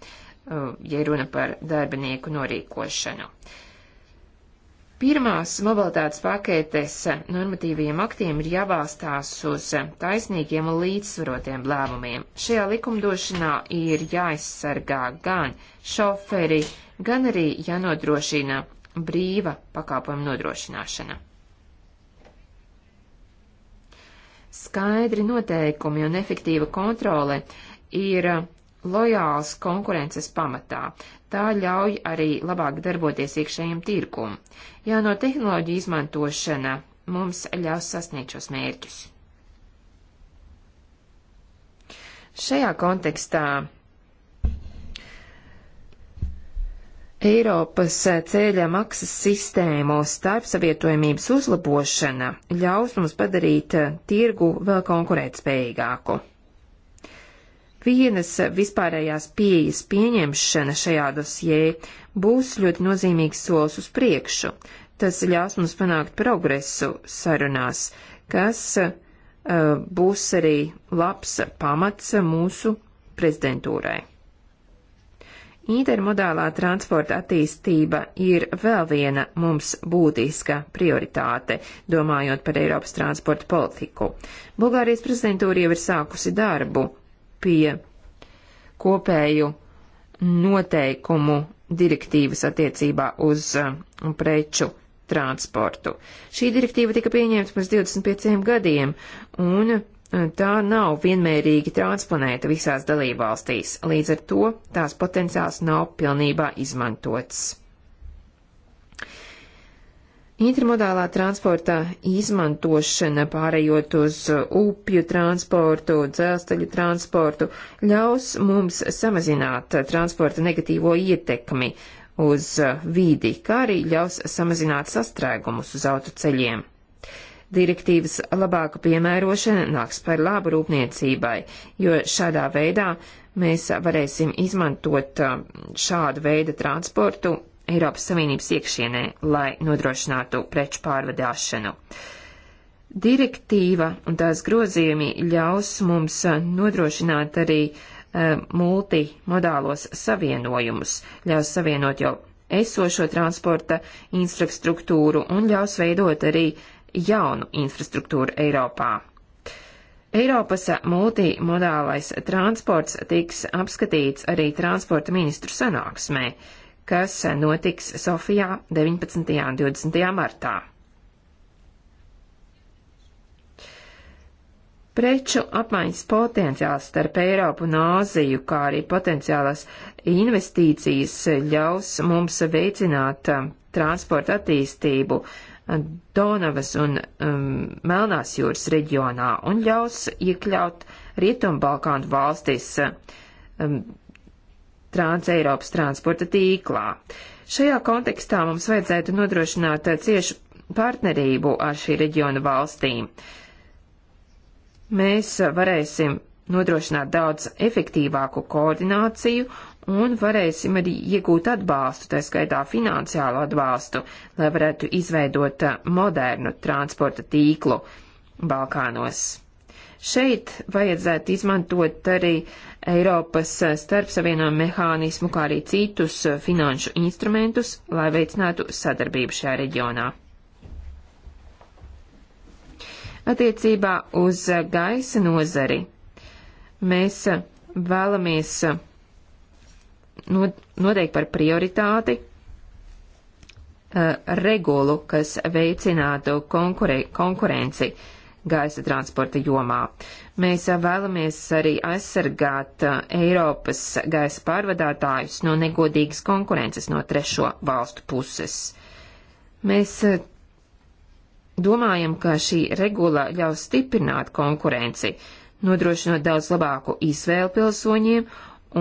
ja runa par darbinieku norīkošanu. Uh, Pirmās mobilitātes paketes normatīviem aktiem ir jābalstās uz taisnīgiem un līdzsvarotiem lēmumiem. Šajā likumdošanā ir jāaizsargā gan šoferi, gan arī jānodrošina brīva pakāpojuma nodrošināšana. Skaidri noteikumi un efektīva kontrole ir lojāls konkurences pamatā. Tā ļauj arī labāk darboties iekšējiem tirkumu. Jauno tehnoloģiju izmantošana mums ļaus sasniegt šos mērķus. Šajā kontekstā Eiropas ceļa maksas sistēmu starpsavietojamības uzlabošana ļaus mums padarīt tirgu vēl konkurētspējīgāku. Vienas vispārējās pieejas pieņemšana šajā dosjē būs ļoti nozīmīgs solis uz priekšu. Tas ļaus mums panākt progresu sarunās, kas uh, būs arī labs pamats mūsu prezidentūrai. Intermodālā transporta attīstība ir vēl viena mums būtiska prioritāte, domājot par Eiropas transporta politiku. Bulgārijas prezidentūra jau ir sākusi darbu pie kopēju noteikumu direktīvas attiecībā uz uh, preču transportu. Šī direktīva tika pieņemta pirms 25 gadiem, un uh, tā nav vienmērīgi transponēta visās dalībvalstīs, līdz ar to tās potenciāls nav pilnībā izmantots. Intermodālā transporta izmantošana, pārējot uz upju transportu, dzelzceļu transportu, ļaus mums samazināt transporta negatīvo ietekmi uz vīdi, kā arī ļaus samazināt sastrēgumus uz autoceļiem. Direktīvas labāka piemērošana nāks par labu rūpniecībai, jo šādā veidā mēs varēsim izmantot um, šādu veidu transportu Eiropas Savienības iekšienē, lai nodrošinātu preču pārvadāšanu. Direktīva un tās grozījumi ļaus mums uh, nodrošināt arī uh, multimodālos savienojumus, ļaus savienot jau esošo transporta infrastruktūru un ļaus veidot arī jaunu infrastruktūru Eiropā. Eiropas multimodālais transports tiks apskatīts arī transporta ministru sanāksmē. Uh, kas notiks Sofijā 19. un 20. martā. Preču apmaiņas potenciāls starp Eiropu un Āziju, kā arī potenciālās investīcijas ļaus mums veicināt um, transporta attīstību uh, Donavas un um, Melnās jūras reģionā un ļaus iekļaut Rietumbalkānu valstis um, Trans-Eiropas transporta tīklā. Šajā kontekstā mums vajadzētu nodrošināt ciešu partnerību ar šī reģiona valstīm. Mēs varēsim nodrošināt daudz efektīvāku koordināciju un varēsim arī iegūt atbalstu, tā skaitā finansiālu atbalstu, lai varētu izveidot modernu transporta tīklu Balkānos. Šeit vajadzētu izmantot arī uh, Eiropas starpsavienojumu mehānismu, kā arī citus finanšu instrumentus, lai veicinātu sadarbību šajā reģionā. Attiecībā uz gaisa nozari mēs vēlamies noteikt par prioritāti eh, regulu, kas veicinātu konkurenci gaisa transporta jomā. Mēs vēlamies arī aizsargāt Eiropas gaisa pārvadātājus no negodīgas konkurences no trešo valstu puses. Mēs domājam, ka šī regula ļaus stiprināt konkurenci, nodrošinot daudz labāku izvēlu pilsoņiem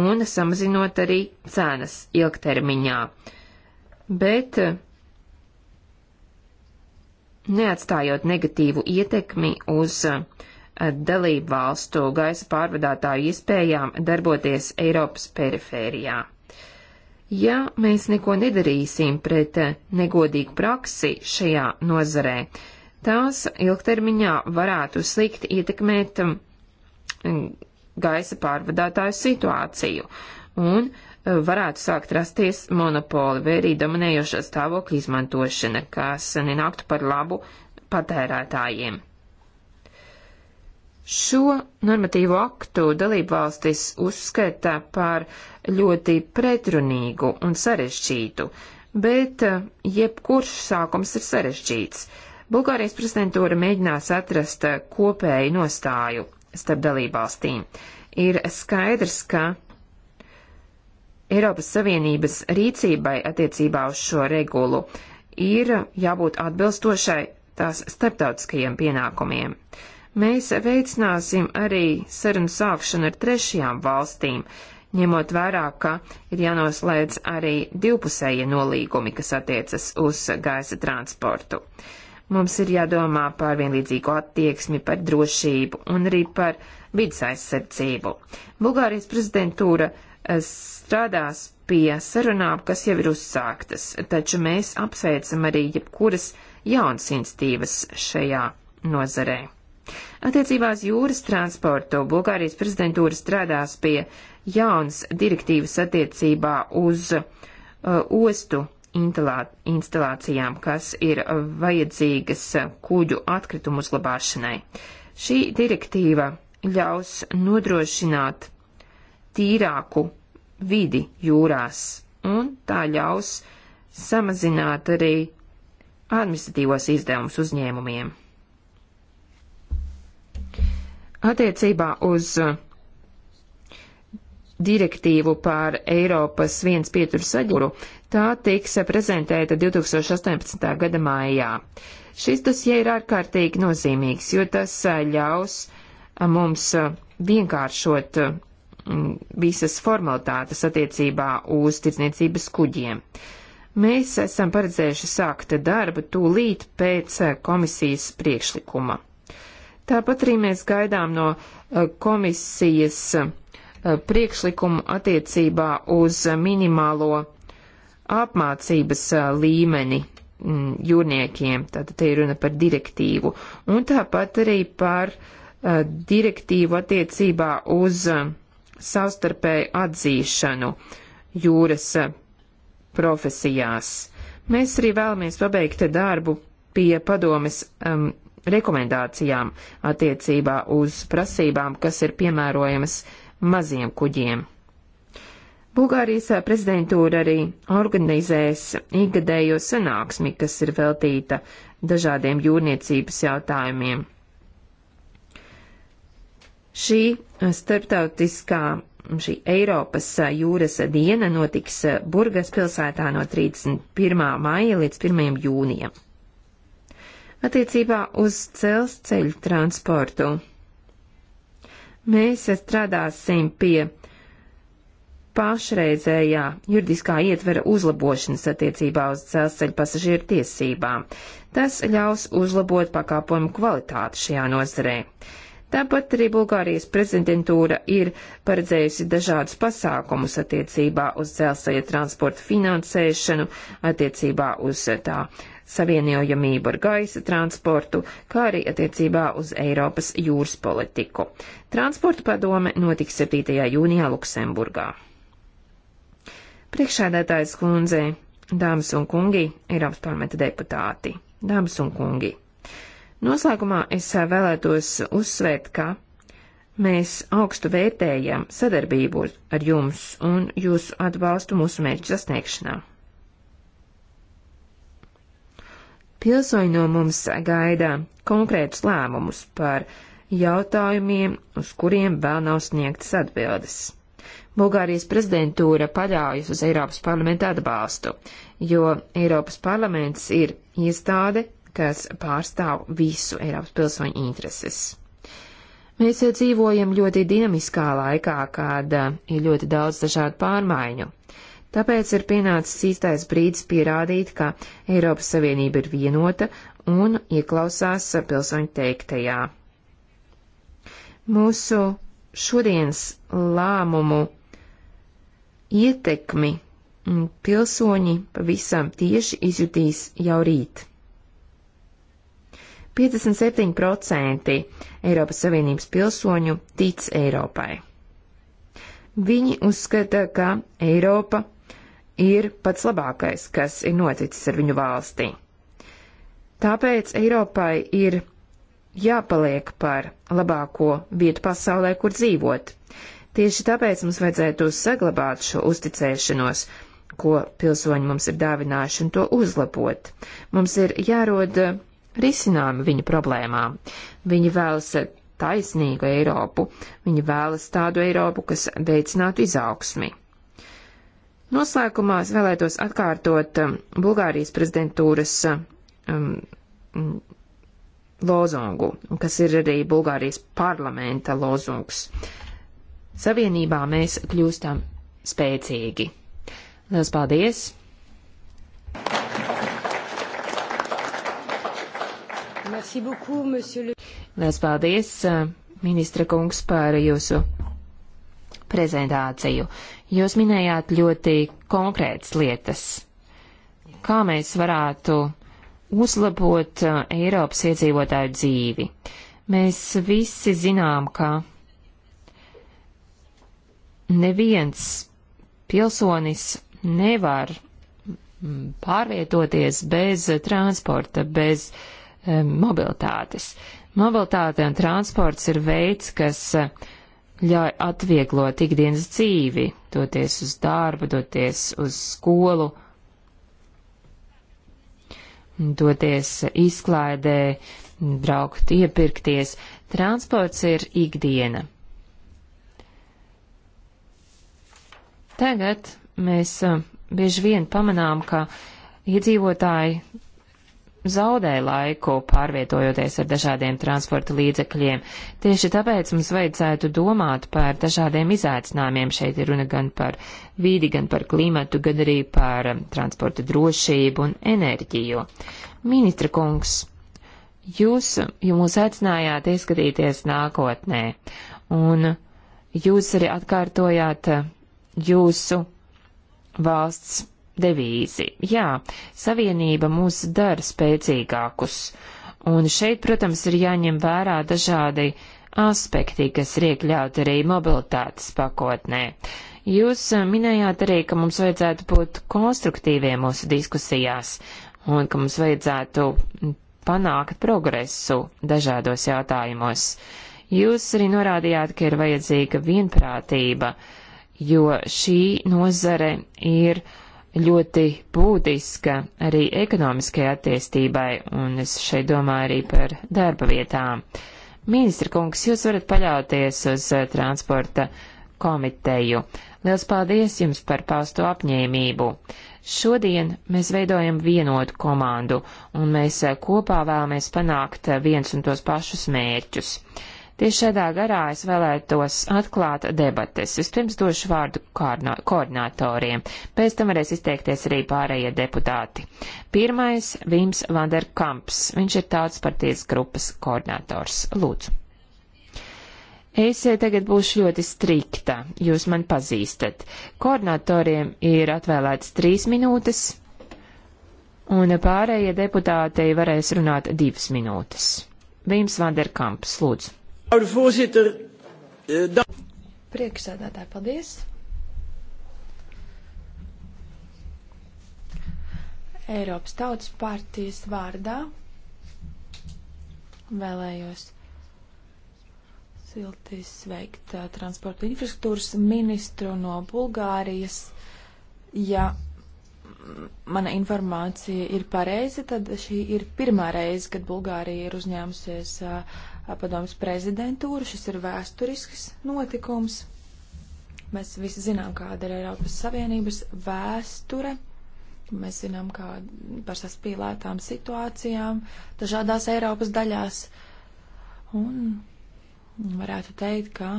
un samazinot arī cenas ilgtermiņā. Bet neatstājot negatīvu ietekmi uz uh, dalību valstu gaisa pārvadātāju iespējām darboties Eiropas perifērijā. Ja mēs neko nedarīsim pret uh, negodīgu praksi šajā nozarē, tās ilgtermiņā varētu slikti ietekmēt um, gaisa pārvadātāju situāciju, un varētu sākt rasties monopoli vai arī dominējošā stāvokļa izmantošana, kas nenāktu par labu patērētājiem. Šo normatīvo aktu dalību valstis uzskata par ļoti pretrunīgu un sarežģītu, bet eh, jebkurš sākums ir sarežģīts. Bulgārijas prezidentūra mēģinās atrast eh, kopēju nostāju starp dalībvalstīm. Ir skaidrs, ka Eiropas Savienības rīcībai attiecībā uz šo regulu ir jābūt atbilstošai tās starptautiskajiem pienākumiem. Mēs veicināsim arī sarunu sākšanu ar trešajām valstīm, ņemot vērā, ka ir jānoslēdz arī divpusējie nolīgumi, kas attiecas uz gaisa transportu. Mums ir jādomā par vienlīdzīgu attieksmi, par drošību un arī par vidas aizsardzību. Bulgārijas prezidentūra strādās pie sarunām, kas jau ir uzsāktas, taču mēs apsveicam arī jebkuras jaunas institīvas šajā nozarē. Attiecībās jūras transportu Bulgārijas prezidentūra strādās pie jaunas direktīvas attiecībā uz uh, ostu intalā, instalācijām, kas ir vajadzīgas kuģu atkritumu uzglabāšanai. Šī direktīva ļaus nodrošināt tīrāku vidi jūrās, un tā ļaus samazināt arī administratīvos izdevumus uzņēmumiem. Attiecībā uz uh, direktīvu par Eiropas viens pieturas aģūru, tā tiks prezentēta 2018. gada mājā. Šis dosie ir ārkārtīgi nozīmīgs, jo tas uh, ļaus uh, mums vienkāršot visas formalitātes attiecībā uz tirdzniecības kuģiem. Mēs esam paredzējuši sākt darbu tūlīt pēc eh, komisijas priekšlikuma. Tāpat arī mēs gaidām no eh, komisijas eh, priekšlikumu attiecībā uz minimālo apmācības līmeni jūrniekiem, tātad te ir runa par direktīvu, un tāpat arī par direktīvu attiecībā uz uh, savstarpēju atzīšanu jūras profesijās. Mēs arī vēlamies pabeigt darbu pie padomes um, rekomendācijām attiecībā uz prasībām, kas ir piemērojamas maziem kuģiem. Bulgārijas prezidentūra arī organizēs ikgadējo sanāksmi, kas ir veltīta dažādiem jūrniecības jautājumiem. Šī eh, starptautiskā, šī Eiropas eh, jūras diena notiks eh, Burgas pilsētā no 31. māja līdz 1. jūnijam. Attiecībā uz celsceļu transportu mēs strādāsim pie pašreizējā juridiskā ietvera uzlabošanas attiecībā uz dzelzceļa pasažieru tiesībām. Tas ļaus uzlabot pakāpojumu kvalitāti šajā nozarē. Tāpat arī Bulgārijas prezidentūra ir paredzējusi dažādus pasākumus attiecībā uz dzelzceļa transporta finansēšanu, attiecībā uz tā savienojamību ar gaisa transportu, kā arī attiecībā uz Eiropas jūras politiku. Transporta padome notiks 7. jūnijā Luksemburgā. Priekšādātājs kundze, dāmas un kungi, Eiropas parlamenta deputāti, dāmas un kungi. Noslēgumā es vēlētos uzsvērt, ka mēs augstu vērtējam sadarbību ar jums un jūsu atbalstu mūsu mērķu sasniegšanā. Pilsoņi no mums gaida konkrētus lēmumus par jautājumiem, uz kuriem vēl nav sniegtas atbildes. Bulgārijas prezidentūra paļaujas uz Eiropas parlamenta atbalstu, jo Eiropas parlaments ir iestāde, kas pārstāv visu Eiropas pilsoņu intereses. Mēs dzīvojam ļoti dinamiskā laikā, kad uh, ir ļoti daudz dažādu pārmaiņu. Tāpēc ir pienācis īstais brīdis pierādīt, ka Eiropas Savienība ir vienota un ieklausās pilsoņu teiktajā. Mūsu šodienas lēmumu ietekmi pilsoņi pavisam tieši izjutīs jau rīt. 57% Eiropas Savienības pilsoņu tic Eiropai. Viņi uzskata, ka Eiropa ir pats labākais, kas ir noticis ar viņu valstī. Tāpēc Eiropai ir jāpaliek par labāko vietu pasaulē, kur dzīvot. Tieši tāpēc mums vajadzētu saglabāt šo uzticēšanos, ko pilsoņi mums ir dāvinājuši un to uzlabot. Mums ir jārod risinājumu viņu problēmām. Viņi vēlas taisnīgu Eiropu, viņi vēlas tādu Eiropu, kas veicinātu izaugsmi. Noslēgumā es vēlētos atkārtot um, Bulgārijas prezidentūras um, mm, lozungu, kas ir arī Bulgārijas parlamenta lozungs. Savienībā mēs kļūstam spēcīgi. Lielas paldies! Merci beaucoup, monsieur le. Lielas paldies, eh, ministra kungs, par jūsu prezentāciju. Jūs minējāt ļoti konkrētas lietas. Kā mēs varētu uzlabot eh, Eiropas iedzīvotāju dzīvi? Mēs visi zinām, ka neviens pilsonis nevar mm, pārvietoties bez transporta, bez uh, Um, mobilitātes. Mobilitāte un transports ir veids, kas uh, ļauj atvieglot ikdienas dzīvi, doties uz darbu, doties uz skolu, doties izklaidē, braukt iepirkties. Transports ir ikdiena. Tagad mēs uh, bieži vien pamanām, ka iedzīvotāji zaudē laiku pārvietojoties ar dažādiem transporta līdzekļiem. Tieši tāpēc mums vajadzētu domāt par dažādiem izaicinājumiem. Šeit ir runa gan par vīdi, gan par klimatu, gan arī par um, transporta drošību un enerģiju. Ministra kungs, jūs, jūs mūs aicinājāt ieskatīties nākotnē, un jūs arī atkārtojāt uh, jūsu valsts devīzi. Jā, savienība mūs dara spēcīgākus. Un šeit, protams, ir jāņem vērā dažādi aspekti, kas ir iekļauti arī mobilitātes pakotnē. Jūs eh, minējāt arī, ka mums vajadzētu būt konstruktīviem mūsu diskusijās un ka mums vajadzētu panākt progresu dažādos jautājumos. Jūs arī norādījāt, ka ir vajadzīga vienprātība, jo šī nozare ir uh, ļoti būtiska arī ekonomiskajai attīstībai, un es šeit domāju arī par darba vietām. Ministra kungs, jūs varat paļauties uz eh, transporta komiteju. Liels paldies jums par pausto apņēmību. Šodien mēs veidojam vienotu komandu, un mēs eh, kopā vēlamies panākt eh, viens un tos pašus mērķus. Tieši šādā garā es vēlētos atklāt debates. Vispirms došu vārdu koordinatoriem, pēc tam varēs izteikties arī pārējie deputāti. Pirmais - Vims Vanderkamps, viņš ir tāds partijas grupas koordinators. Lūdzu. Es tagad būšu ļoti strikta, jūs man pazīstat. Koordinatoriem ir atvēlēts trīs minūtes, un pārējie deputātei varēs runāt divas minūtes. Vīms Vanderkamps, lūdzu. Eh, Priekšsēdētāji, paldies! Eiropas Tautas partijas vārdā vēlējos silti sveikt uh, transporta infrastruktūras ministru no Bulgārijas. Ja mana informācija ir pareiza, tad šī ir pirmā reize, kad Bulgārija ir uzņēmusies uh, padomus prezidentūru. Šis ir vēsturisks notikums. Mēs visi zinām, kāda ir Eiropas Savienības vēsture. Mēs zinām, kā par saspīlētām situācijām dažādās Eiropas daļās. Un varētu teikt, ka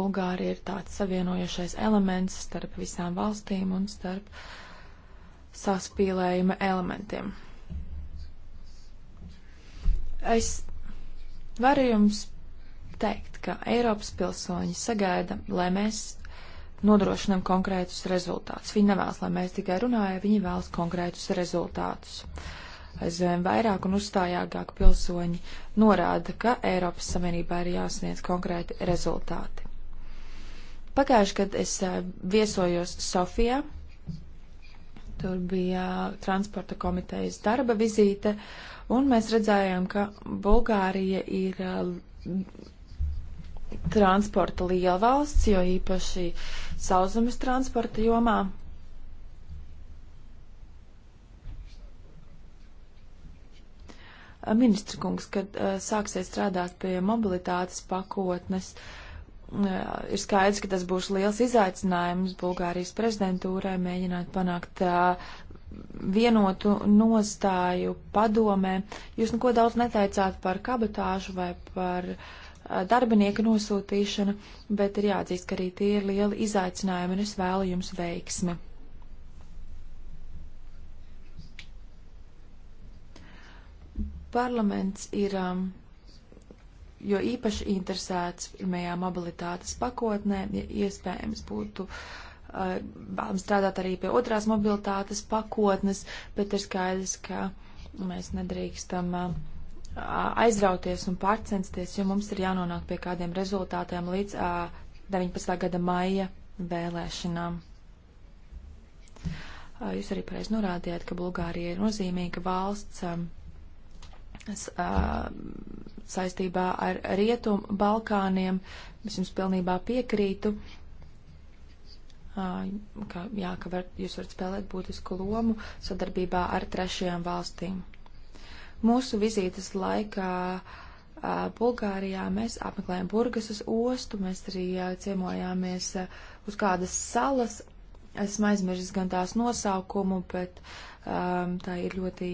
Bulgārija ir tāds savienojošais elements starp visām valstīm un starp saspīlējuma elementiem. Es varu jums teikt, ka Eiropas pilsoņi sagaida, lai mēs nodrošinām konkrētus rezultātus. Viņi nevēlas, lai mēs tikai runājam, viņi vēlas konkrētus rezultātus. Aizvien vairāk un uzstājāgāk pilsoņi norāda, ka Eiropas Savienībā ir jāsniedz konkrēti rezultāti. Pagājuši, kad es eh, viesojos Sofijā, Tur bija transporta komitejas darba vizīte, un mēs redzējām, ka Bulgārija ir uh, transporta lielvalsts, jo īpaši sauszemes transporta jomā. Ministra kungs, kad uh, sāksiet strādāt pie mobilitātes pakotnes, uh, ir skaidrs, ka tas būs liels izaicinājums Bulgārijas prezidentūrai mēģināt panākt vienotu nostāju padomē. Jūs neko daudz neteicāt par kabatāžu vai par darbinieku nosūtīšanu, bet ir jāatzīst, ka arī tie ir lieli izaicinājumi un es vēlu jums veiksmi. Parlaments ir um, jo īpaši interesēts pirmajā mobilitātes pakotnē, ja iespējams būtu uh, strādāt arī pie otrās mobilitātes pakotnes, bet ir skaidrs, ka mēs nedrīkstam uh, aizrauties un pārcensties, jo mums ir jānonāk pie kādiem rezultātiem līdz uh, eh, 19. gada maija vēlēšanām. Jūs arī pareizi norādījāt, ka Bulgārija ir nozīmīga valsts. Um, saistībā ar Rietumu Balkāniem. Es jums pilnībā piekrītu, ka, jā, ka var, jūs varat spēlēt būtisku lomu sadarbībā ar trešajām valstīm. Mūsu vizītes laikā Bulgārijā mēs apmeklējām Burgasas ostu, mēs arī ciemojāmies uz kādas salas. Esmu aizmirsis gan tās nosaukumu, bet um, tā ir ļoti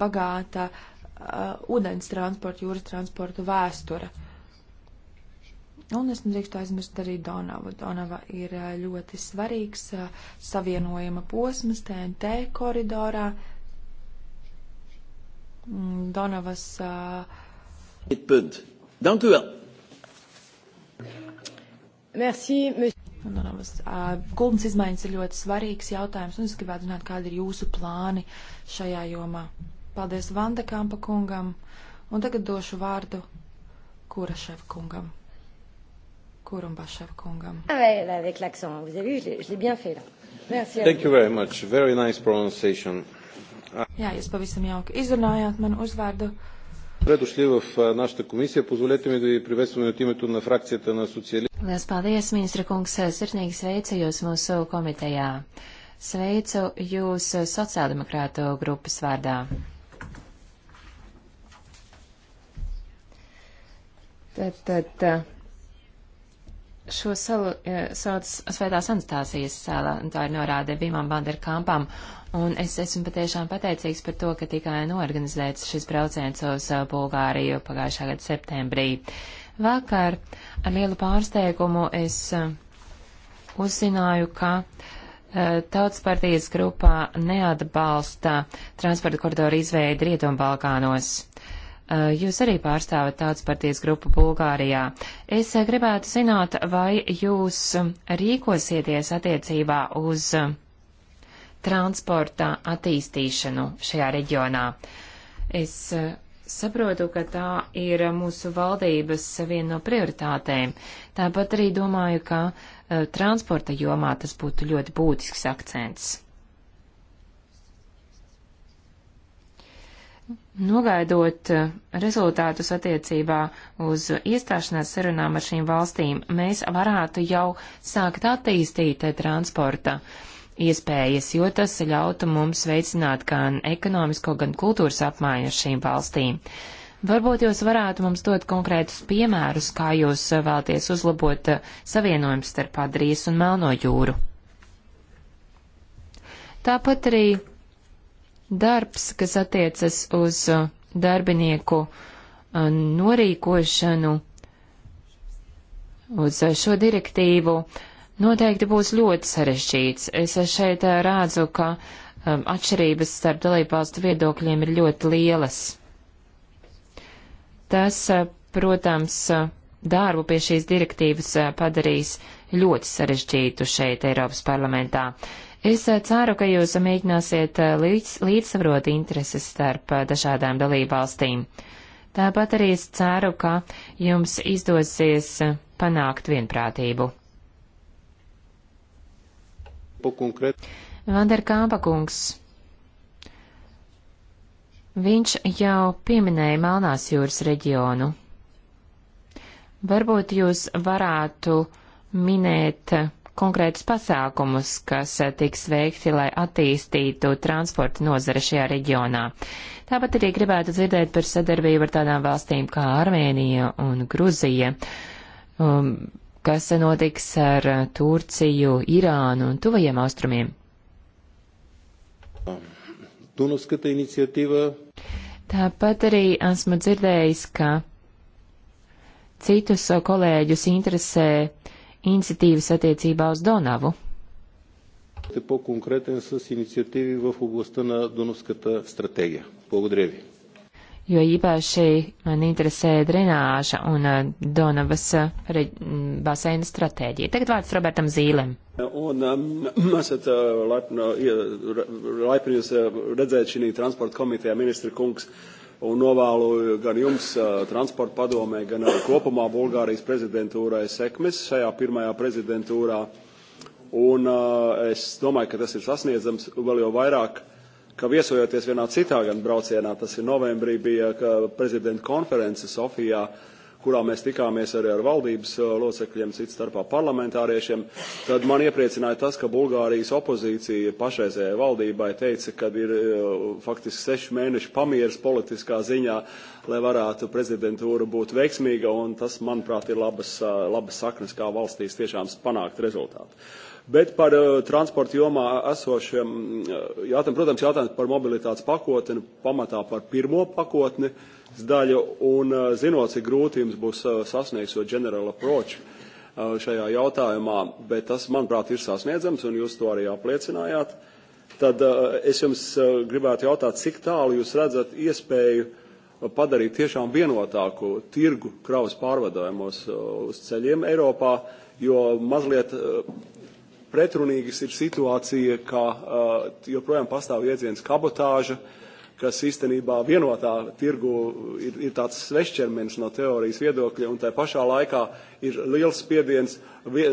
bagāta uh, uh, ūdens transporta, jūras transporta vēsture. Un es nedrīkstu aizmirst arī Donavu. Donava ir uh, ļoti svarīgs uh, savienojuma posms TNT koridorā. Mm, Donavas. Uh, Dank u wel. Merci, monsieur. Un, un, uh, Guldens izmaiņas ir ļoti svarīgs jautājums, un es gribētu zināt, kādi ir jūsu plāni šajā jomā. Paldies Vandekampa kungam. Un tagad došu vārdu Kurašev kungam. Kurumbašev kungam. Ah avec l'accent, vous avez vu, je l'ai bien fait là. Merci. Thank you very much. Very nice pronunciation. Jā, jūs pavisam jauki izrunājāt manu uzvārdu. Добре дошли в нашата комисия. Позволете ми да ви приветстваме от името на фракцията на социалистите. Лес палdies, министра kungs, eh, sirsnīgi sveicu jūs mūsu komitejā. Sveicu jūs eh, sociāldemokrātu grupas vārdā. Tātad šo salu sauc Svētās Anastāsijas sala, un tā ir norāde Bimam Banderkampam, un es esmu patiešām pateicīgs par to, ka tikai norganizēts šis brauciens uz Bulgāriju pagājušā gada septembrī. Vakar ar lielu pārsteigumu es uzzināju, ka Tautas partijas grupā neatbalsta transporta koridoru izveidi Rietumbalkānos. Eh, jūs arī pārstāvat tāds partijas grupu Bulgārijā. Es eh, gribētu zināt, vai jūs eh, rīkosieties attiecībā uz transporta attīstīšanu šajā reģionā. Es saprotu, ka tā ir mūsu valdības viena no prioritātēm. Tāpat arī domāju, ka transporta jomā tas būtu ļoti būtisks akcents. Nogaidot eh, rezultātus attiecībā uz iestāšanās sarunām ar šīm valstīm, mēs varētu jau sākt attīstīt eh, transporta iespējas, jo tas ļautu mums veicināt gan ekonomisko, gan kultūras apmaiņu ar šīm valstīm. Varbūt jūs varētu mums dot konkrētus piemērus, kā jūs eh, vēlties uzlabot savienojumu starp Adrijas un Melno jūru. Tāpat arī Darbs, kas attiecas uz uh, darbinieku uh, norīkošanu, uz uh, šo direktīvu, noteikti būs ļoti sarežģīts. Es šeit rādzu, ka um, atšķirības starp dalībvalstu viedokļiem ir ļoti lielas. Tas, protams, darbu pie šīs direktīvas padarīs ļoti sarežģītu šeit Eiropas parlamentā. Es eh, ceru, ka jūs mēģināsiet eh, līdz, līdzsvarot intereses starp eh, dažādām dalībvalstīm. Tāpat arī es ceru, ka jums izdosies panākt vienprātību. Vanderkāpa kungs. Viņš jau pieminēja Melnās jūras reģionu. Varbūt jūs varētu minēt konkrētus pasākumus, kas eh, tiks veikti, lai attīstītu transporta nozare šajā reģionā. Tāpat arī gribētu dzirdēt par sadarbību ar tādām valstīm kā Armēnija un Gruzija, um, kas notiks ar eh, Turciju, Irānu un Tuvajiem austrumiem. Dunavskata iniciatīva. Tāpat arī esmu dzirdējis, ka citus eh, kolēģus interesē uh, iniciatīvas attiecībā uz Donavu. Те по-конкретен с инициативи в областта на Дунавската стратегия. Благодаря ви. Jo īpaši man interesē drenāža un Donavas baseina stratēģija. Tagad vārds Robertam Zīlem. Un um, esat uh, laipni uh, redzēt šī transporta komitejā ministra kungs. Uh, un novēlu gan jums, transporta padomē, gan arī kopumā Bulgārijas prezidentūrai sekmes šajā pirmajā prezidentūrā. Un es domāju, ka tas ir sasniedzams vēl jau vairāk, ka viesojoties vienā citā gan braucienā, tas ir novembrī bija prezidenta konference Sofijā, uh, kurā mēs tikāmies arī ar valdības eh, locekļiem, cits starpā parlamentāriešiem, tad man iepriecināja tas, ka Bulgārijas opozīcija pašreizējai valdībai teica, ka ir eh, faktiski sešu mēnešu pamieres politiskā ziņā, lai varētu prezidentūra būt veiksmīga, un tas, manuprāt, ir labas, eh, labas saknes, kā valstīs tiešām panākt rezultātu. Bet par uh, transporta jomā e, esošiem eh, jautājumiem, protams, jautājums par mobilitātes pakotni, pamatā par pirmo pakotni daļu, un uh, zinot, cik grūti jums būs uh, sasniegt šo general approach šajā jautājumā, bet tas, manuprāt, ir sasniedzams, un jūs to arī apliecinājāt. Tad es jums gribētu jautāt, cik tālu jūs redzat iespēju padarīt tiešām vienotāku tirgu kravas pārvadājumos uz ceļiem Eiropā, jo mazliet pretrunīgas ir situācija, ka uh, joprojām pastāv jēdziens kabotāža, kas īstenībā vienotā tirgu ir, ir tāds svešķermenis no teorijas viedokļa, un tā pašā laikā ir liels spiediens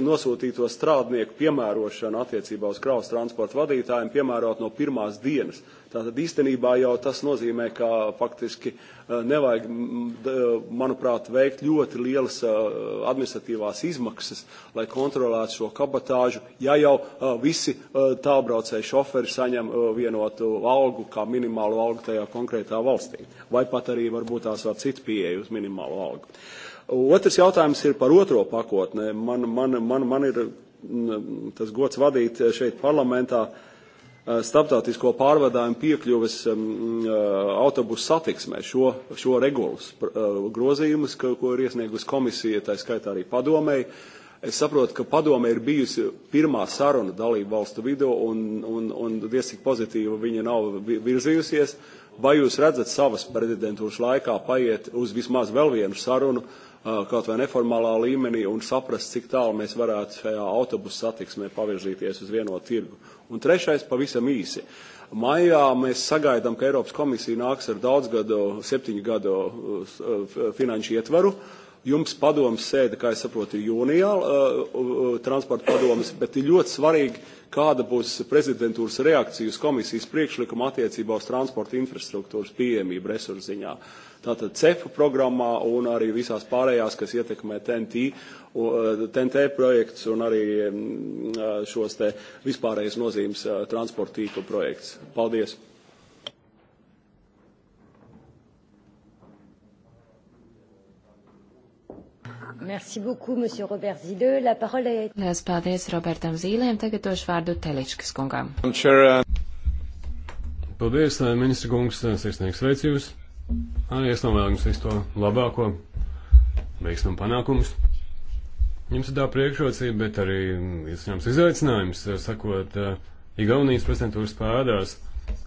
nosūtīto strādnieku piemērošanu attiecībā uz kravas transporta vadītājiem, piemērot no pirmās dienas. Tātad īstenībā jau tas nozīmē, ka faktiski eh, nevajag, eh, manuprāt, veikt ļoti lielas eh, administratīvās izmaksas, lai kontrolētu šo kabatāžu, ja jau visi tālbraucēji šoferi saņem vienotu algu, kā minimālu algu tajā konkrētā valstī. Vai pat arī varbūt tās vēl citu pieeju uz minimālu algu. Otrs jautājums ir par otro pakotnē. Man, man, man, man ir tas gods vadīt šeit parlamentā uh, Uh, starptautisko pārvadājumu piekļuves um, mm, uh, autobusu satiksmē šo, šo regulas uh, grozījumus, ko, ko ir iesniegusi komisija, tā skaitā arī padomēji. Es saprotu, ka padome ir bijusi pirmā saruna dalību valstu vidū, un, un, un diezgan pozitīva viņa nav virzījusies. Vai jūs redzat savas prezidentūras laikā paiet uz vismaz vēl vienu sarunu, uh, kaut vai neformālā līmenī un saprast, cik tālu mēs varētu šajā autobusu satiksmē pavirzīties uz vienotu tirgu. Un trešais pavisam īsi. Maijā mēs sagaidām, ka Eiropas komisija nāks ar daudzgadu, septiņu gadu finanšu ietvaru. Jums padomas sēde, kā es saprotu, ir jūnijā transporta padomas, bet ir ļoti svarīgi, kāda būs prezidentūras reakcija uz komisijas priekšlikumu attiecībā uz transporta infrastruktūras pieejamību resursu ziņā. Uh, tātad CEFU programmā un arī visās pārējās, kas ietekmē TNT, TNT e, projekts un arī mm, e, šos te vispārējais nozīmes e, transporta tīklu projekts. Paldies! Merci beaucoup, monsieur Robert Zile. La parole est... Lielas paldies Robertam Zīlēm. Tagad došu vārdu Teličkas kungām. Uh, paldies, uh, ministra kungs, uh, sirsnīgs sveic jūs. Arī es novēlu jums visu to labāko, veiksmu un panākumus. Jums ir tā priekšrocība, bet arī jums izaicinājums, eh, sakot, eh, Igaunijas prezidentūras pārādās,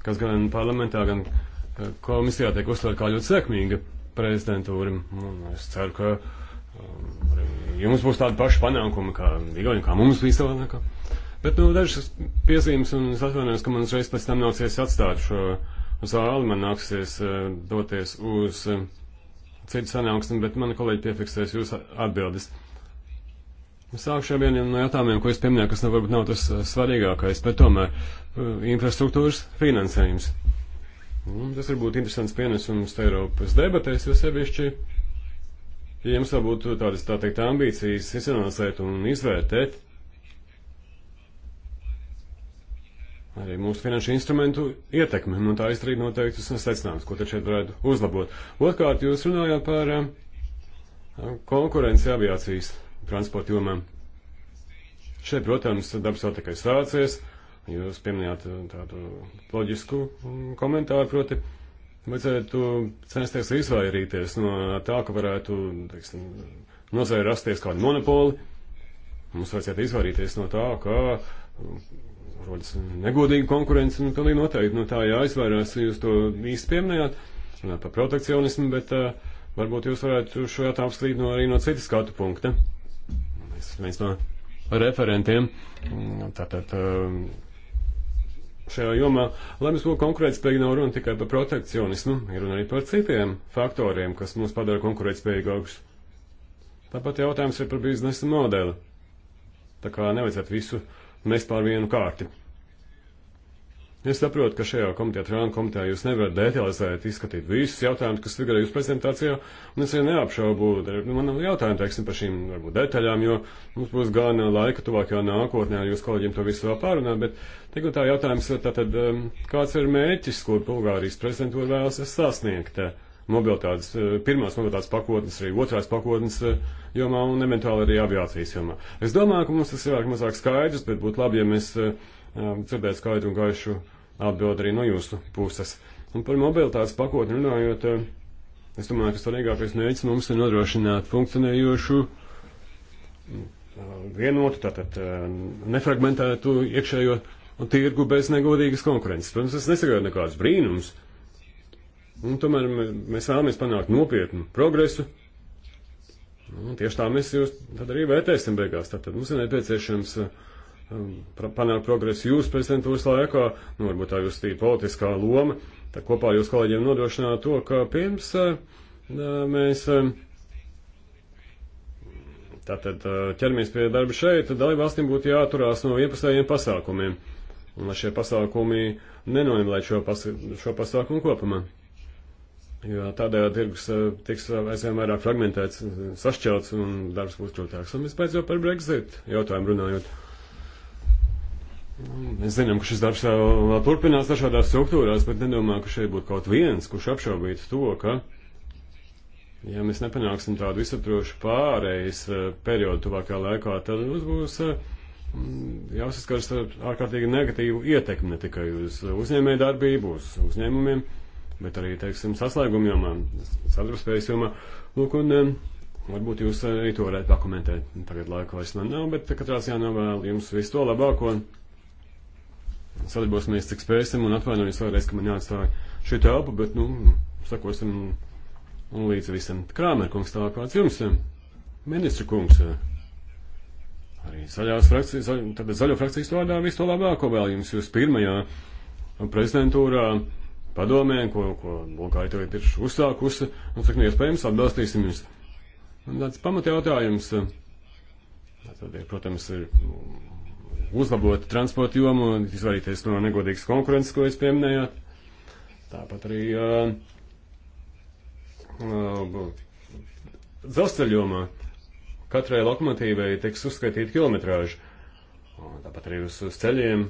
kas gan parlamentā, gan eh, komisijā tiek uztvērta kā ļoti sekmīga prezidentūra. Un es ceru, ka jums būs tādi paši panākumi, kā Igaunijam, kā mums visvairākā. Bet, nu, dažas piezīmes, un es atvainojos, ka man uzreiz pēc tam nācies atstāt šo. Uh, zāli, man nāksies eh, doties uz eh, citu sanāksmi, bet mani kolēģi piefiksēs jūsu atbildes. Sākšu ar vieniem no jautājumiem, ko es pieminēju, kas nav, varbūt nav tas eh, svarīgākais, bet tomēr infrastruktūras finansējums. Un mm, tas var būt interesants pienesums Eiropas debatēs, jo sevišķi, ja jums varbūt tādas, tā teikt, ambīcijas izanalizēt un izvērtēt, arī mūsu finanšu instrumentu ietekmi, un nu, tā izdarīt noteiktus secinājumus, ko te šeit varētu uzlabot. Otkārt, jūs runājāt par eh, konkurenci aviācijas transporta jomām. Šeit, protams, darbs vēl tikai sācies. Jūs pieminējāt eh, tādu loģisku mm, komentāru, proti, vajadzētu censties izvairīties no tā, ka varētu, teiksim, nozēra rasties kādu monopoli. Mums vajadzētu izvairīties no tā, ka rodas negodīga konkurence, nu, pilnīgi noteikti, nu, tā jāizvairās, jūs to īsti pieminējāt, runāt par protekcionismu, bet uh, varbūt jūs varētu šo jautājumu apstrīd no arī no citas skatu punkta. Es viens no referentiem, mm, tātad uh, šajā jomā, lai mēs būtu konkurētspējīgi, nav runa tikai par protekcionismu, ir runa arī par citiem faktoriem, kas mūs padara konkurētspējīgākus. Tāpat jautājums ir par biznesa modeli. Tā kā nevajadzētu visu uh, mest pār vienu kārti. Es saprotu, ka šajā komitē, Trānu komitē, jūs nevarat detalizēt, izskatīt visus jautājumus, kas figurē jūsu prezentācijā, un es arī neapšaubu, nu, man nav jautājumu, teiksim, par šīm, varbūt, detaļām, jo mums būs gana laika tuvākajā nākotnē ar jūs kolēģiem to visu vēl pārunāt, bet, teikot tā, jautājums, tātad, um, kāds ir mērķis, ko Bulgārijas prezidentūra vēlas sasniegt? Tā? mobilitātes, eh, pirmās mobilitātes pakotnes, arī otrās pakotnes eh, jomā un eventuāli arī aviācijas jomā. Es domāju, ka mums tas ir vairāk mazāk skaidrs, bet būtu labi, ja mēs eh, dzirdētu skaidru un gaišu atbildi arī no jūsu puses. Un par mobilitātes pakotni runājot, es domāju, ka svarīgākais mērķis mums ir nodrošināt funkcionējošu vienotu, tātad nefragmentētu iekšējo tirgu bez negodīgas konkurences. Protams, es nesagaidu nekādus brīnumus, Un tomēr mēs vēlamies panākt nopietnu progresu. Un tieši tā mēs jūs tad arī vērtēsim beigās. Tad, tad mums ir nepieciešams eh, um, panākt progresu jūsu prezidentūras laikā, nu, varbūt tā jūs tī politiskā loma, tad kopā jūs kolēģiem nodrošināt to, ka pirms eh, mēs eh, tātad ķermies pie darba šeit, tad dalībvalstīm būtu jāturās no ieprasējiem pasākumiem. Un lai šie pasākumi nenoimlē šo, pas šo pasākumu kopumā jo tādējā tirgus eh, tiks eh, aizvien vairāk fragmentēts, sašķelts un darbs būs grūtāks. Un vispēc jau par Brexit jautājumu runājot. Mēs zinām, ka šis darbs vēl turpinās dažādās struktūrās, bet nedomāju, ka šeit būtu kaut viens, kurš apšaubītu to, ka, ja mēs nepanāksim tādu visaptrošu pārējais eh, periodu tuvākajā laikā, tad mums būs jāsaskars ar ārkārtīgi negatīvu ietekmi ne tikai uz uzņēmēju darbību, uz uzņēmumiem bet arī, teiksim, saslēguma jomā, sadarbspējas jomā. Lūk, un varbūt jūs arī to varētu pakomentēt. Tagad laika vairs man nav, bet katrā ziņā novēlu jums visu to labāko. Sadarbosimies, cik spēsim, un atvainojos vēlreiz, ka man jāatstāja šī telpa, bet, nu, sakosim, un līdz visam Krāmer kungs tālāk vārds jums, ministra kungs. Arī zaļās frakcijas, zaļ, tad zaļo frakcijas vārdā visu to labāko vēl jums, jūs pirmajā prezidentūrā padomē, ko, ko Bulgārija tagad ir uzsākusi, un cik neiespējams nu atbalstīsim jūs. Un tāds pamatjautājums, eh, tad, protams, ir nu, uzlabot transporta jomu, izvairīties no negodīgas konkurences, ko jūs pieminējāt. Tāpat arī uh, eh, uh, eh, dzelzceļomā katrai lokomotīvai tiks uzskaitīta kilometrāža. Tāpat arī uz, uz ceļiem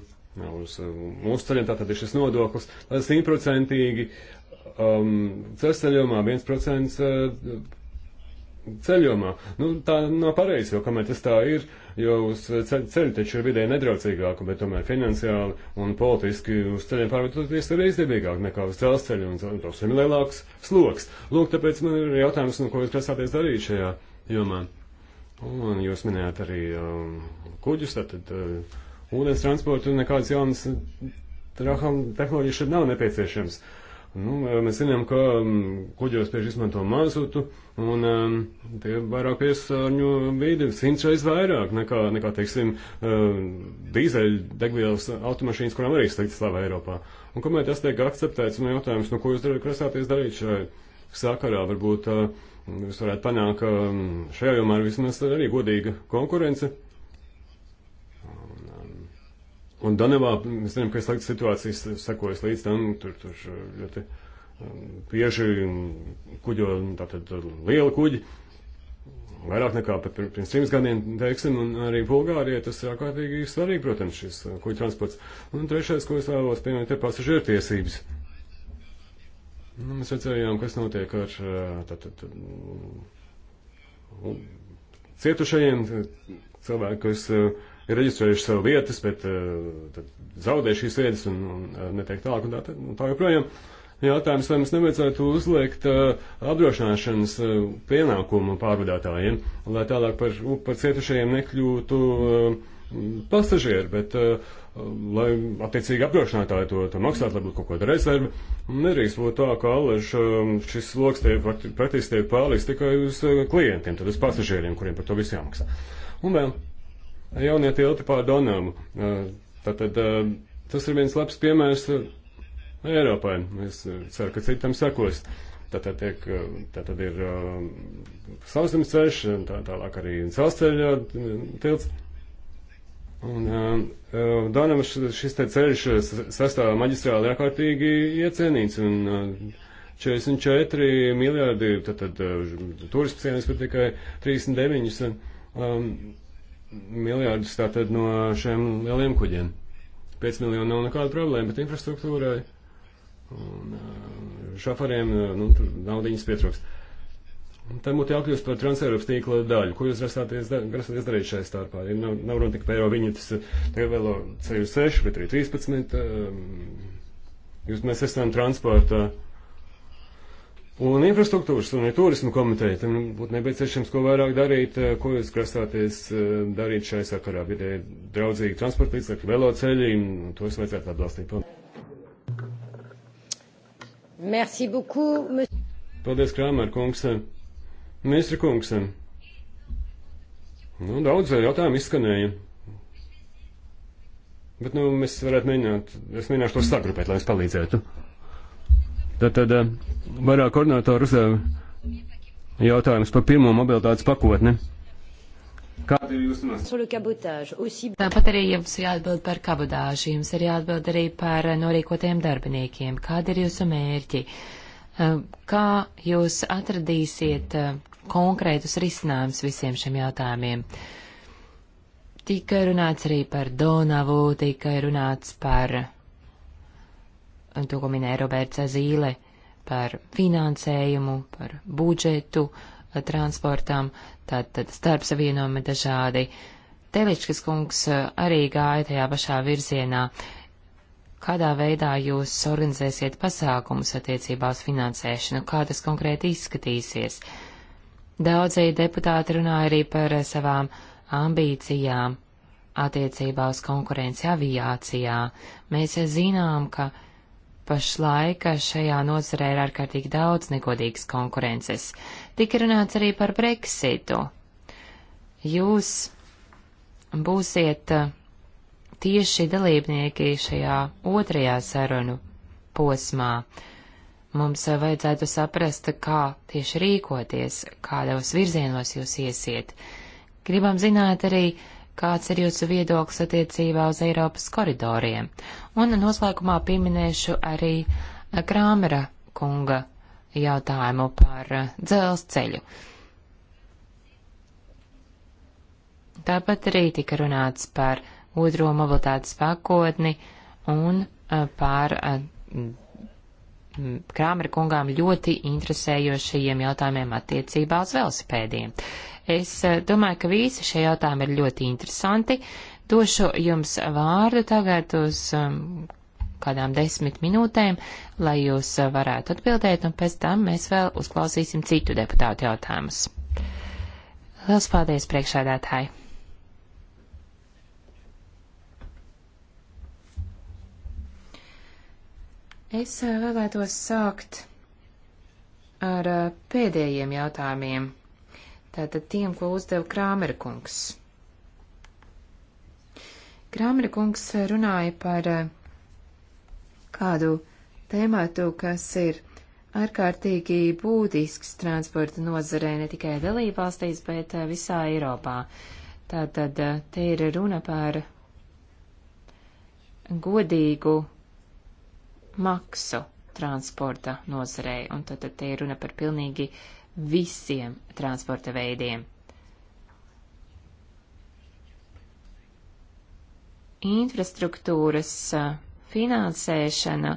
uz eh, mūsu ceļiem, tātad ir šis nodoklis, tad simtprocentīgi um, ceļojumā, viens procents uh, eh, ceļojumā. Nu, tā nav pareizi, jo kamēr tas tā ir, jo uz ceļu taču ir vidē nedraucīgāku, bet tomēr finansiāli un politiski uz ceļiem pārvietoties ir izdevīgāk nekā uz dzelzceļu, un tas ir lielāks sloks. Lūk, tāpēc man ir jautājums, nu, ko jūs prasāties darīt šajā jomā. Un jūs minējāt arī um, kuģus, tātad. Uh, ūdens transportu nekādas jaunas tehnoloģijas šeit nav nepieciešams. Nu, eh, mēs zinām, ka mm, kuģos bieži izmanto mazutu, un um, tie vairāk piesārņo vidi, simtreiz vairāk nekā, nekā teiksim, um, eh, dīzeļu degvielas automašīnas, kurām arī slikta slava Eiropā. Un kamēr tas tiek akceptēts, man jautājums, nu, ko jūs darat, krasāties darīt šai sakarā, varbūt uh, jūs varētu panākt, ka um, šajā jomā ir vismaz arī godīga konkurence. Un Danavā, mēs zinām, ka sliktas situācijas sekojas līdz tam, tur, tur ļoti um, bieži kuģo, tātad liela kuģi, vairāk nekā pat pirms trims gadiem, teiksim, un arī Bulgārijai tas ir ārkārtīgi svarīgi, protams, šis uh, kuģi transports. Un trešais, ko es vēlos pieminēt, ir pasažieru tiesības. Nu, mēs redzējām, kas notiek ar uh, tātad um, cietušajiem cilvēkiem, kas. Uh, ir reģistrējuši sev vietas, bet uh, eh, zaudējuši šīs vietas un, un, un eh, netiek tālāk un tā, un tā joprojām. Jautājums, vai mums nevajadzētu uzliekt uh, apdrošināšanas uh, pienākumu pārvadātājiem, lai tālāk par, par cietušajiem nekļūtu uh, pasažieri, bet uh, lai attiecīgi apdrošinātāji to, to maksātu, lai būtu kaut kāda rezerve. Nedrīkst būt tā, ka allaž šis sloks tiek praktiski tiek pārlīst tikai uz klientiem, tad uz pasažieriem, kuriem par to visu jāmaksā. Un vēl jaunie tilti pār Donavu. Tātad tas ir viens labs piemērs Eiropai. Es ceru, ka citam sekos. Tātad, tiek, tātad ir sauszemes ceļš, tā, tālāk arī dzelzceļa tilts. Un uh, Donam šis te ceļš sastāvā maģistrāli ārkārtīgi iecienīts un uh, 44 miljardi, tad, tad uh, turistu cienīs, bet tikai 39. Un, um, miljārdus tātad no šiem lieliem kuģiem. 5 miljoni nav nekāda problēma, bet infrastruktūrai un eh, šafariem eh, nu, naudiņas pietrūkst. Te būtu jākļūst par transeiropas tīkla daļu. Ko jūs grasāties, grasāties darīt šai starpā? Ja nav, nav runa tikai par eiro viņetes, eh, tagad vēl ceļu 6, bet arī 13. Jūs mēs esam transporta. Uh, Un infrastruktūras un turismu komiteja, tam būtu nepieciešams ko vairāk darīt, eh, ko jūs grasāties eh, darīt šai sakarā. Vidē draudzīgi transporta līdzekļi, veloceļi, tos vajadzētu atbalstīt. Merci beaucoup, monsieur. Paldies, Krāmer kungs. Ministra kungs. Nu, daudz jautājumu izskanēja. Bet, nu, mēs varētu mēģināt, es mēģināšu to sagrupēt, lai es palīdzētu. Tad, tad eh, vairāk koordinātori uzdev jautājumus par pirmo mobilitātes pakotni. Tāpat arī jums jāatbild par kabodāžu, jums ir jāatbild arī par norīkotajiem darbiniekiem. Kāda ir jūsu mērķi? Eh, kā jūs atradīsiet eh, konkrētus risinājumus visiem šiem jautājumiem? Tika runāts arī par Donavu, tika runāts par to, ko minēja Roberts Zīle par finansējumu, par budžetu, eh, transportām, tad, tad starpsavienojumi dažādi. Teličkas kungs eh, arī gāja tajā pašā virzienā. Kādā veidā jūs organizēsiet pasākumus attiecībā uz finansēšanu, kā tas konkrēti izskatīsies? Daudzie deputāti runāja arī par eh, savām ambīcijām attiecībā uz konkurenci aviācijā. Mēs zinām, ka Pašlaik šajā nozarē ir ārkārtīgi daudz negodīgas konkurences. Tik runāts arī par Brexitu. Jūs būsiet uh, tieši dalībnieki šajā otrajā sarunu posmā. Mums uh, vajadzētu saprast, kā tieši rīkoties, kādos virzienos jūs iesiet. Gribam zināt arī, uh, kāds ir jūsu viedoklis attiecībā uz Eiropas koridoriem. Un noslēgumā pieminēšu arī eh, Krāmera kunga jautājumu par eh, dzelzceļu. Tāpat arī tika runāts par otro mobilitātes pakotni un eh, par Krāmera kungām ļoti interesējošajiem jautājumiem attiecībā uz velosipēdiem. Es eh, domāju, ka visi šie jautājumi ir ļoti interesanti. Došu jums vārdu tagad uz um, kādām desmit minūtēm, lai jūs eh, varētu atbildēt, un pēc tam mēs vēl uzklausīsim citu deputātu jautājumus. Liels paldies, priekšādātāji! Es eh, vēlētos sākt ar pēdējiem jautājumiem, tātad tiem, ko uzdeva Krāmerkungs. Krāmerkungs runāja par eh, kādu tēmātu, kas ir ārkārtīgi būtisks transporta nozarē ne tikai dalībvalstīs, bet eh, visā Eiropā. Tātad eh, te ir runa par godīgu maksu transporta nozarei, un tātad te ir runa par pilnīgi uh, visiem transporta veidiem. Infrastruktūras finansēšana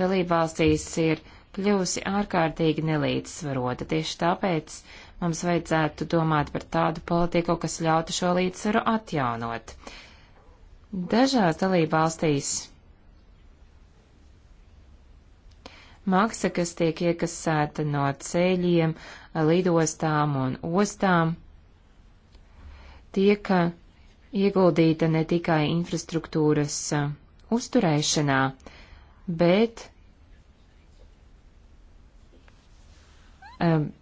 dalībvalstīs ir kļuvusi ārkārtīgi nelīdzsvarota. Tieši tāpēc mums vajadzētu domāt par tādu politiku, kas ļautu šo līdzsvaru atjaunot. Dažās dalībvalstīs maksa, kas tiek iekasēta no ceļiem, lidostām un ostām, tiek uh, ieguldīta ne tikai infrastruktūras uh, uzturēšanā, bet um,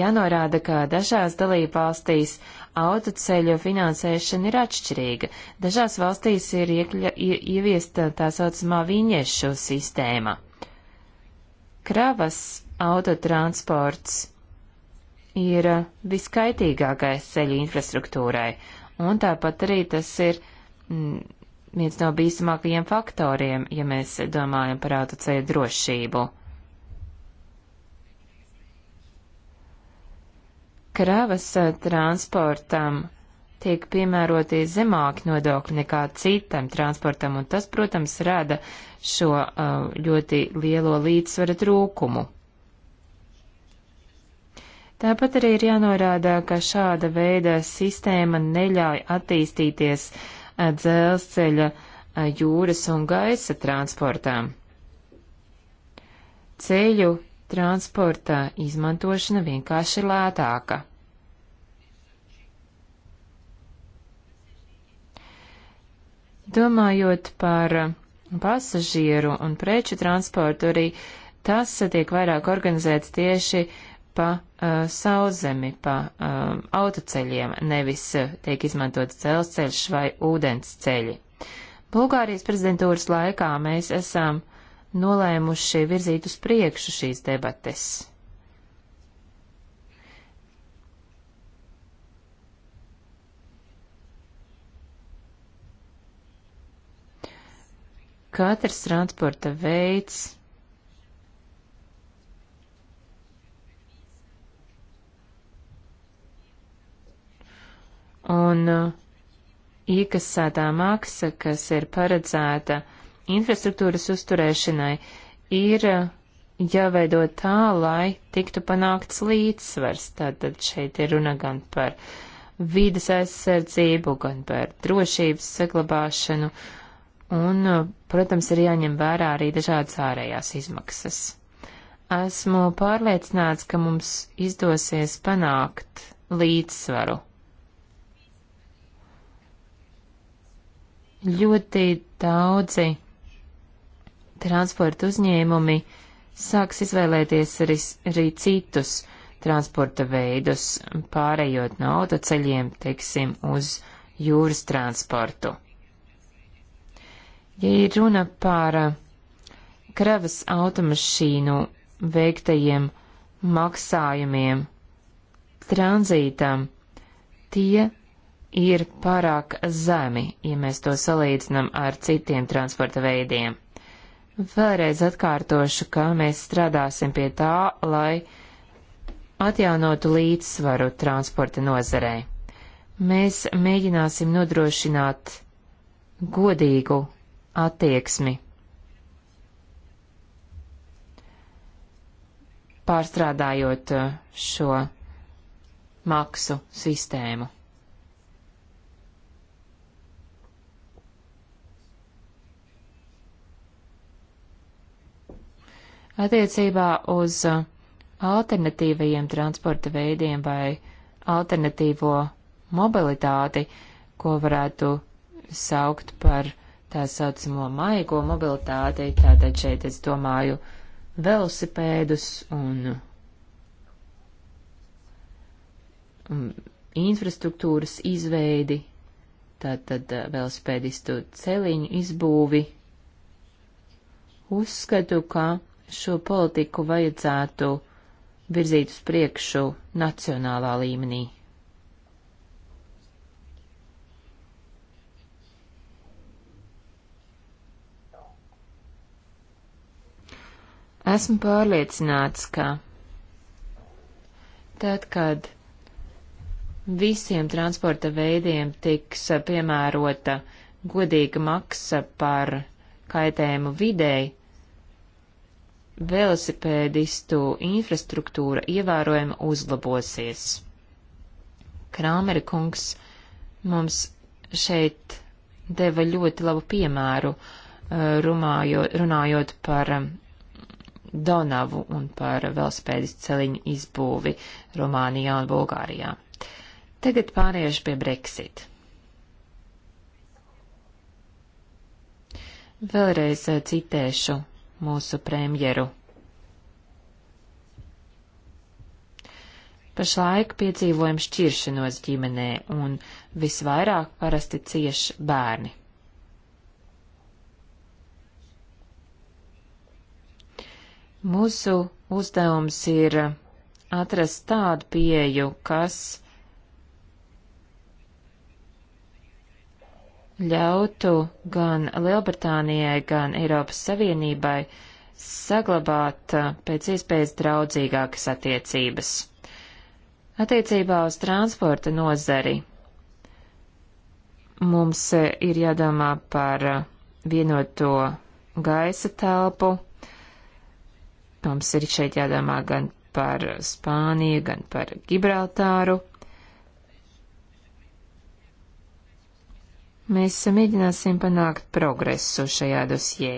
jānorāda, ka dažās dalībvalstīs autoceļu finansēšana ir atšķirīga. Dažās valstīs ir iekļa, ie, ieviesta tā saucamā viņešu sistēma. Kravas autotransports ir viskaitīgākais ceļu infrastruktūrai, un tāpat arī tas ir mm, viens no bīstamākajiem faktoriem, ja mēs domājam par autoceļu drošību. Kravas eh, transportam tiek piemēroti zemāki nodokļi nekā citam transportam, un tas, protams, rada šo uh, ļoti lielo līdzsvara trūkumu. Tāpat arī ir jānorāda, ka šāda veida sistēma neļauj attīstīties uh, dzelzceļa, uh, jūras un gaisa transportām. Ceļu transporta izmantošana vienkārši lētāka. Domājot par eh, pasažieru un preču transportu, arī tas tiek vairāk organizēts tieši pa uh, sauszemi, pa uh, autoceļiem, nevis uh, tiek izmantots dzelzceļš vai ūdensceļi. Bulgārijas prezidentūras laikā mēs esam nolēmuši virzīt uz priekšu šīs debates. katrs transporta veids un iekasētā uh, maksa, kas ir paredzēta infrastruktūras uzturēšanai, ir uh, jāveido tā, lai tiktu panākts līdzsvars. Tātad šeit ir runa gan par vīdes aizsardzību, gan par drošības saglabāšanu, uh, un, uh, protams, ir jāņem vērā arī dažādas ārējās izmaksas. Esmu pārliecināts, ka mums izdosies panākt līdzsvaru. Ļoti daudzi transporta uzņēmumi sāks izvēlēties arī, arī citus transporta veidus, pārējot no autoceļiem, teiksim, uz jūras transportu. Ja ir runa par uh, kravas automašīnu veiktajiem maksājumiem tranzītam, tie ir pārāk zemi, ja mēs to salīdzinām ar citiem transporta veidiem. Vēlreiz atkārtošu, ka mēs strādāsim pie tā, lai atjaunotu līdzsvaru transporta nozarē. Mēs mēģināsim nodrošināt godīgu attieksmi. Pārstrādājot uh, šo maksu sistēmu. Attiecībā uz uh, alternatīvajiem transporta veidiem vai alternatīvo mobilitāti, ko varētu saukt par uh, tā saucamo maigo mobilitāti, tātad šeit es domāju velosipēdus un mm, infrastruktūras izveidi, tātad eh, velosipēdistu celiņu izbūvi. Uzskatu, ka šo politiku vajadzētu virzīt uz priekšu nacionālā līmenī. Esmu pārliecināts, ka tad, kad visiem transporta veidiem tiks piemērota godīga maksa par kaitējumu videi, velosipēdistu infrastruktūra ievērojami uzlabosies. Krāmeri kungs mums šeit deva ļoti labu piemēru, uh, rumājo, runājot par um, Donavu un par velospēdas celiņu izbūvi Rumānijā un Bulgārijā. Tagad pāriešu pie Brexit. Vēlreiz eh, citēšu mūsu premjeru. Pašlaik piedzīvojam šķiršanos ģimenē un visvairāk parasti cieši bērni. Mūsu uzdevums ir atrast tādu pieju, kas ļautu gan Lielbritānijai, gan Eiropas Savienībai saglabāt eh, pēc iespējas draudzīgākas attiecības. Attiecībā uz transporta nozari mums eh, ir jādomā par eh, vienoto gaisa telpu, Mums ir šeit jādomā gan par Spāniju, gan par Gibraltāru. Mēs mēģināsim panākt progresu šajā dosjē.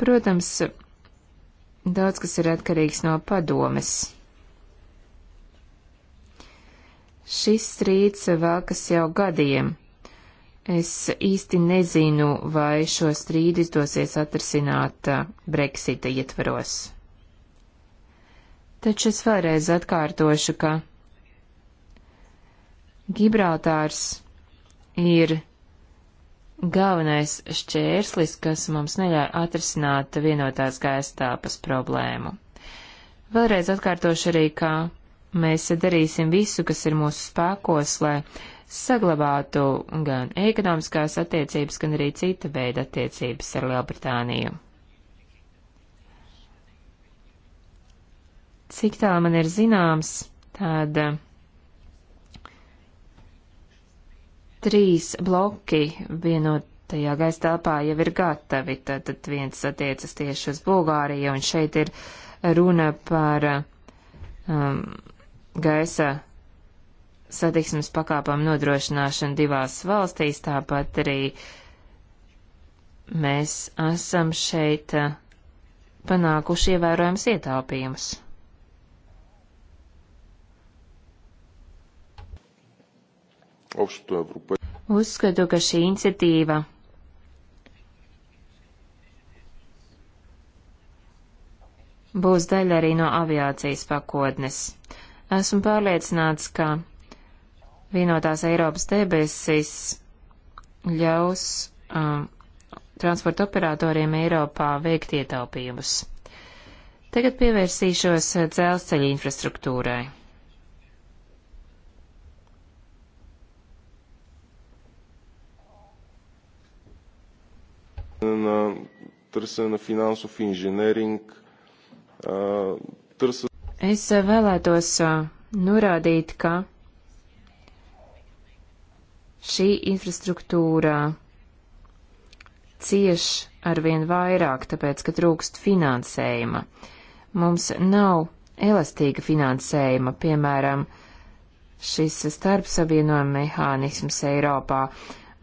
Protams, daudz kas ir atkarīgs no padomes. Šis strīds vēlkas jau gadiem. Es īsti nezinu, vai šo strīdu izdosies atrisināt uh, Brexita ietvaros. Taču es vēlreiz atkārtošu, ka Gibraltārs ir galvenais šķērslis, kas mums neļauj atrisināt vienotās gaistāpas problēmu. Vēlreiz atkārtošu arī, ka mēs darīsim visu, kas ir mūsu spēkos, lai saglabātu gan ekonomiskās attiecības, gan arī cita veida attiecības ar Lielbritāniju. Cik tā man ir zināms, tad eh, trīs bloki vienotajā gaisa telpā jau ir gatavi, tad, tad viens attiecas tieši uz Bulgāriju, un šeit ir runa par eh, um, gaisa satiksmes pakāpam nodrošināšanu divās valstīs, tāpat arī mēs esam šeit eh, panākuši ievērojams ietaupījums. Uzskatu, ka šī iniciatīva būs daļa arī no aviācijas pakotnes. Esmu pārliecināts, ka vienotās Eiropas debesis ļaus um, transporta operatoriem Eiropā veikt ietaupījumus. Tagad pievērsīšos uh, dzelzceļa infrastruktūrai. на търсене на финансов инженеринг, търсене. Es uh, vēlētos uh, norādīt, ka Šī infrastruktūra cieš arvien vairāk, tāpēc, ka trūkst finansējuma. Mums nav elastīga finansējuma, piemēram, šis starpsavienojuma mehānisms Eiropā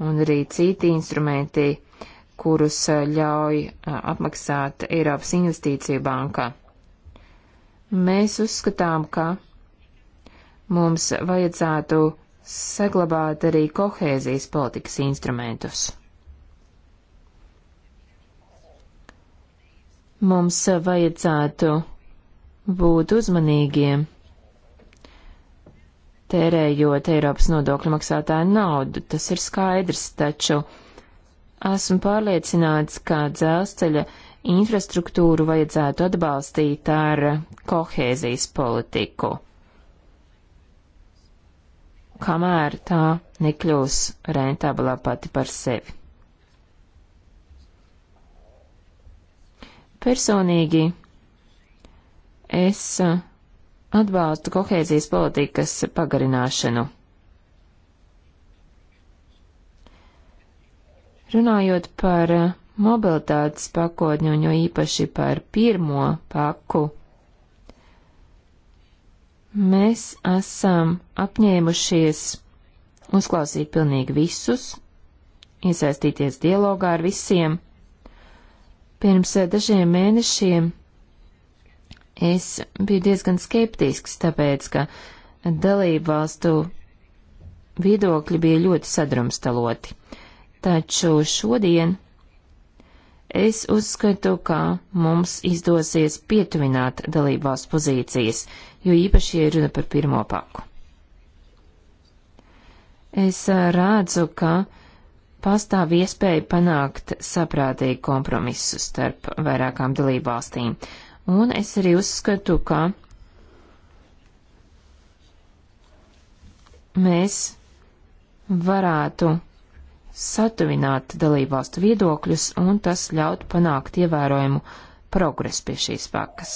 un arī citi instrumenti, kurus eh, ļauj eh, apmaksāt Eiropas investīciju bankā. Mēs uzskatām, ka mums vajadzētu saglabāt arī kohēzijas politikas instrumentus. Mums vajadzētu būt uzmanīgiem, tērējot Eiropas nodokļu maksātāju naudu, tas ir skaidrs, taču esmu pārliecināts, ka dzelzceļa infrastruktūru vajadzētu atbalstīt ar kohēzijas politiku kamēr tā nekļūs rentablā pati par sevi. Personīgi es atbalstu kohēzijas politikas pagarināšanu. Runājot par mobilitātes pakotņu, jo īpaši par pirmo paku, Mēs esam apņēmušies uzklausīt pilnīgi visus, iesaistīties dialogā ar visiem. Pirms eh, dažiem mēnešiem es biju diezgan skeptisks, tāpēc, ka dalību valstu viedokļi bija ļoti sadrumstaloti. Taču šodien Es uzskatu, ka mums izdosies pietuvināt dalībās pozīcijas, jo īpaši ir runa par pirmo paku. Es rādzu, ka pastāv iespēja panākt saprātīgu kompromisu starp vairākām dalībvalstīm, un es arī uzskatu, ka mēs varētu satuvināt dalībvalstu viedokļus, un tas ļaut panākt ievērojumu progresu pie šīs pakas.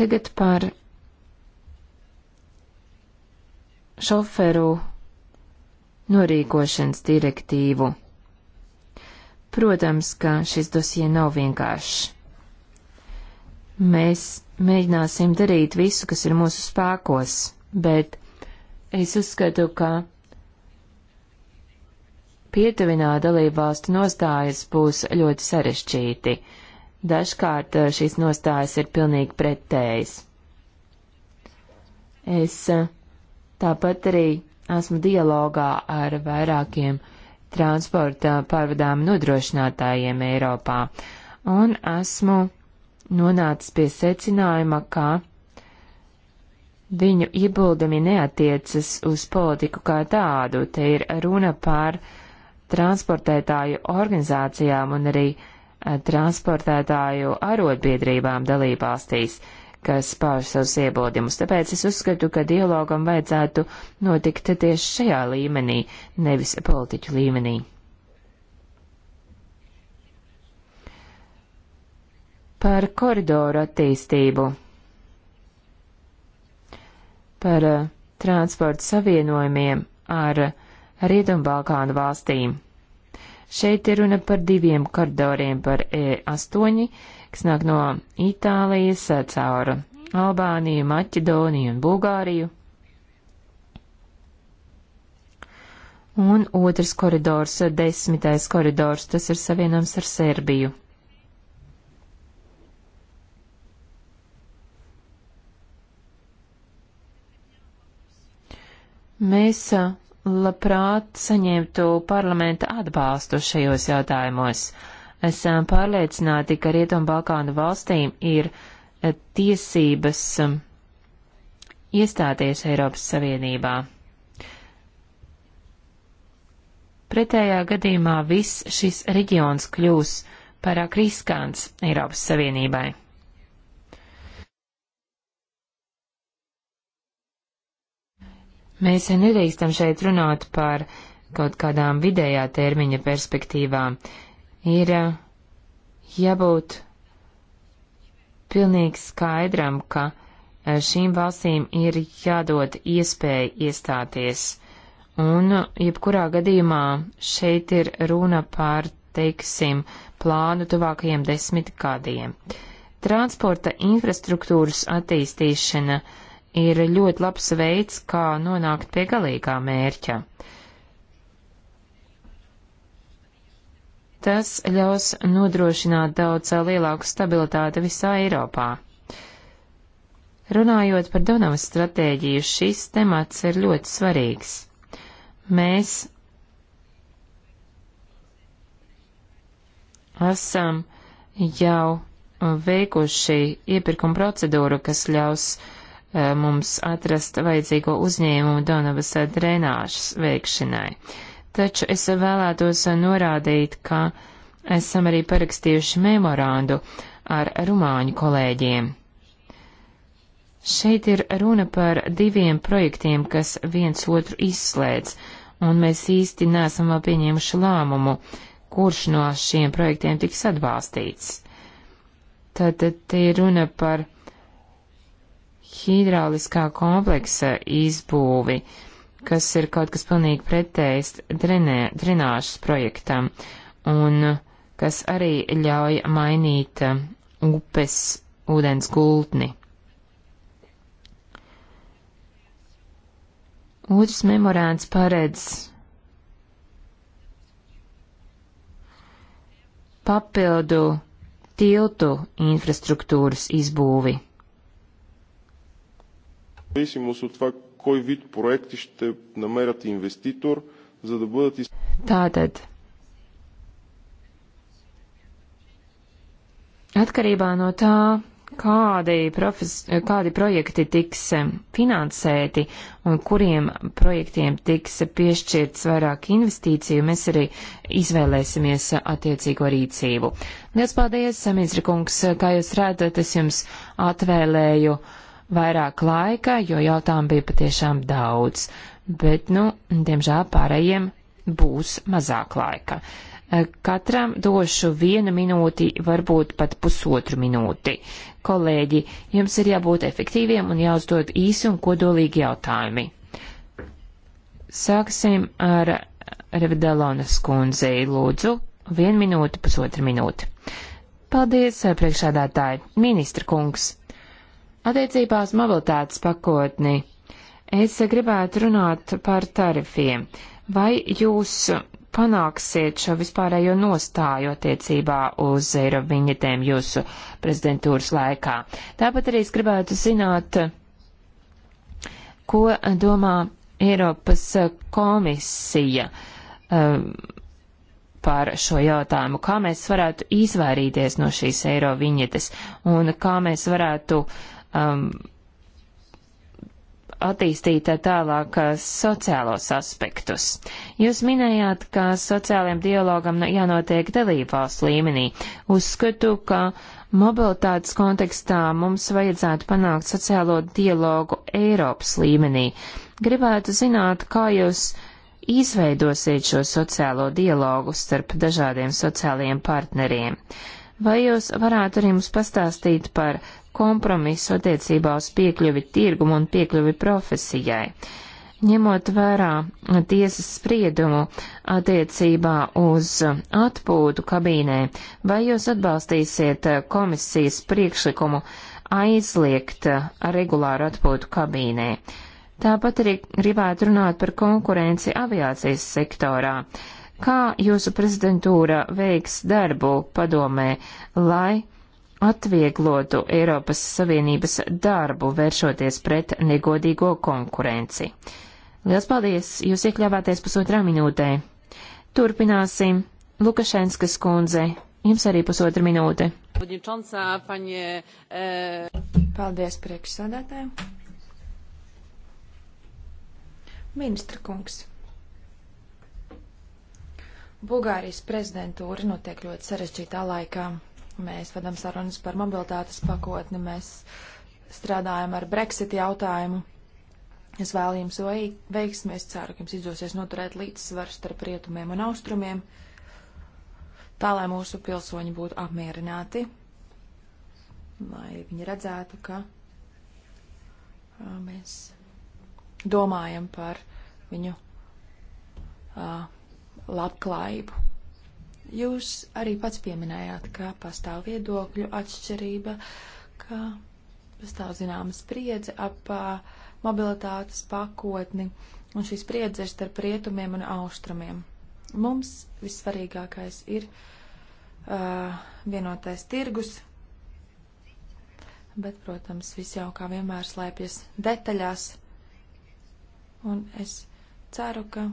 Tagad par šoferu norīkošanas direktīvu. Protams, ka šis dosie nav vienkāršs. Mēs mēģināsim darīt visu, kas ir mūsu spēkos, bet Es uzskatu, ka pietuvināt dalībvalstu nostājas būs ļoti sarežģīti. Dažkārt eh, šīs nostājas ir pilnīgi pretējas. Es eh, tāpat arī esmu dialogā ar vairākiem transporta pārvadām nodrošinātājiem Eiropā, un esmu nonācis pie secinājuma, ka Viņu ieguldumi neatiecas uz politiku kā tādu, te ir runa par transportētāju organizācijām un arī eh, transportētāju arotbiedrībām dalībvalstīs, kas pauž savus iebildījumus. Tāpēc es uzskatu, ka dialogam vajadzētu notikt tieši šajā līmenī, nevis politiķu līmenī. Par koridoru attīstību par eh, transporta savienojumiem ar eh, Rietumbalkānu valstīm. Šeit ir runa par diviem koridoriem - par E8, kas nāk no Itālijas eh, caur Albāniju, Maķedoniju un Bulgāriju. Un otrs koridors, desmitais koridors, tas ir savienojams ar Serbiju. Mēs labprāt saņemtu parlamenta atbalstu šajos jautājumos. Esam pārliecināti, ka Rietumbalkānu valstīm ir tiesības iestāties Eiropas Savienībā. Pretējā gadījumā viss šis reģions kļūs pārāk riskants Eiropas Savienībai. Mēs nedrīkstam šeit runāt par kaut kādām vidējā termiņa perspektīvām. Ir uh, jābūt pilnīgi skaidram, ka uh, šīm valstīm ir jādod iespēja iestāties. Un uh, jebkurā gadījumā šeit ir runa par, teiksim, plānu tuvākajiem desmit gadiem. Transporta infrastruktūras attīstīšana uh, ir ļoti labs veids, kā nonākt pie galīgā mērķa. Tas ļaus nodrošināt daudz lielāku stabilitāti visā Eiropā. Runājot par Donavas stratēģiju, šis temats ir ļoti svarīgs. Mēs esam jau veikuši iepirkuma procedūru, kas ļaus uh, mums atrast vajadzīgo uzņēmumu Donavas drenāžas veikšanai. Taču es vēlētos norādīt, ka esam arī parakstījuši memorandu ar rumāņu kolēģiem. Šeit ir runa par diviem projektiem, kas viens otru izslēdz, un mēs īsti nesam vēl pieņēmuši lēmumu, kurš no šiem projektiem tiks atbalstīts. Tad te ir runa par hidrauliskā kompleksa izbūvi, kas ir kaut kas pilnīgi pretējs drenē, drenāžas projektam un kas arī ļauj mainīt um, upes ūdens gultni. Otrs memorāns paredz papildu tiltu infrastruktūras izbūvi. Зависимост от това кой вид проекти ще намерят инвеститор, за да бъдат... Tātad. Atkarībā no tā, kādi, profes, kādi projekti tiks eh, finansēti un kuriem projektiem tiks piešķirts vairāk investīciju, mēs arī izvēlēsimies attiecīgo rīcību. Liels paldies, eh, ministri kungs, eh, kā jūs redzat, es jums atvēlēju uh, vairāk laika, jo jautājumu bija patiešām daudz, bet, nu, diemžēl pārējiem būs mazāk laika. Eh, katram došu vienu minūti, varbūt pat pusotru minūti. Kolēģi, jums ir jābūt efektīviem un jāuzdod īsi un kodolīgi jautājumi. Sāksim ar Revidalonas kundzei. Lūdzu, vienu minūti, pusotru minūti. Paldies, eh, priekšādātāji, ministra kungs. Attiecībā uz mobilitātes pakotni es gribētu runāt par tarifiem. Vai jūs panāksiet šo vispārējo nostāju attiecībā uz Eiropu viņetēm jūsu prezidentūras laikā? Tāpat arī es gribētu zināt, ko domā Eiropas komisija um, par šo jautājumu, kā mēs varētu izvairīties no šīs eiro viņetes un kā mēs varētu uh, um, attīstīt tālāk uh, sociālos aspektus. Jūs minējāt, ka sociālajiem dialogam nu, jānotiek dalībvalsts līmenī. Uzskatu, ka mobilitātes kontekstā mums vajadzētu panākt sociālo dialogu Eiropas līmenī. Gribētu zināt, kā jūs izveidosiet šo sociālo dialogu starp dažādiem sociālajiem partneriem. Vai jūs varētu arī mums pastāstīt par kompromisu attiecībā uz piekļuvi tirgumu un piekļuvi profesijai. Ņemot vērā tiesas spriedumu attiecībā uz atpūtu kabīnē, vai jūs atbalstīsiet komisijas priekšlikumu aizliegt regulāru atpūtu kabīnē? Tāpat arī gribētu runāt par konkurenci aviācijas sektorā. Kā jūsu prezidentūra veiks darbu padomē, lai atvieglotu Eiropas Savienības darbu, vēršoties pret negodīgo konkurenci. Lielas paldies! Jūs iekļāvāties pusotrā minūtē. Turpināsim. Lukašenskas kundze, jums arī pusotra minūte. E, paldies, priekšsādātājiem. Ministra kungs. Bulgārijas prezidentūra notiek ļoti sarežģītā laikā. Mēs vedam sarunas par mobilitātes pakotni, mēs strādājam ar Brexit jautājumu. Es vēlu jums veiksmi, es ceru, ka jums izdosies noturēt līdzsvaru starp rietumiem un austrumiem, tā lai mūsu pilsoņi būtu apmierināti, lai viņi redzētu, ka mēs domājam par viņu uh, labklājību. Jūs arī pats pieminējāt, ka pastāv viedokļu atšķirība, ka pastāv zināma spriedze ap mobilitātes pakotni, un šī spriedze ir starp rietumiem un austrumiem. Mums vissvarīgākais ir uh, vienotais tirgus, bet, protams, viss jau kā vienmēr slēpjas detaļās, un es ceru, ka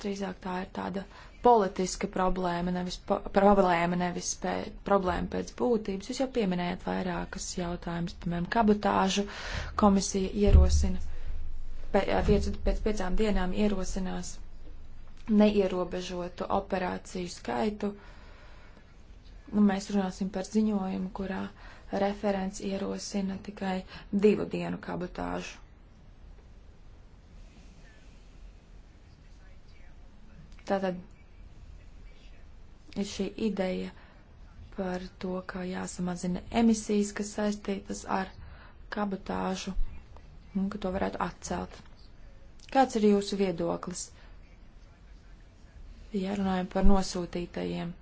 drīzāk tā ir tāda politiska problēma, nevis po problēma, nevis pē problēma pēc būtības. Jūs jau pieminējat vairākas jautājumas, piemēram, kabotāžu komisija ierosina, pēc, pēc piecām dienām ierosinās neierobežotu operāciju skaitu. Nu, mēs runāsim par ziņojumu, kurā referents ierosina tikai divu dienu kabotāžu. Tātad ir šī ideja par to, ka jāsamazina emisijas, kas saistītas ar kabatāžu, un ka to varētu atcelt. Kāds ir jūsu viedoklis? Ja runājam par nosūtītajiem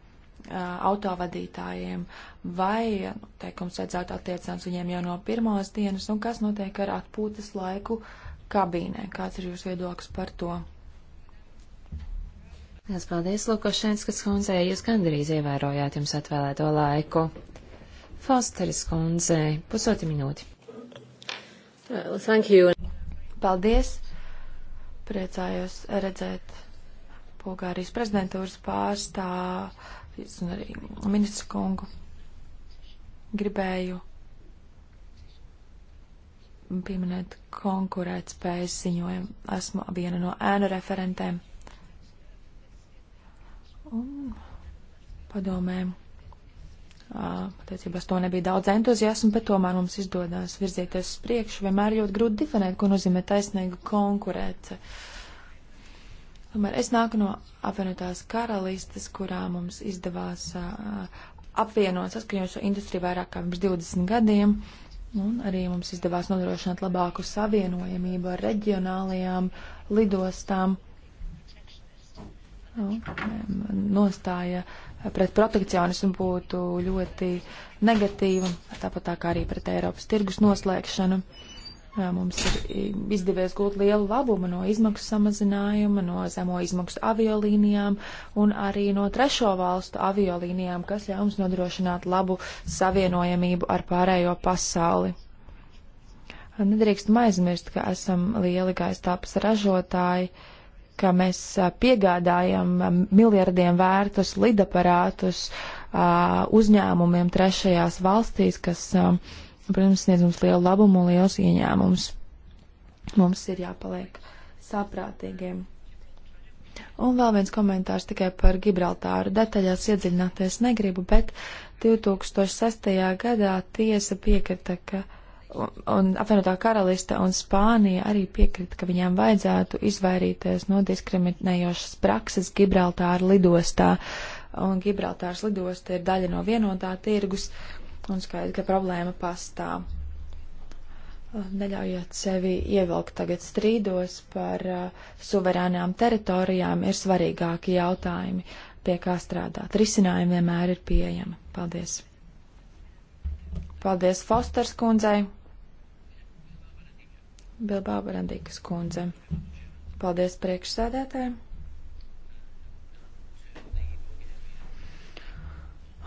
autovadītājiem, vai nu, teikums vajadzētu attiecams viņiem jau no pirmās dienas, un kas notiek ar atpūtas laiku kabīnē? Kāds ir jūsu viedoklis par to? Lielas paldies, Lukošenskas kundzei, jūs gandrīz ievērojāt jums atvēlēto laiku. Fosteris kundzei, pusotri minūti. Well, thank you. Paldies. Priecājos redzēt Bulgārijas prezidentūras pārstāvis un arī ministru kungu. Gribēju pieminēt konkurētspējas ziņojumu. Esmu viena no ēnu referentēm. Un padomēm. Patiesībā to nebija daudz entuziasma, bet tomēr mums izdodas virzīties uz priekšu. Vienmēr ļoti grūti definēt, ko nozīmē taisnīga konkurence. Tomēr es nāku no apvienotās karalistes, kurā mums izdevās uh, apvienot saskaņošo industriju vairāk kā pirms 20 gadiem. Un arī mums izdevās nodrošināt labāku savienojamību ar reģionālajām lidostām nu, nostāja pret protekcionismu būtu ļoti negatīva, tāpat tā kā arī pret Eiropas tirgus noslēgšanu. Mums ir izdevies gūt lielu labumu no izmaksu samazinājuma, no zemo izmaksu aviolīnijām un arī no trešo valstu aviolīnijām, kas ļauj mums nodrošināt labu savienojamību ar pārējo pasauli. Nedrīkstam aizmirst, ka esam lieli gaistāpas ražotāji. Uh, ka mēs piegādājam miljardiem vērtus lidaparātus uzņēmumiem trešajās valstīs, kas, protams, sniedz mums lielu labumu un liels ieņēmums. Mums ir jāpaliek saprātīgiem. Un vēl viens komentārs tikai par Gibraltāru. Detaļās iedziļināties negribu, bet 2006. gadā tiesa piekrita, ka un apvienotā karaliste un Spānija arī piekrita, ka viņām vajadzētu izvairīties no diskriminējošas prakses Gibraltāra lidostā. Un Gibraltārs lidosta ir daļa no vienotā tirgus, un skaidrs, ka problēma pastāv. Neļaujot sevi ievilkt tagad strīdos par uh, suverēnām teritorijām, ir svarīgāki jautājumi, pie kā strādāt. Risinājumi vienmēr ir pieejami. Paldies! Paldies Fosters kundzei! Bilbao Brandikas kundze. Paldies priekšsēdētājiem.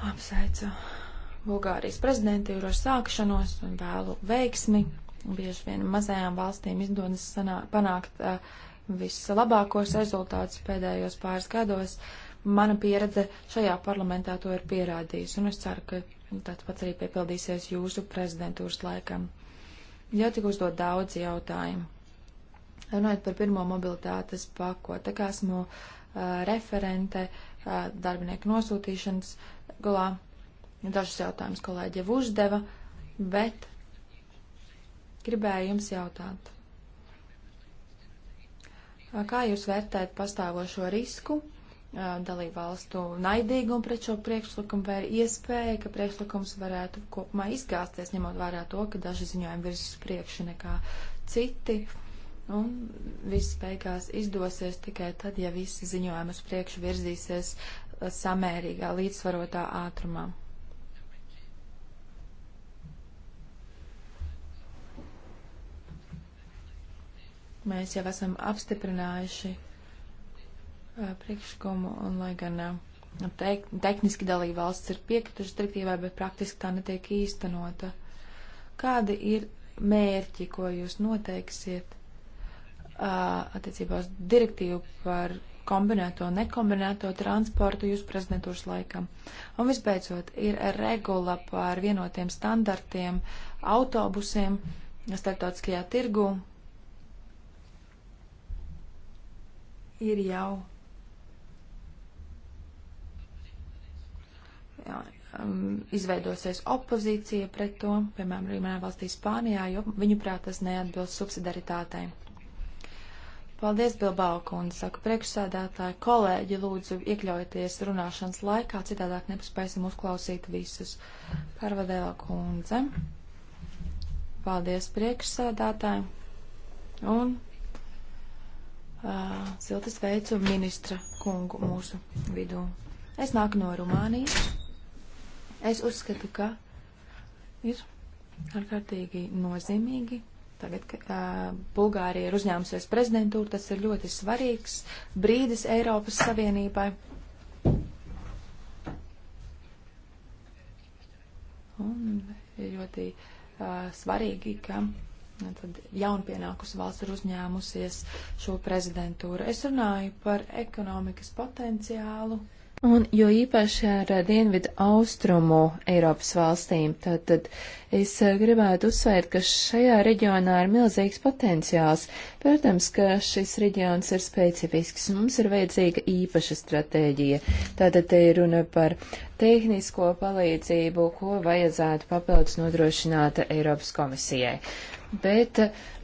Apsveicu Bulgārijas prezidentūru ar sākšanos un vēlu veiksmi. Bieži vien mazajām valstīm izdodas sanā, panākt uh, vislabākos rezultātus pēdējos pāris gados. Mana pieredze šajā parlamentā to ir pierādījusi, un es ceru, ka tāds pats arī piepildīsies jūsu prezidentūras laikam. Uh, Jau tik uzdot daudz jautājumu. Runājot par pirmo mobilitātes pakoti, tā kā esmu uh, referente uh, darbinieku nosūtīšanas galā, dažus jautājumus kolēģi jau uzdeva, bet gribēju jums jautāt. Kā jūs vērtējat pastāvošo risku dalību valstu naidīgumu pret šo priekšlikumu, vai ir iespēja, ka priekšlikums varētu kopumā izgāzties, ņemot vērā to, ka daži ziņojumi virs uz priekšu nekā citi. Un viss beigās izdosies tikai tad, ja visi ziņojumi uz priekšu virzīsies samērīgā, līdzsvarotā ātrumā. Mēs jau esam apstiprinājuši Eh, priekšlikumu, un lai gan eh, te, tehniski dalība valsts ir piekritušas direktīvai, bet praktiski tā netiek īstenota. Kādi ir mērķi, ko jūs noteiksiet eh, attiecībā uz direktīvu par kombinēto un nekombinēto transportu jūsu prezidentūras laikam? Un visbeidzot, ir regula par vienotiem standartiem autobusiem starptautiskajā tirgū. Ir jau um, izveidosies opozīcija pret to, piemēram, arī manā valstī Spānijā, jo viņuprāt tas neatbilst subsidaritātei. Paldies, Bilbao kundze, saka priekšsēdētāji, kolēģi, lūdzu iekļaujieties runāšanas laikā, citādāk nepaspēsim uzklausīt visus. Parvadēla kundze. Paldies, priekšsēdētāji. Un uh, silti sveicu ministra kungu mūsu vidū. Es nāku no Rumānijas. Es uzskatu, ka ir ārkārtīgi nozīmīgi. Tagad, kad uh, Bulgārija ir uzņēmusies prezidentūru, tas ir ļoti svarīgs brīdis Eiropas Savienībai. Un ļoti uh, svarīgi, ka nu, tad jaunpienākus valsts ir uzņēmusies šo prezidentūru. Es runāju par ekonomikas potenciālu. Uh, Un jo īpaši ar dienvidu austrumu Eiropas valstīm, tad, tad es eh, gribētu uzsvērt, ka šajā reģionā ir milzīgs potenciāls. Protams, ka šis reģions ir specifisks, mums ir vajadzīga īpaša stratēģija. Tātad te ir runa par tehnisko palīdzību, ko vajadzētu papildus nodrošināt Eiropas komisijai bet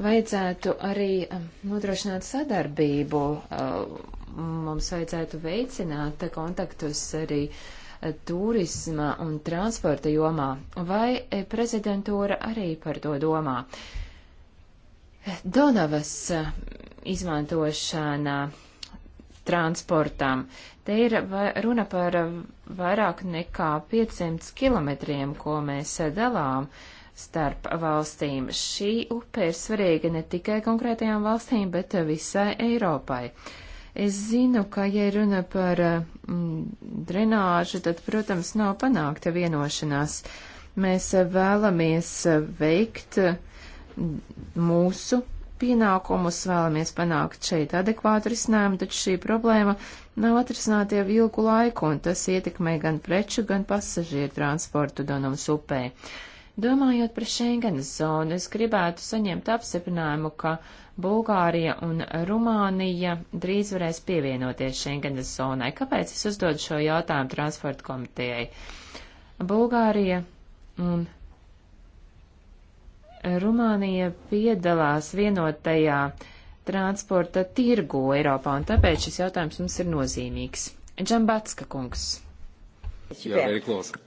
vajadzētu arī eh, nodrošināt sadarbību eh, mums vajadzētu veicināt kontaktus arī eh, turisma un transporta jomā. Vai eh, prezidentūra arī par to domā? Donavas eh, izmantošana transportam. Te ir runa par vairāk nekā 500 kilometriem, ko mēs dalām starp valstīm. Šī upe ir svarīga ne tikai konkrētajām valstīm, bet visai Eiropai. Uh, Es zinu, ka, ja runa par mm, drenāžu, tad, protams, nav panākta vienošanās. Mēs eh, vēlamies eh, veikt mūsu pienākumus, vēlamies panākt šeit adekvātu risinājumu, taču šī problēma nav atrisināta jau ilgu laiku, un tas ietekmē gan preču, gan pasažieru transportu Donavas upē. Domājot par Schengenas zonu, es gribētu saņemt apstiprinājumu, ka uh, Bulgārija un Rumānija drīz varēs pievienoties Schengenas zonai. Kāpēc es uzdodu šo jautājumu transporta komitejai? Bulgārija un Rumānija piedalās vienotajā transporta tirgu Eiropā, un tāpēc šis jautājums mums ir nozīmīgs. Džambatska kungs. Jā, arī klausa.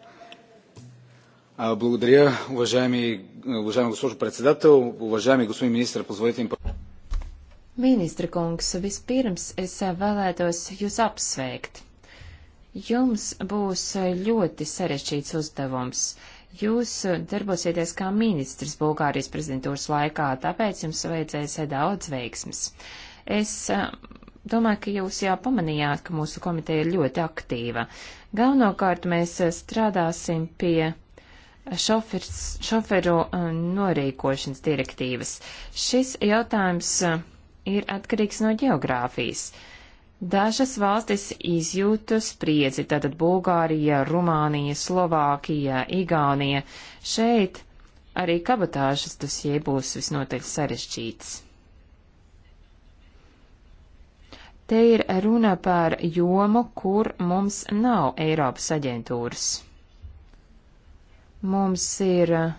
Благодаря, уважаеми, уважаеми госпожо председател, уважаеми господин министр, позволите им Ministra kungs, vispirms es vēlētos jūs apsveikt. Jums būs ļoti sarešķīts uzdevums. Jūs darbosieties kā ministrs Bulgārijas prezidentūras laikā, tāpēc jums vajadzēs daudz veiksmes. Es eh, domāju, ka jūs jau pamanījāt, ka mūsu komiteja ir ļoti aktīva. Galvenokārt mēs eh, strādāsim pie šofers, šoferu eh, norīkošanas direktīvas. Šis jautājums ir atkarīgs no geogrāfijas. Dažas valstis izjūtu spriedzi, tātad Bulgārija, Rumānija, Slovākija, Igaunija. Šeit arī kabatāžas dosie būs visnotaļ sarežģīts. Te ir runa par jomu, kur mums nav Eiropas aģentūras. Mums ir uh,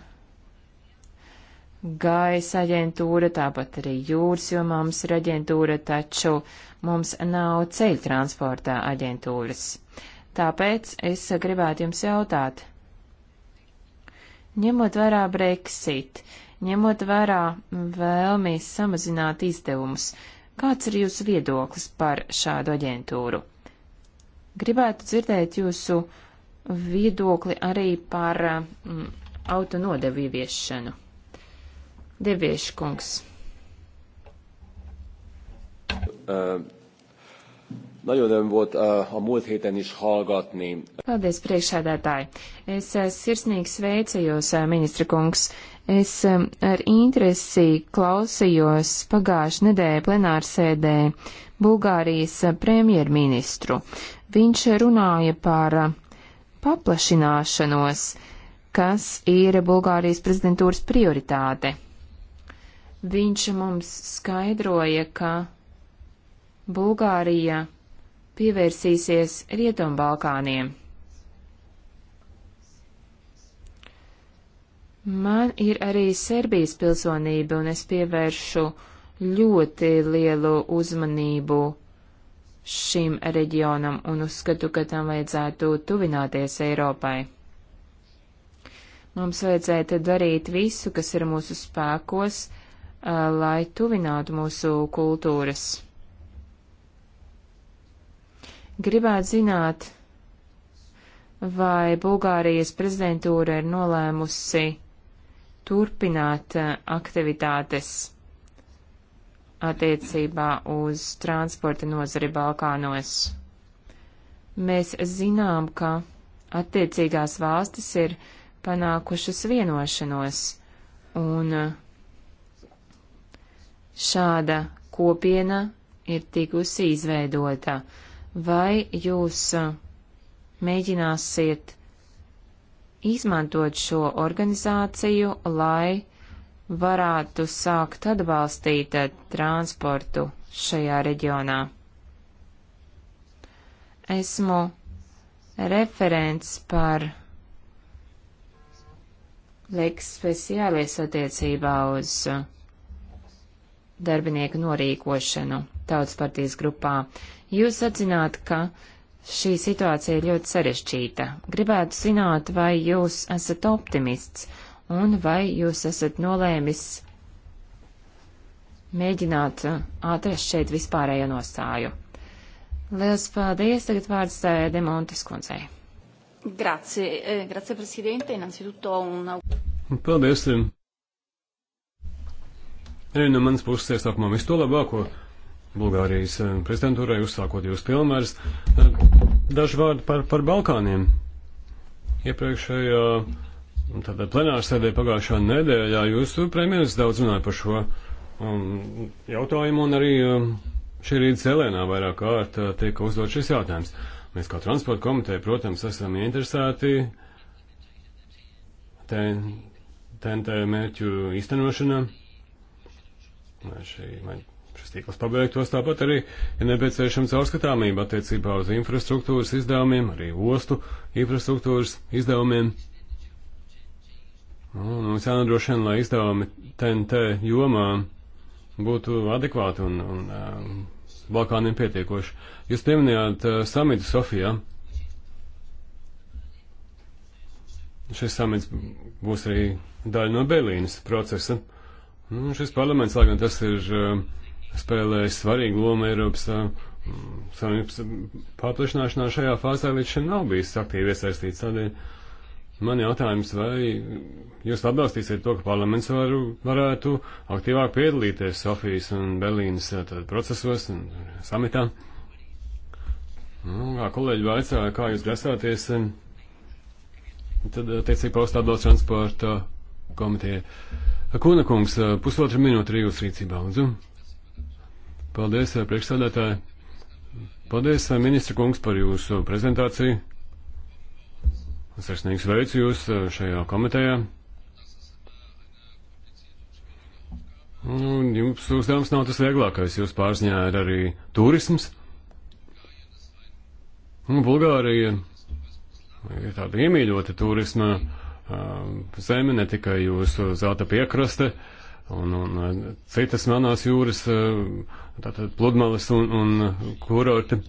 gaisa aģentūra, tāpat arī jūras jomā mums ir aģentūra, taču mums nav ceļu transportā aģentūras. Tāpēc es gribētu jums jautāt, ņemot vērā Brexit, ņemot vērā vēlmi samazināt izdevumus, kāds ir jūsu viedoklis par šādu aģentūru? Gribētu dzirdēt jūsu viedokli arī par mm, autonodevu ieviešanu. Debiešu kungs. Uh, Nagyon öröm volt uh, a múlt héten is hallgatni. Paldies, priekšsēdētāji. Es uh, sirsnīgi sveicu jūs, ministra kungs. Es ar interesi klausījos pagājušajā nedēļā plenārsēdē Bulgārijas premjerministru. Viņš runāja par paplašināšanos, kas ir Bulgārijas prezidentūras prioritāte. Viņš mums skaidroja, ka Bulgārija pievērsīsies Rietumbalkāniem. Man ir arī Serbijas pilsonība, un es pievēršu ļoti lielu uzmanību šim reģionam un uzskatu, ka tam vajadzētu tuvināties Eiropai. Mums vajadzētu darīt visu, kas ir mūsu spēkos, Uh, lai tuvinātu mūsu kultūras. Gribētu zināt, vai Bulgārijas prezidentūra ir nolēmusi turpināt uh, aktivitātes attiecībā uz transporta nozari Balkānos. Mēs zinām, ka attiecīgās valstis ir panākušas vienošanos, un uh, šāda kopiena ir tikusi izveidota. Vai jūs uh, mēģināsiet izmantot šo organizāciju, lai varētu sākt atbalstīt uh, transportu šajā reģionā. Esmu referents par leks speciālies attiecībā uz uh, darbinieku norīkošanu tautas partijas grupā. Jūs atzināt, ka šī situācija ir ļoti sarežģīta. Gribētu zināt, vai jūs esat optimists un vai jūs esat nolēmis mēģināt uh, atrast šeit vispārējo nostāju. Liels paldies, tagad vārds uh, Demontes kundzei. Grazie, eh, grazie, prezidente, innanzitutto un... Paldies, Arī no manas puses iesākumā visu to labāko Bulgārijas eh, prezidentūrai, uzsākot jūs pilnvērs. Eh, daži vārdi par, par Balkāniem. Iepriekšējā tādā plenāra sēdē pagājušā nedēļā jūsu premjeras daudz runāja par šo um, jautājumu un arī um, šī rīta Zelēnā vairāk kārt uh, tika uzdot šis jautājums. Mēs kā transporta komiteja, protams, esam interesēti TNT mērķu īstenošanā. Ten, lai, šī, lai šis tīkls pabeigtos. Tāpat arī ir nepieciešama caurskatāmība attiecībā uz infrastruktūras izdevumiem, arī ostu infrastruktūras izdevumiem. Un mums jānodrošina, lai izdevumi TNT jomā būtu adekvāti un, un uh, Balkāniem pietiekoši. Jūs pieminējāt uh, samitu Sofijā. Šis samits būs arī daļa no Berlīnas procesa. Uh, Un nu, šis parlaments, lai gan tas ir eh, spēlējis svarīgu lomu Eiropas eh, savienības paplašināšanā, šajā fāzē līdz šim nav bijis aktīvi iesaistīts. Tādēļ man jautājums, vai jūs atbalstīsiet to, ka parlaments var, varētu aktīvāk piedalīties Sofijas un Berlīnas eh, procesos un samitā? Nu, kā kolēģi vaicāja, kā jūs grasāties, tad, teicīgi, paust atbalstu transporta komiteja. Kona kungs, eh, pusotra minūte arī jūsu rīcībā, lūdzu. Paldies, eh, priekšsādātāji. Paldies, eh, ministra kungs, par jūsu prezentāciju. Sarsnīgs veicu jūs šajā komitejā. Nu, un jums uzdevums nav tas vieglākais, jūs pārziņā ir arī turisms. Un Bulgārija ir tāda iemīļota turisma Um, zeme, ne tikai jūsu zelta piekraste un, un uh, citas manās jūras, uh, tātad pludmales un, un kurorti,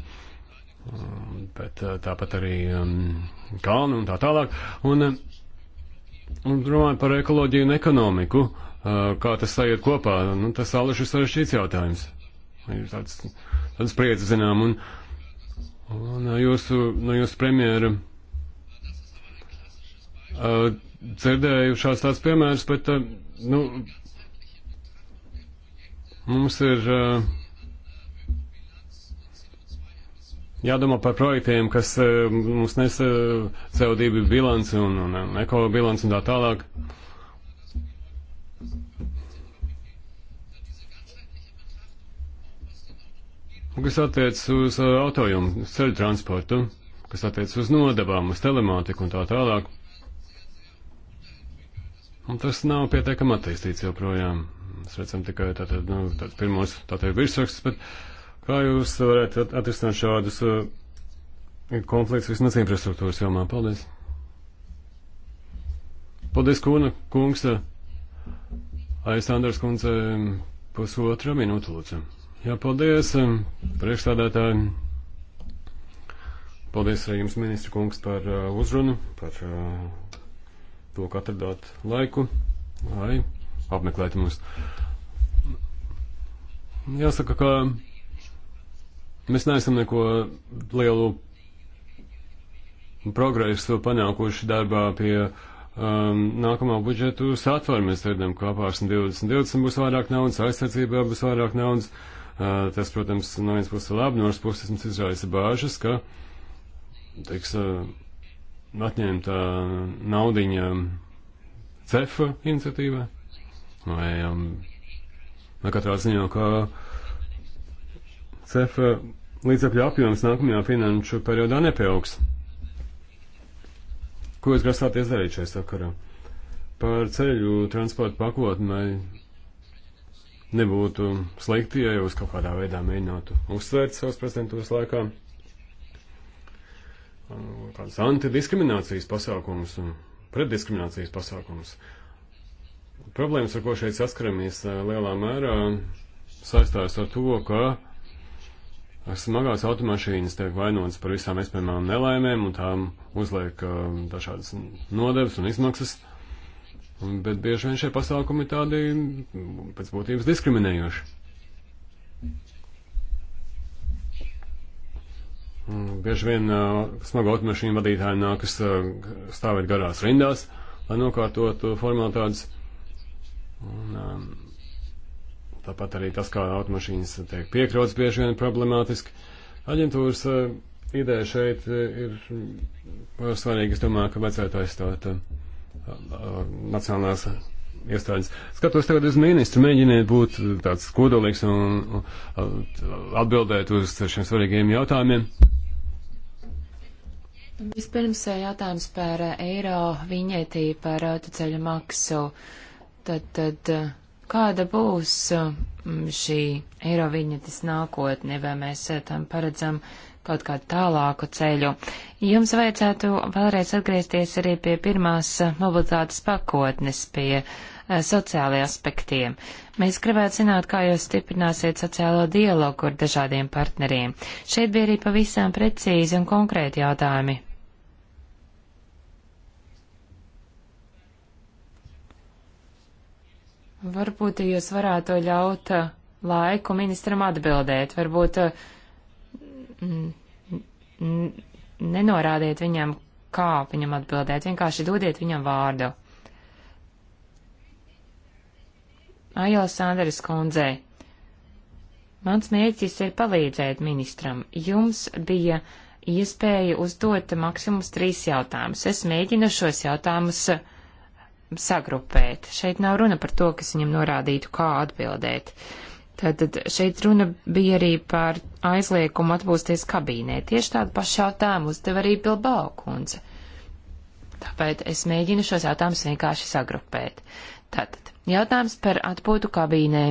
um, bet uh, tāpat arī um, kalni un tā tālāk. Un, un runājot par ekoloģiju un ekonomiku, kā tas sajiet kopā, nu, tas alaši ir sarežģīts jautājums. Ir tāds, tāds priecas, zinām, un, un jūsu, no jūsu premjera uh, dzirdējušās tāds piemērs, bet, uh, nu, mums ir uh, jādomā par projektiem, kas uh, mums nes uh, CO2 bilanci un, un, un eko bilanci un tā tālāk. Kas attiec uz uh, autojumu, ceļu transportu, kas attiec uz nodabām, uz telemātiku un tā tālāk. Un tas nav pietiekami attīstīts joprojām. Mēs redzam tikai tātad, nu, tātad pirmos tātad virsrakstus, bet kā jūs varētu atrisināt šādus uh, konfliktus vismaz infrastruktūras jomā? Paldies! Paldies, Kūna kungs! Aizsandars kundze, pusotra minūte lūdzu. Jā, paldies, um, priekšstādātāji. Paldies arī jums, ministra kungs, par uh, uzrunu, par uh, to, ka atradāt laiku, lai apmeklētu mūs. Jāsaka, ka mēs neesam neko lielu progresu panākuši darbā pie um, nākamā budžetu satvara. Mēs redzam, ka apārsni 2020 būs vairāk naudas, aizsardzībā būs vairāk naudas. Uh, tas, protams, no vienas puses labi, no otras puses mums izraisa bāžas, ka, teiks, uh, atņemta naudiņa cefa iniciatīvai. Vai, um, vai katrā ziņā, ka cefa līdzakļu apjoms nākamajā finanšu periodā nepieaugs. Ko jūs grasāties darīt šajā sakarā? Par ceļu transportu pakotnē nebūtu slikti, ja jūs kaut kādā veidā mēģinātu uzsvērt savus prezidentūras laikā tādus antidiskriminācijas pasākumus un pretdiskriminācijas pasākumus. Problēmas, ar ko šeit saskaramies eh, lielā mērā, saistās ar to, ka smagās automašīnas tiek vainotas par visām iespējamām nelaimēm un tām uzliek eh, dažādas nodevas un izmaksas. Bet bieži vien šie pasākumi tādi mm, pēc būtības diskriminējoši. Mm, bieži vien uh, smago automašīnu vadītāji nākas uh, stāvēt garās rindās, lai nokārtotu formalitātes. Un, um, tāpat arī tas, kā automašīnas tiek piekrauts, bieži vien problemātiski. Aģentūras uh, ideja šeit ir svarīga. Es domāju, ka vajadzētu aizstāt uh, uh, nacionālās iestādes. Skatos tagad uz ministru, mēģiniet būt tāds kodolīgs un atbildēt uz šiem svarīgiem jautājumiem. Vispirms eh, jautājums par eh, eiro viņietī par autoceļu eh, maksu. Tad, tad kāda būs šī eiro viņietis nākotne, vai mēs tam paredzam kaut kādu tālāku ceļu? Jums vajadzētu vēlreiz atgriezties arī pie pirmās mobilitātes pakotnes, pie sociālajiem aspektiem. Mēs gribētu zināt, kā jūs stiprināsiet sociālo dialogu ar dažādiem partneriem. Šeit bija arī pavisam precīzi un konkrēti jautājumi Varbūt jūs varētu ļaut uh, laiku ministram atbildēt, varbūt uh, nenorādiet viņam, kā viņam atbildēt, vienkārši dodiet viņam vārdu. Aila Sanders kundzei, mans mērķis ir palīdzēt ministram. Jums bija iespēja uzdot maksimums trīs jautājumus. Es mēģinu šos jautājumus uh, sagrupēt. Šeit nav runa par to, kas viņam norādītu, kā atbildēt. Tātad šeit runa bija arī par aizliekumu atpūsties kabīnē. Tieši tādu pašu jautājumu uzdev arī Bilbao kundze. Tāpēc es mēģinu šos jautājumus vienkārši sagrupēt. Tātad jautājums par atpūtu kabīnē.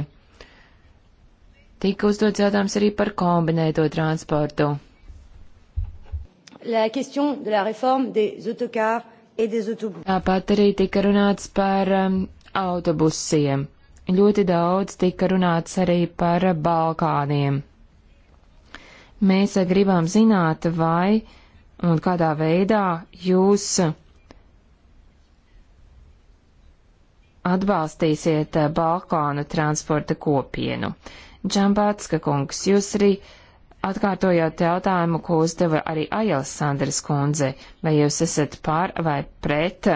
Tika uzdots jautājums arī par kombinēto transportu. La question de la réforme des autocars Tāpat arī tika runāts par um, autobusiem. Ļoti daudz tika runāts arī par Balkāniem. Mēs uh, gribam zināt, vai un kādā veidā jūs atbalstīsiet uh, Balkānu transporta kopienu. Džambātska kungs, jūs arī uh, atkārtojot jautājumu, ko uzdeva arī Ajels Sanders kundze, vai jūs esat pār vai pret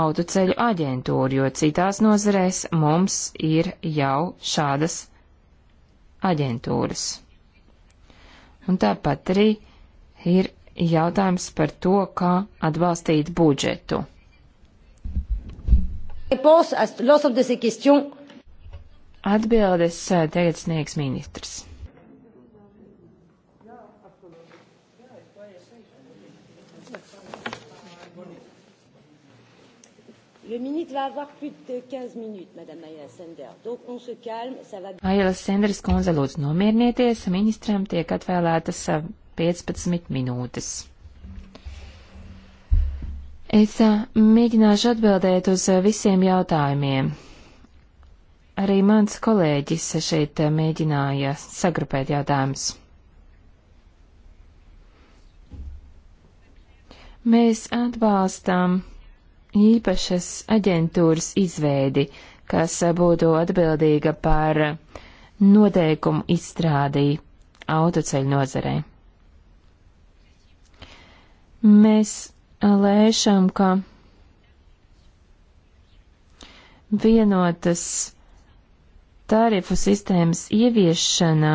autoceļu aģentūru, jo citās nozarēs mums ir jau šādas aģentūras. Un tāpat arī ir jautājums par to, kā atbalstīt budžetu. Atbildes eh, tagad sniegs ministrs. Le ministre va avoir plus de 15 minutes, Madame Ayala Sender. Donc on se calme, ça va. Ayala Senderas kundze lūdzu nomierinieties, ministram tiek atvēlētas 15 uh, minūtes. Es uh, mēģināšu atbildēt uz uh, visiem jautājumiem. Arī mans kolēģis šeit mēģināja sagrupēt jautājumus. Mēs atbalstām īpašas aģentūras izveidi, kas būtu atbildīga par noteikumu izstrādī autoceļu nozarei. Mēs lēšam, ka vienotas tarifu sistēmas ieviešana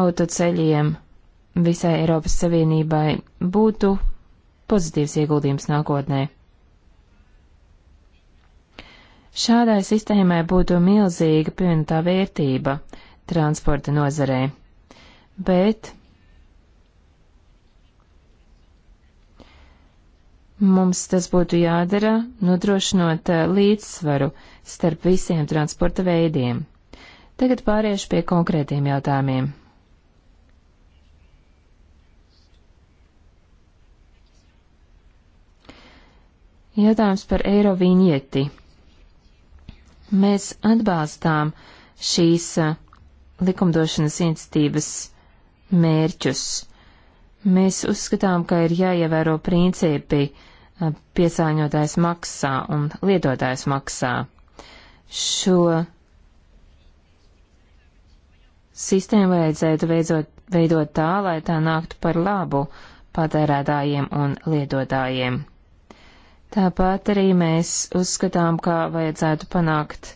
autoceļiem visai Eiropas Savienībai būtu pozitīvs ieguldījums nākotnē. Šādai sistēmai būtu milzīga pievienotā vērtība transporta nozarē, bet mums tas būtu jādara, nodrošinot eh, līdzsvaru starp visiem transporta veidiem. Tagad pāriešu pie konkrētiem jautājumiem. Jautājums par eiro vīnieti. Mēs atbalstām šīs uh, likumdošanas institīvas mērķus. Mēs uzskatām, ka ir jāievēro principi uh, piesāņotājs maksā un lietotājs maksā. Šo sistēmu vajadzētu veidot, veidot tā, lai tā nāktu par labu patērētājiem un lietotājiem. Tāpat arī mēs uzskatām, ka vajadzētu panākt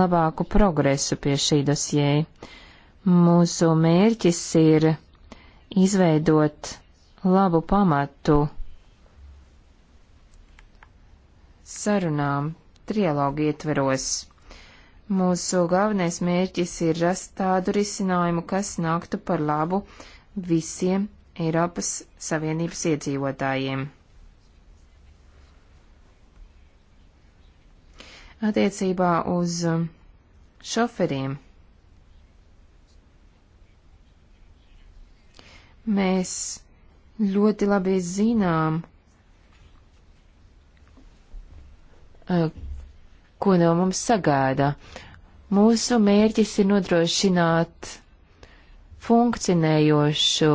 labāku progresu pie šī dosjē. Mūsu mērķis ir izveidot labu pamatu sarunām, trialogu ietveros. Mūsu galvenais mērķis ir rast tādu risinājumu, kas nāktu par labu visiem Eiropas Savienības iedzīvotājiem. attiecībā uz um, šoferiem. Mēs ļoti labi zinām, uh, ko no mums sagaida. Mūsu mērķis ir nodrošināt funkcionējošu,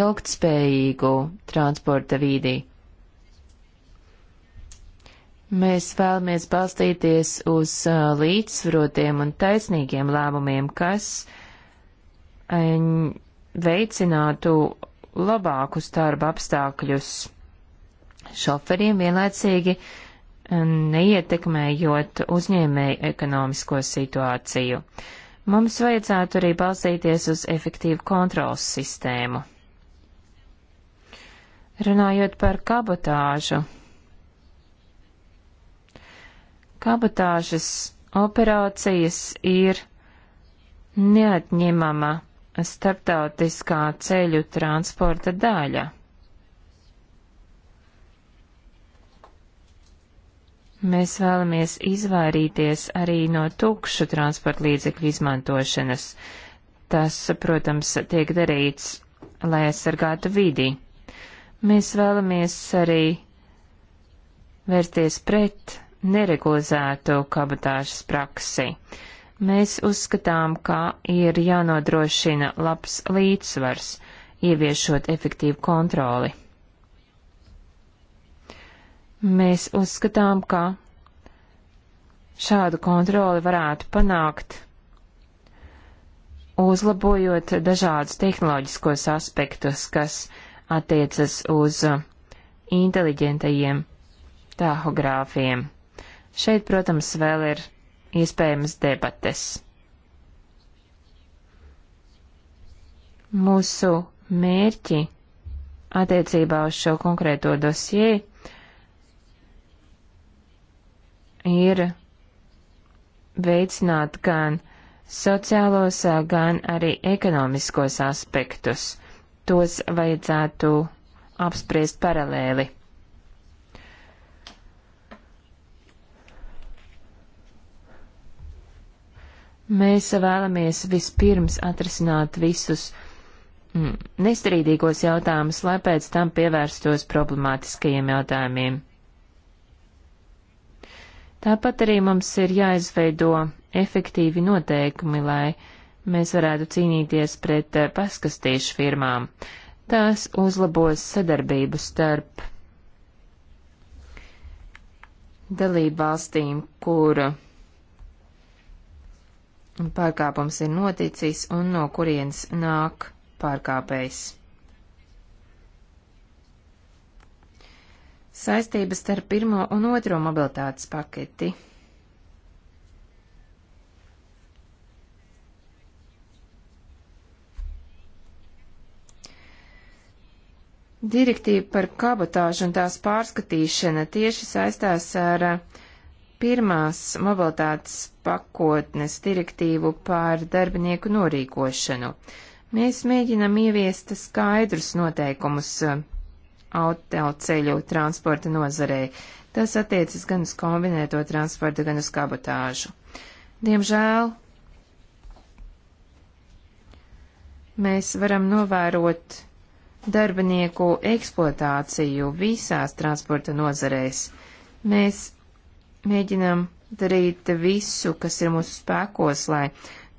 ilgtspējīgu transporta vīdiju. Mēs vēlamies balstīties uz uh, līdzsvarotiem un taisnīgiem lēmumiem, kas uh, veicinātu labākus darba apstākļus šoferiem vienlaicīgi uh, neietekmējot uzņēmēju ekonomisko situāciju. Mums vajadzētu arī balstīties uz efektīvu kontrols sistēmu. Runājot par kabotāžu, Kabatāžas operācijas ir neatņemama starptautiskā ceļu transporta daļa. Mēs vēlamies izvairīties arī no tukšu transporta līdzekļu izmantošanas. Tas, protams, tiek darīts, lai aizsargātu vidi. Mēs vēlamies arī vērsties pret neregulizētu kabatāžas praksi. Mēs uzskatām, ka ir jānodrošina labs līdzsvars, ieviešot efektīvu kontroli. Mēs uzskatām, ka šādu kontroli varētu panākt, uzlabojot dažādus tehnoloģiskos aspektus, kas attiecas uz inteliģentajiem tahogrāfiem. Šeit, protams, vēl ir iespējamas debates. Mūsu mērķi attiecībā uz šo konkrēto dosie ir veicināt gan sociālos, gan arī ekonomiskos aspektus. Tos vajadzētu apspriest paralēli. Mēs vēlamies vispirms atrisināt visus mm, nestrīdīgos jautājumus, lai pēc tam pievērstos problemātiskajiem jautājumiem. Tāpat arī mums ir jāizveido efektīvi noteikumi, lai mēs varētu cīnīties pret eh, paskastīšu firmām. Tās uzlabos sadarbību starp dalību valstīm, kura pārkāpums ir noticis un no kurienes nāk pārkāpējs. Saistības starp pirmo un otro mobilitātes paketi. Direktīva par kabotāžu un tās pārskatīšana tieši saistās ar uh, pirmās mobilitātes pakotnes direktīvu pār darbinieku norīkošanu. Mēs mēģinam ieviest skaidrus noteikumus autoceļu uh, transporta nozarei. Tas attiecas gan uz kombinēto transportu, gan uz kabotāžu. Diemžēl mēs varam novērot darbinieku eksploatāciju visās transporta nozarēs. Mēs mēģinām darīt visu, kas ir mūsu spēkos, lai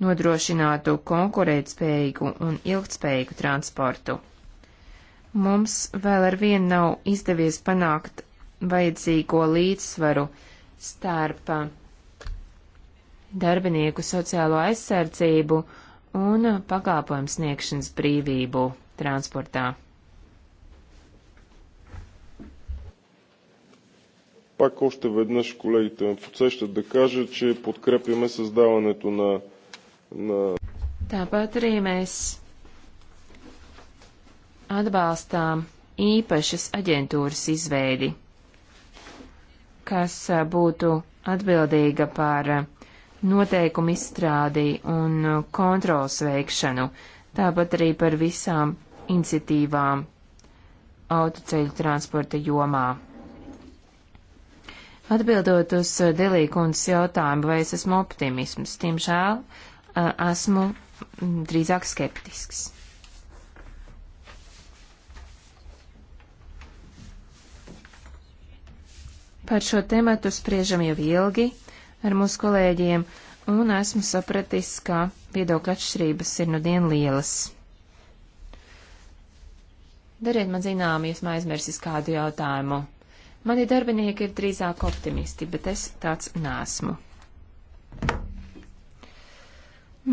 nodrošinātu konkurētspējīgu un ilgtspējīgu transportu. Mums vēl ar vienu nav izdevies panākt vajadzīgo līdzsvaru starp darbinieku sociālo aizsardzību un pakalpojumu sniegšanas brīvību transportā. Пак още веднъж колегите ме подсещат да кажа, че подкрепяме създаването на, на... Tāpat arī mēs atbalstām īpašas aģentūras izveidi, kas būtu atbildīga par noteikumu izstrādi un kontrols veikšanu, tāpat arī par visām iniciatīvām autoceļu transporta jomā. Atbildot uz eh, Delīkundas jautājumu, vai es esmu optimisms, tiemžēl eh, esmu mm, drīzāk skeptisks. Par šo tematu spriežam jau ilgi ar mūsu kolēģiem, un esmu sapratis, ka viedokļa atšķirības ir nu dien lielas. Dariet man zinām, ja esmu aizmirsis kādu jautājumu. Mani darbinieki ir drīzāk optimisti, bet es tāds nāsmu.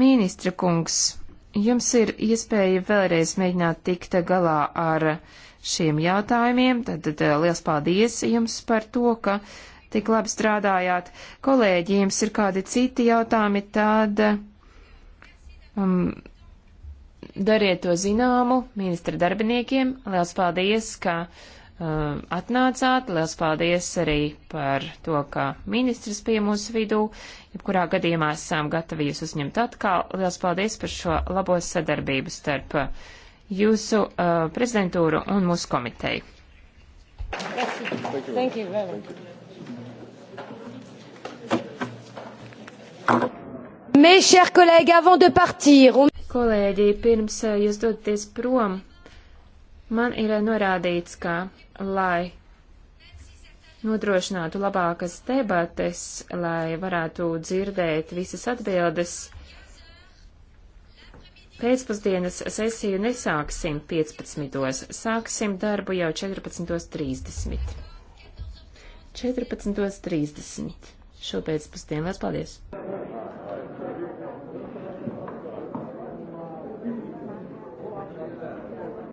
Ministra kungs, jums ir iespēja vēlreiz mēģināt tikt galā ar šiem jautājumiem, tad, tad eh, liels paldies jums par to, ka tik labi strādājāt. Kolēģi, jums ir kādi citi jautājumi, tad um, dariet to zināmu ministra darbiniekiem. Liels paldies, ka. Uh, Eh, atnācāt. Liels paldies arī par to, ka ministrs bija mūsu vidū. Jebkurā gadījumā esam gatavi jūs uzņemt atkal. Liels paldies par šo labo sadarbību starp eh, jūsu uh, prezidentūru un mūsu komiteju. Thank you. Thank you very much. Mes chers collègues, avant de partir, on... Kolēģi, pirms jūs dodaties prom, Man ir norādīts, ka, lai nodrošinātu labākas debates, lai varētu dzirdēt visas atbildes, pēcpusdienas sesiju nesāksim 15. Sāksim darbu jau 14.30. 14.30. Šo pēcpusdienu. Lielas paldies!